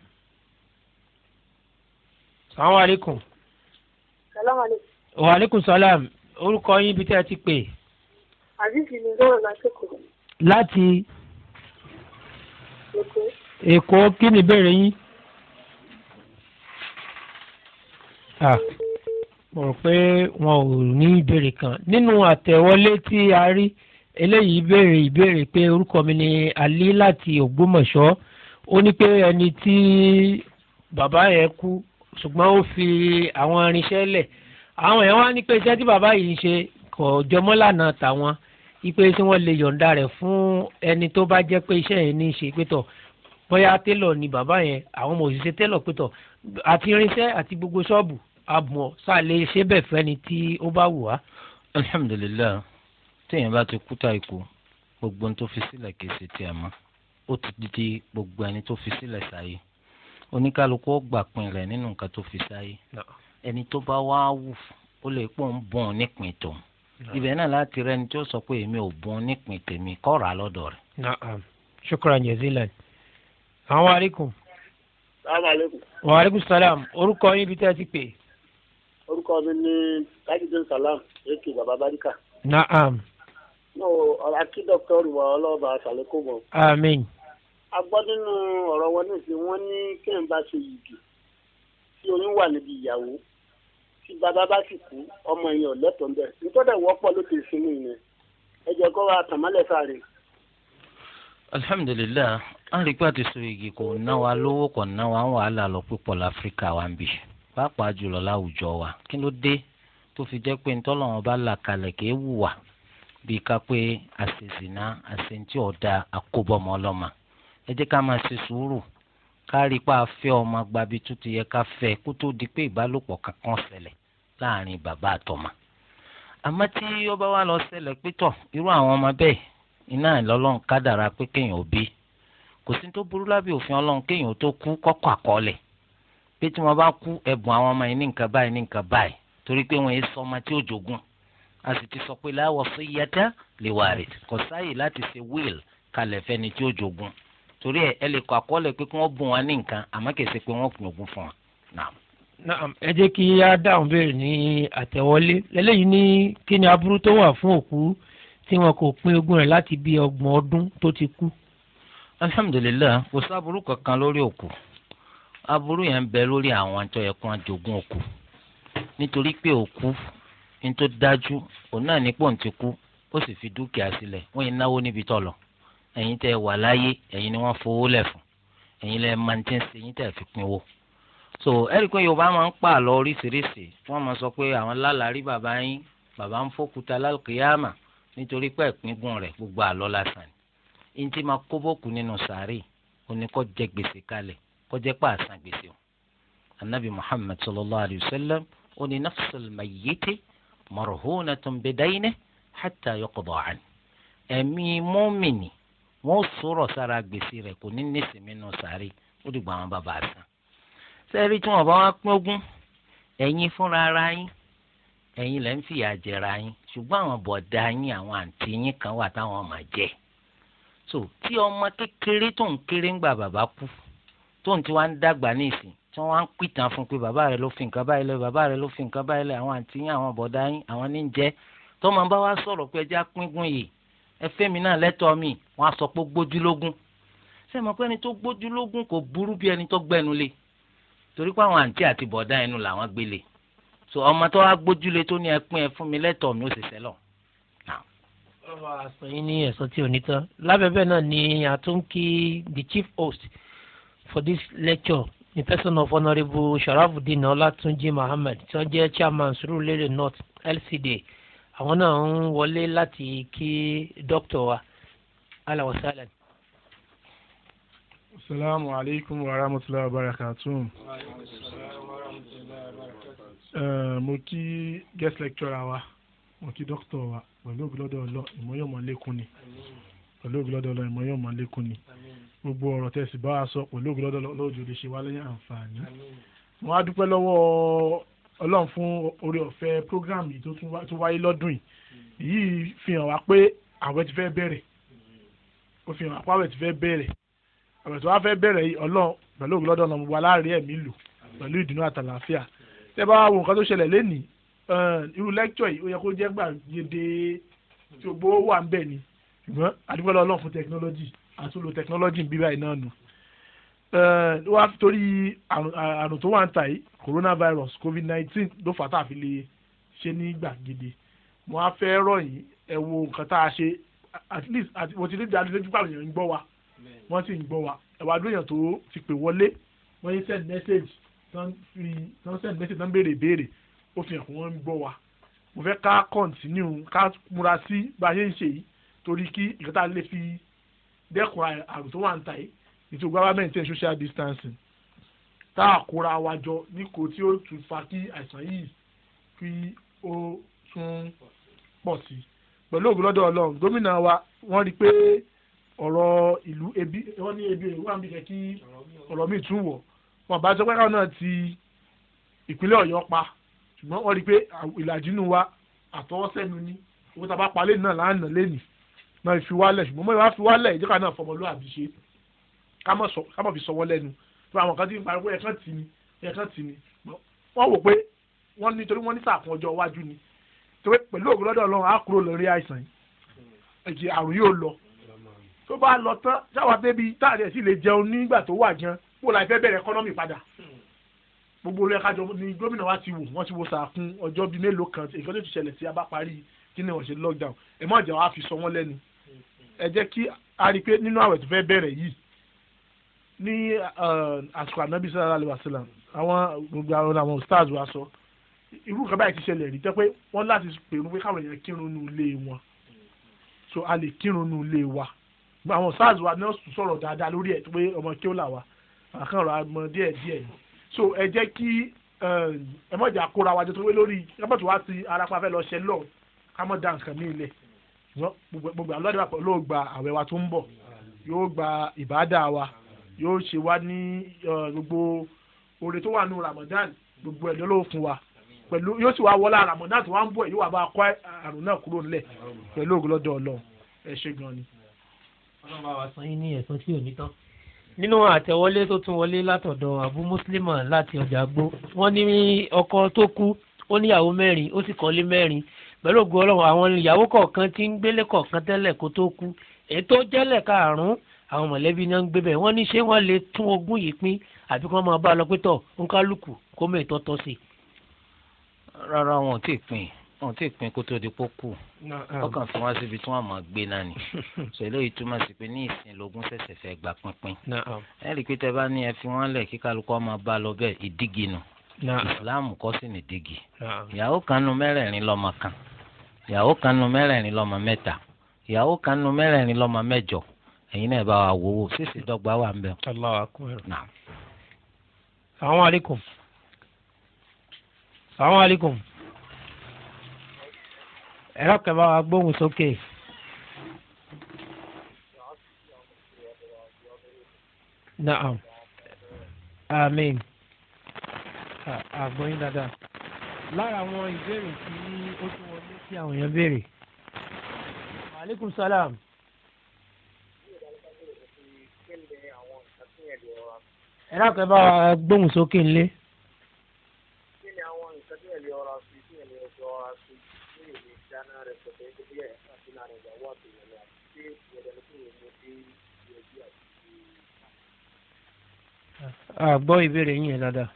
salaamaleykum wa aleykum salaam orúkọ yín bí tẹ́ ẹ ti pè. àbíkì ni sọ̀rọ̀ látẹ̀kọ̀. láti. èkó. èkó kí ni ìbéèrè yín. mo rò pé wọn ò ní ìbéèrè kan nínú àtẹ̀wọlé tí a rí eléyìí béèrè ìbéèrè pé orúkọ mi ni Ali láti Ògbómọ̀ṣọ́ ó ní pé ẹni tí bàbá yẹn kú ṣùgbọ́n ó fi àwọn irinṣẹ́ lẹ̀ àwọn èèyàn wá ní pé iṣẹ́ tí bàbá yìí ń ṣe kò jọmọ́ lànà tàwọn ipe tí wọ́n lè yọ̀ǹda rẹ̀ fún ẹni tó bá jẹ́ pé iṣẹ́ yẹn ní í ṣe pétọ̀ bóyá télọ̀ ni bàbá yẹn àwọn ọmọ òṣìṣẹ́ télọ̀ pétọ̀ àti irinṣẹ́ àti gbogbo ṣọ́ọ̀bù àbùmọ̀ sá lè ṣe bẹ́ẹ̀ fẹ́ni tí ó bá wù wá. alhamdulilayi téèyàn bá ti kúta ikú gbogbo ní tó fi sílẹ̀ kìí ṣe tiẹ̀ mọ́ ó ti di ti gbogbo ẹni tó fi sílẹ̀ sáyé oníkálukú ó gbà pin nínú nǹkan tó fi sáyé ẹni tó bá wá wù ó lè pọ̀ ń bọ̀ nípìn tó ibẹ̀ náà láti rẹ ẹni tó sọ pé èmi ò bọ̀ nípìn tèmi kọ́ra lọ́dọ̀ rẹ̀. shukran jazilan àwọn aleykum. wa aleykum salam orúkọ yín bí tẹ́ ẹ ti pè. orúkọ mi ni tajudeen salam ak baba barika. naam. no akí doctor wa ọlọ́ọ̀bà àṣàlẹ́kọ̀ mọ́. àmín. a gbọ́ nínú ọ̀rọ̀ wọn nísìnyí wọ́n ní kéèyàn bá ṣe yìgì tí oyún wà níbi ìyàwó tí bàbá bá sì kú ọmọ yẹn ò lẹ́tọ̀ọ́ ń bẹ̀ nítorí wọ́pọ̀ ló ti sinmi yẹn ẹ jẹ́ kó wa tàmálẹ̀ sáré. alhamdulilayi an rí i pé àti so igi kò ná wa lówó kò ná wa ń wàhálà lọ púpọ̀ láfíríkà wa ń bì pàápàá jùlọ láwùjọ wa kí ló dé tó fi jẹ́ pé ntọ́lọ́wọ́n bá là kalẹ̀ kì í wù wá bí ká pé àṣezìnà àṣentí ọ̀dà àkóbọ̀mọ́ ọlọ́mà ẹ jẹ́ ká máa ṣe sùúrù ká rí i fẹ́ ọmọ gbabi tó ti yẹ ká fẹ́ kó tó di pé ìbálòpọ̀ kankan ṣẹlẹ̀ láàrin bàbá àtọmọ àmọ́ tí ó bá wà lọ sẹlẹ pétọ irú àwọn ọmọ bẹ́ẹ̀ iná ìlọlọrun kádàrá pé kéèyàn ò bí kò sí tó burú òfin kéèyàn tó kú kọkọ àkọọlẹ pé tí wọn bá kú ẹbùn àwọn ọmọ yìí ní nǹkan báyìí ní nǹkan báyìí torí tí ó a sì ti sọ pé kò sáàyè láti ṣe wíìl kalẹ̀ tí ó torí naam ẹ jẹ́ kí a dáhùn béèrè ní àtẹ̀wọlé lẹ́lẹ́yìí ní kí ni aburú tó wà fún òkú tí wọn kò pín ogún rẹ̀ láti bí ọgbọ̀n ọdún tó ti kú. alhamdulilayi kò sáburú kankan lórí òkú aburú yẹn ń bẹ lórí àwọn tó yẹ kó wọn jogún òkú nítorí pé òkú ní tó dájú òun náà ní pòun kú ó sì fi dúkìá sílẹ̀ wọ́n yìí náwó níbi tó ẹ̀yin tẹ́ wà láyé ẹ̀yin ni wọ́n fowó lẹ̀ fún ẹ̀yin lẹ́ máa ti ń ṣe ẹ̀yin tẹ́ fi pín so ẹ̀rí pé yorùbá máa ń pa lọ oríṣiríṣi wọ́n máa sọ pé àwọn lálàárí bàbá yín bàbá ń fòkúta lálùkìyàmà nítorí pé ìpíngun rẹ̀ gbogbo àlọ́ lásán ni ntí máa kó bókù nínú sàárè oníkọ́ jẹ gbèsè kalẹ̀ kọ́ jẹ́ pé àsán gbèsè o anabi muhammad sallallahu alayhi wa sallam oní nafsul mayyiti marhunatun bidayni hatta yuqda an ẹ̀mí mọ́mìnì wọ́n sọ̀rọ̀ sára gbèsè rẹ̀ kò ní nísìmínú sàárè ó dìgbà àwọn bàbá àsán sẹ́rí tí wọ́n bá wá pín ogún ẹ̀yin fúnra ara yín ẹ̀yin lẹ́ ń fìyà jẹra yín ṣùgbọ́n àwọn bọ̀dá yín àwọn àǹtí yín kan wà táwọn máa jẹ so tí ọmọ kékeré tó ń kéré ń gbà bàbá kú tó ń ti wá ń dàgbà ní ìsìn tí wọ́n á ń pìtàn fún pé bàbá rẹ̀ ló fi nǹkan báyìí lẹ̀ bàbá rẹ̀ ló fi nǹkan báyìí lẹ̀ àwọn àǹtí yín àwọn bọ̀dá yín àwọn ní tó máa bá wá sọ̀rọ̀ pé ẹjẹ́ pínpín yìí ẹ fẹ́mi náà lẹ́tọ̀ọ́ mi wọ́n á sọ pé gbójúlógún ṣé mo pé ẹni tó gbójúlógún kò burú bí ẹni tó gbẹnu torí pé àwọn àǹtí àti bọ̀dá ẹnu làwọn gbélé so ọmọ tó wá gbójúlé tó ní ẹpín ẹ fún mi lẹ́tọ̀ọ́ mi ó sì sẹ́lọ̀. ọ̀rọ̀ àsọyìn ní ẹ̀sọ́ tí ò ní tán lábẹ́bẹ́ náà ni a tún kí the chief host for this lecture in person of honourable sharafuddin ọlátúnjí muhammed tí wọ́n jẹ́ chairman surulere north lcda àwọn náà ń wọlé láti kí dókítà wa Assalamu alaikum wa rahmatullahi wa Mo kí guest lecturer wa, mo kí doctor wa, pẹ̀lú ògbìlọ́dọ̀ ọlọ́ ìmọ̀yọ́mọ̀ lékún ni. Pẹ̀lú ògbìlọ́dọ̀ ọlọ́ ìmọ̀yọ́mọ̀ lékún ni. Gbogbo ọ̀rọ̀ tẹ̀sí bá wa sọ pẹ̀lú ògbìlọ́dọ̀ ọlọ́ òjò lè ṣe wá lẹ́yìn àǹfààní. Mo á dúpẹ́ lọ́wọ́ Ọlọ́run fún oore ọ̀fẹ́ program yìí tó wáyé lọ́dún yìí. fi hàn wá pé àwẹ̀ ti fẹ́ bẹ̀rẹ̀ ọ̀rọ̀ tí wọ́n fẹ́ bẹ̀rẹ̀ yìí ọlọ́run pẹ̀lú ògùn lọ́dọ̀ ọ̀nà wa láàrin ẹ̀mí lò pẹ̀lú ìdùnnú àtàlàáfíà tẹ́ bá wo nǹkan tó ṣẹlẹ̀ lénìí irú lẹ́kítọ̀ yìí ó yẹ kó jẹ́ gbà yede tí gbogbo wà ń bẹ̀ ni ṣùgbọ́n àdúgbò lọ́lọ́ fún tẹkinọ́lọ́jì àtúlò tẹkinọ́lọ́jì ń bí báyìí wá torí àrùn tó wà ń ta yìí coronavirus covid nineteen ló fà tá a fi lè ṣe ní gbàgede mo á fẹ́ rọ̀ yìí ẹ wo nǹkan tá a ṣe at least mo ti ní ìdánilójú pàrọ̀ yẹn ń gbọ́ wa wọ́n sì ń gbọ́ wa ẹ̀wà àdúyàn tó ti pè wọlé wọ́n yé send message tán fi tán send message tán béèrè béèrè ó fi hàn pé wọ́n ń gbọ́ wa mo fẹ́ ká continue ká múra sí bá a ṣe ń ṣe yìí torí kí ìkọ́tà lè fi dẹ́kun àrùn tó wà ń ta yìí ètò government and social distancing tá a kóra wa jọ ní kò tí ó tún fa kí àìsàn yìí kí ó tún pọ̀ sí i pẹ̀lú ògùn lọ́dọ̀ ọlọ́run gómìnà wa wọ́n rí i pé ọ̀rọ̀ ìlú ebi wọ́n ní ebi wà níbi kẹ́ kí ọ̀rọ̀ míì tún wọ̀ wọn bá sọ pé káwọn náà ti ìpínlẹ̀ ọ̀yọ́ pa ṣùgbọ́n wọ́n rí i pé ìlàjì nù wa àtọwọ́sẹ́nu ní owó tá a bá pa lẹ́nu náà láàánú lẹ́nu náà fi wálẹ̀ ṣùgbọ́n mọ́ ìwà fi wálẹ̀ ìjọba náà fọmọlúwàbí ṣe ká mọ̀ fi sọwọ́ lẹ́nu tó àwọn kan ti ń pariwo ẹ̀kan tì ní ẹ̀kan tì ní wọ́n wò pé wọ́n ní torí wọ́n ní sàkún ọjọ́ iwájú ni torí pẹ̀lú ògùn lọ́dọ̀ ọlọ́run á kúrò lórí àìsàn yìí àrùn yóò lọ tó bá lọ tán sáwà débi táàrí ẹ̀ sì lè jẹun nígbà tó wà jẹun kó la fẹ́ bẹ̀rẹ̀ ẹkọ́nọ́mì padà gbogbo rẹ̀ kájọ ni gómìnà wa ti wò wọ́n ti wo sàkún ọjọ́ bíi mélòó kan nǹkan tó ti ṣẹlẹ̀ sí abá parí kí ni wọ́n ṣe lockdown ẹ má jẹ́ wàá fi sọ wọ́n lẹ́nu ẹ jẹ́ kí a rí i pé nínú àwẹ̀ tó fẹ́ bẹ̀rẹ̀ yìí ní eh, àsìkò ànábì sallallahu alaihi wasallam àwọn gbogbo àwọn àwọn stars wa sọ irú kan báyìí ti ṣẹlẹ̀ rí jẹ́ pé wọ́n láti pèrú pé káwọn èèyàn kírun nù ilé wọn so a lè kírun nù ilé wa àwọn sars wa náà sọ̀rọ̀ dáadáa lórí ẹ̀ pé ọmọ kí ó là wá àkànrọ̀ àmọ́ díẹ̀ díẹ̀ so ẹ jẹ́ kí ẹ mọ̀ jà kóra wájú tó wé lórí ẹgbẹ́tò wá ti arapa fẹ́ lọ ṣẹ lọ ká mọ̀ dá nǹkan mí ilẹ̀ gbogbo àlọ́ àdìbàpọ̀ ló gba àwẹ̀ wa tó ń bọ̀ yóò gba ìbádà wa yóò ṣe wá ní gbogbo oore tó wà nù Ramadan gbogbo ẹ̀ lọ́lọ́ fún wa pẹ̀lú yóò sì wá wọlé Ramadan tó wá ń bọ̀ yóò wá bá a kọ́ àrùn náà kúrò nílẹ̀ pẹ̀lú ògùn Ọlọ́run ẹ ṣé gan ni ọlọ́run bá wa san yín ní ẹ̀san tí ò ní tán nínú àtẹ̀wọlé tó tún wọlé látọ̀dọ̀ abu muslima láti ọjà gbó wọ́n ní ọkọ tó kú ó níyàwó mẹ́rin ó sì kọ́lé mẹ́rin pẹ̀lú ògo ọlọ́run àwọn ìyàwó kọ̀ọ̀kan tí ń gbélé kọ̀ọ̀kan tẹ́lẹ̀ kó tó kú èyí tó jẹ́lẹ̀ karùn-ún àwọn mọ̀lẹ́bí náà ń gbé bẹ̀ wọ́n ní ṣé wọ́n lè tún ogún yìí pín àbí kí wọ́n máa bá a lọ pé tọ̀ ń kálukú kó mẹ́ẹ̀tọ́ tọ́ sí i. rárá wọn ò tí ì pín in wọn ti pín kó tó di pó kù ọkàn um. fún wa síbi tí wọn máa gbé náà ni sọ eléyìí túmọ̀ sí pé ní ìsìn lógún ṣẹ̀ṣẹ̀ fẹ́ gba pínpín um. ẹ rí i pé tẹ bá ní ẹ fi wọn lẹ̀ kí kálukú máa bá lọ bẹ́ẹ̀ ìdígi nù ìsìláàmù kọ́ sí ní dígi um. ìyàwó kan nu mẹ́rẹ̀ẹ̀rin lọ́mọ kan ìyàwó kan nu mẹ́rẹ̀ẹ̀rin lọ́mọ ìyàwó kan nu mẹ́rẹ̀ẹ̀rin lọ́mọ mẹ́jọ náà bá wa wò ó sísè dọ́gba wà ń bẹ̀. Assalamu ẹ̀rọ kẹfà wa gbóhùn sókè. naam amen àgbọ̀yìn dáadáa lára àwọn ìbéèrè tí ó tún wọlé sí àwọn èèyàn béèrè. maaleykum salaam. ẹ dákẹ́ bá wa gbóhùn sókè ńlẹ́. kí ni àwọn nǹkan tí ẹ̀ lè ọ̀rọ̀ sí tí ẹ̀ lè ọ̀rọ̀ sí ní èdè? mchana repotengo pia a gbọ́ ìbéèrè yín yẹn dáadáa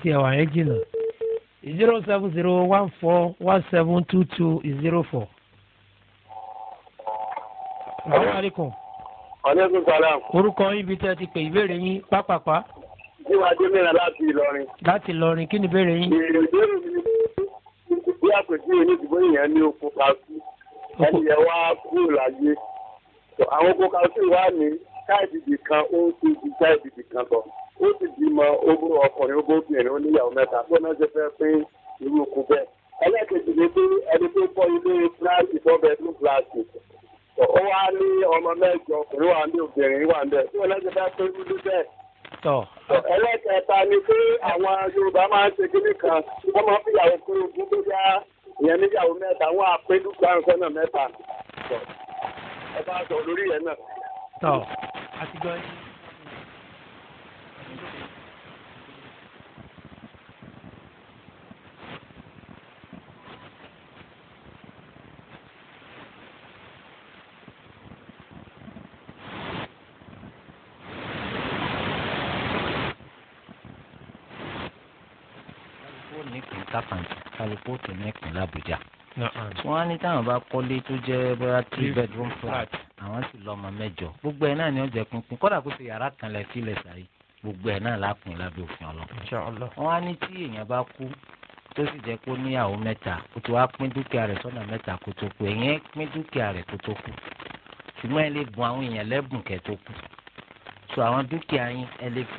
ti àwọn yẹn jìnnà zero seven zero one four one seven two two zero four. orúkọ ibi tí ti pè ìbéèrè yín pápápá. láti Ìlọrin. láti Ìlọrin kí ni ìbéèrè yín. àpèjúwe ní ìdìbò yẹn ní oko kaṣú ẹni yẹn wá kúrò láyé àwọn oko kaṣú wà ní káàdìdì kan ó ti di káàdìdì kan lọ ó sì bímọ ogún ọkùnrin ogún obìnrin oníyàwó mẹ́ta tó náà ṣe fẹ́ pé irú oko bẹ́ẹ̀ ẹlẹ́kejì ni pé ẹni tó kọ́ ilé fúláàsì four bedroom fúláàsì ó wá ní ọmọ mẹ́jọ ọkùnrin wà ní obìnrin wà ń bẹ̀ tó náà ṣe fẹ́ pé irú bẹ́ẹ̀ ẹlẹ́kẹta ni pé àwọn Yorùbá máa ń ṣe kíní kan wọ́n máa ń fìyàwó kú ogún tó dá ìyẹn níyàwó mẹ́ta wọ́n á pé dúkìá nǹkan náà mẹ́ta ẹ bá sọ lórí yẹn náà. tọ́ àti gbọ́ lákàntì kálukú òkè mẹ́kàn làbújá wọn á ní táwọn bá kọ́lé tó jẹ́ bóyá three bedroom flat àwọn sì lọ́mọ mẹ́jọ gbogbo ẹ̀ náà ni ó jẹ́ pínpín kódà kó ṣe yàrá kan lẹ̀ sílẹ̀ sàyè gbogbo ẹ̀ náà lápin lábẹ́ òfin ọlọ́run wọn á ní tí èèyàn bá kú tó sì jẹ́ kó níyàwó mẹ́ta kó tó wá pín dúkìá rẹ̀ sọ́nà mẹ́ta kó tó kú èèyàn pín dúkìá rẹ̀ kó tó kú ṣùgbọ́n ẹ lè bùn àwọn èèyàn lẹ́bùn kẹ́ tó kú so àwọn dúkìá yín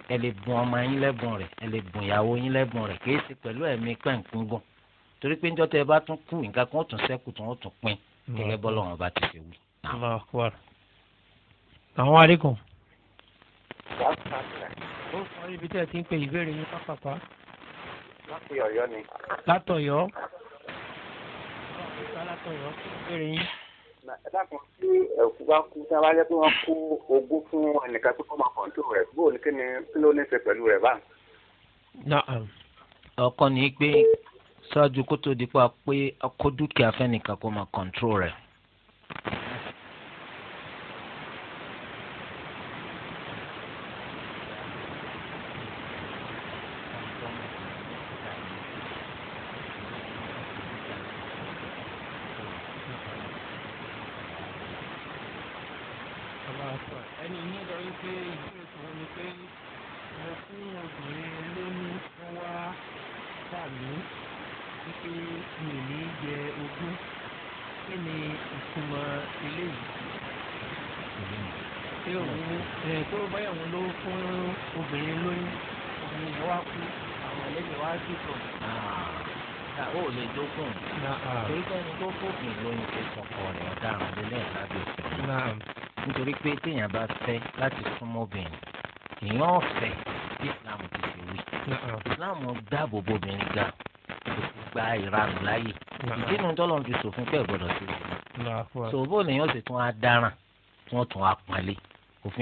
ẹ lè bùn ọmọ yín lẹ́bùn rẹ̀ ẹ lè bùn ìyàwó yín lẹ́bùn rẹ̀ kì í ṣe pẹ̀lú ẹ̀mí pẹ̀ǹkún gùn torí pé níjọ́ tẹ ẹ bá tún kú nǹkan kan ó tún ṣẹ́kù tó ń tún pín gẹ́gẹ́ bọ́lọ̀ wọn bá ti ṣe wí. àwọn àríkùn. ó sọ ibi tí ẹ ti ń pe ìbéèrè yín pápápá. láti Ọ̀yọ́ ni. látọ̀yọ́. látọ̀yọ́ ìbéèrè yín ẹ dákun tí ẹ̀kú bá kú tí a bá yẹ kí wọ́n kó ogún fún ẹnìkan tó kọ́ máa kọ̀ǹtò rẹ̀ bó ní kí ni kí ni pé ṣáájú kó tó di pa pé kó dúkìá fẹ́nìkan kó máa kọ̀ǹtò rẹ̀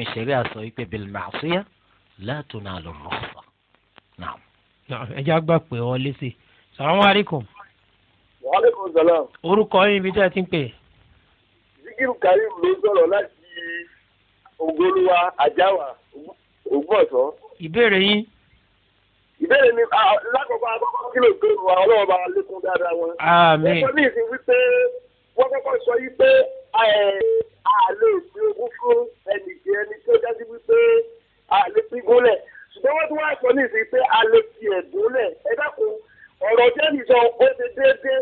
ìṣẹ̀rí àsọ yìí pé bil ma'siyah la tunalu rukhsah. ẹ jẹ́ àgbà pé ọ lẹ́sẹ̀ salamu alaykum. wa aleykum salaam. orúkọ yín ibi tí a ti ń pè. zikiru karim ló sọ̀rọ̀ láti ògbóluwa àjáwà ògbọ́sọ. ìbéèrè yín ìbéèrè mi lákọ̀ọ́kọ́ akọ́kọ́ kí ló gbèrò àwọn ọlọ́wọ́ bá lékún dáadáa wọn. àmín. ẹ̀kọ́ ní ìsìn wípé wọ́n kọ́kọ́ sọ yí pé àlè ìpín ogún fún ẹnì kí ẹni tó dájú wípé àlè fi gúnlẹ̀ ṣùgbọ́n wọ́n tún wá sọ ní ìsìn pé àlè fi ẹ̀gúnlẹ̀ ẹ dákun ọ̀rọ̀ jẹ́rìí sọ ó ti déédé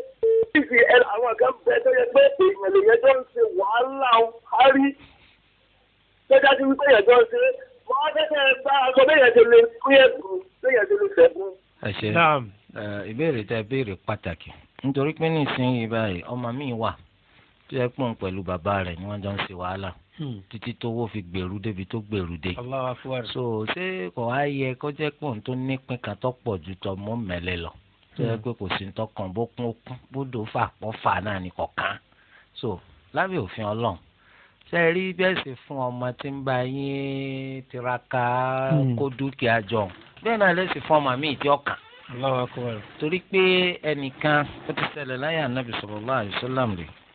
fífi àwọn kan bẹ tó yẹ pé èèyàn lè yẹjọ́ ń ṣe wàhálà hárí tó dájú wípé yẹjọ́ ń ṣe wọ́n á tẹ́tẹ́ bá aṣọ bẹ́yẹn ti lè fún ẹ̀gún bẹ́yẹn ti lè fẹ̀gún. ẹ ṣe ìbéèrè tẹ ìbéèrè pàtàkì nítorí pé nísìnyí báyìí ọmọ mi wà tó yẹ pọ̀ pẹ̀lú bàbá rẹ̀ ni wọ́n jọ ń ṣe wàhálà hmm. títí tówó fi gbèrú débi tó gbèrú dé so ṣé kò wá yẹ kó jẹ́ pọ̀ tó nípìn kan tó pọ̀ ju tọ́ mọ́ mẹ́lẹ̀ lọ tó yẹ hmm. pé kò sí ń tọkàn bó kún ó kún bódò fà pọ́ fà náà ní kọ̀ọ̀kan so lábẹ́ òfin ọlọ́run ṣe rí bẹ́ẹ̀ sì fún ọmọ tí ń bá yín tiraka hmm. kó dúkìá jọ bẹ́ẹ̀ náà lẹ́sìn fún ọmọ mi ìdí ọ̀kan torí pé ẹnìkan ó ti ṣẹlẹ̀ láyé ànábì sallallahu alaihi wasallam rèé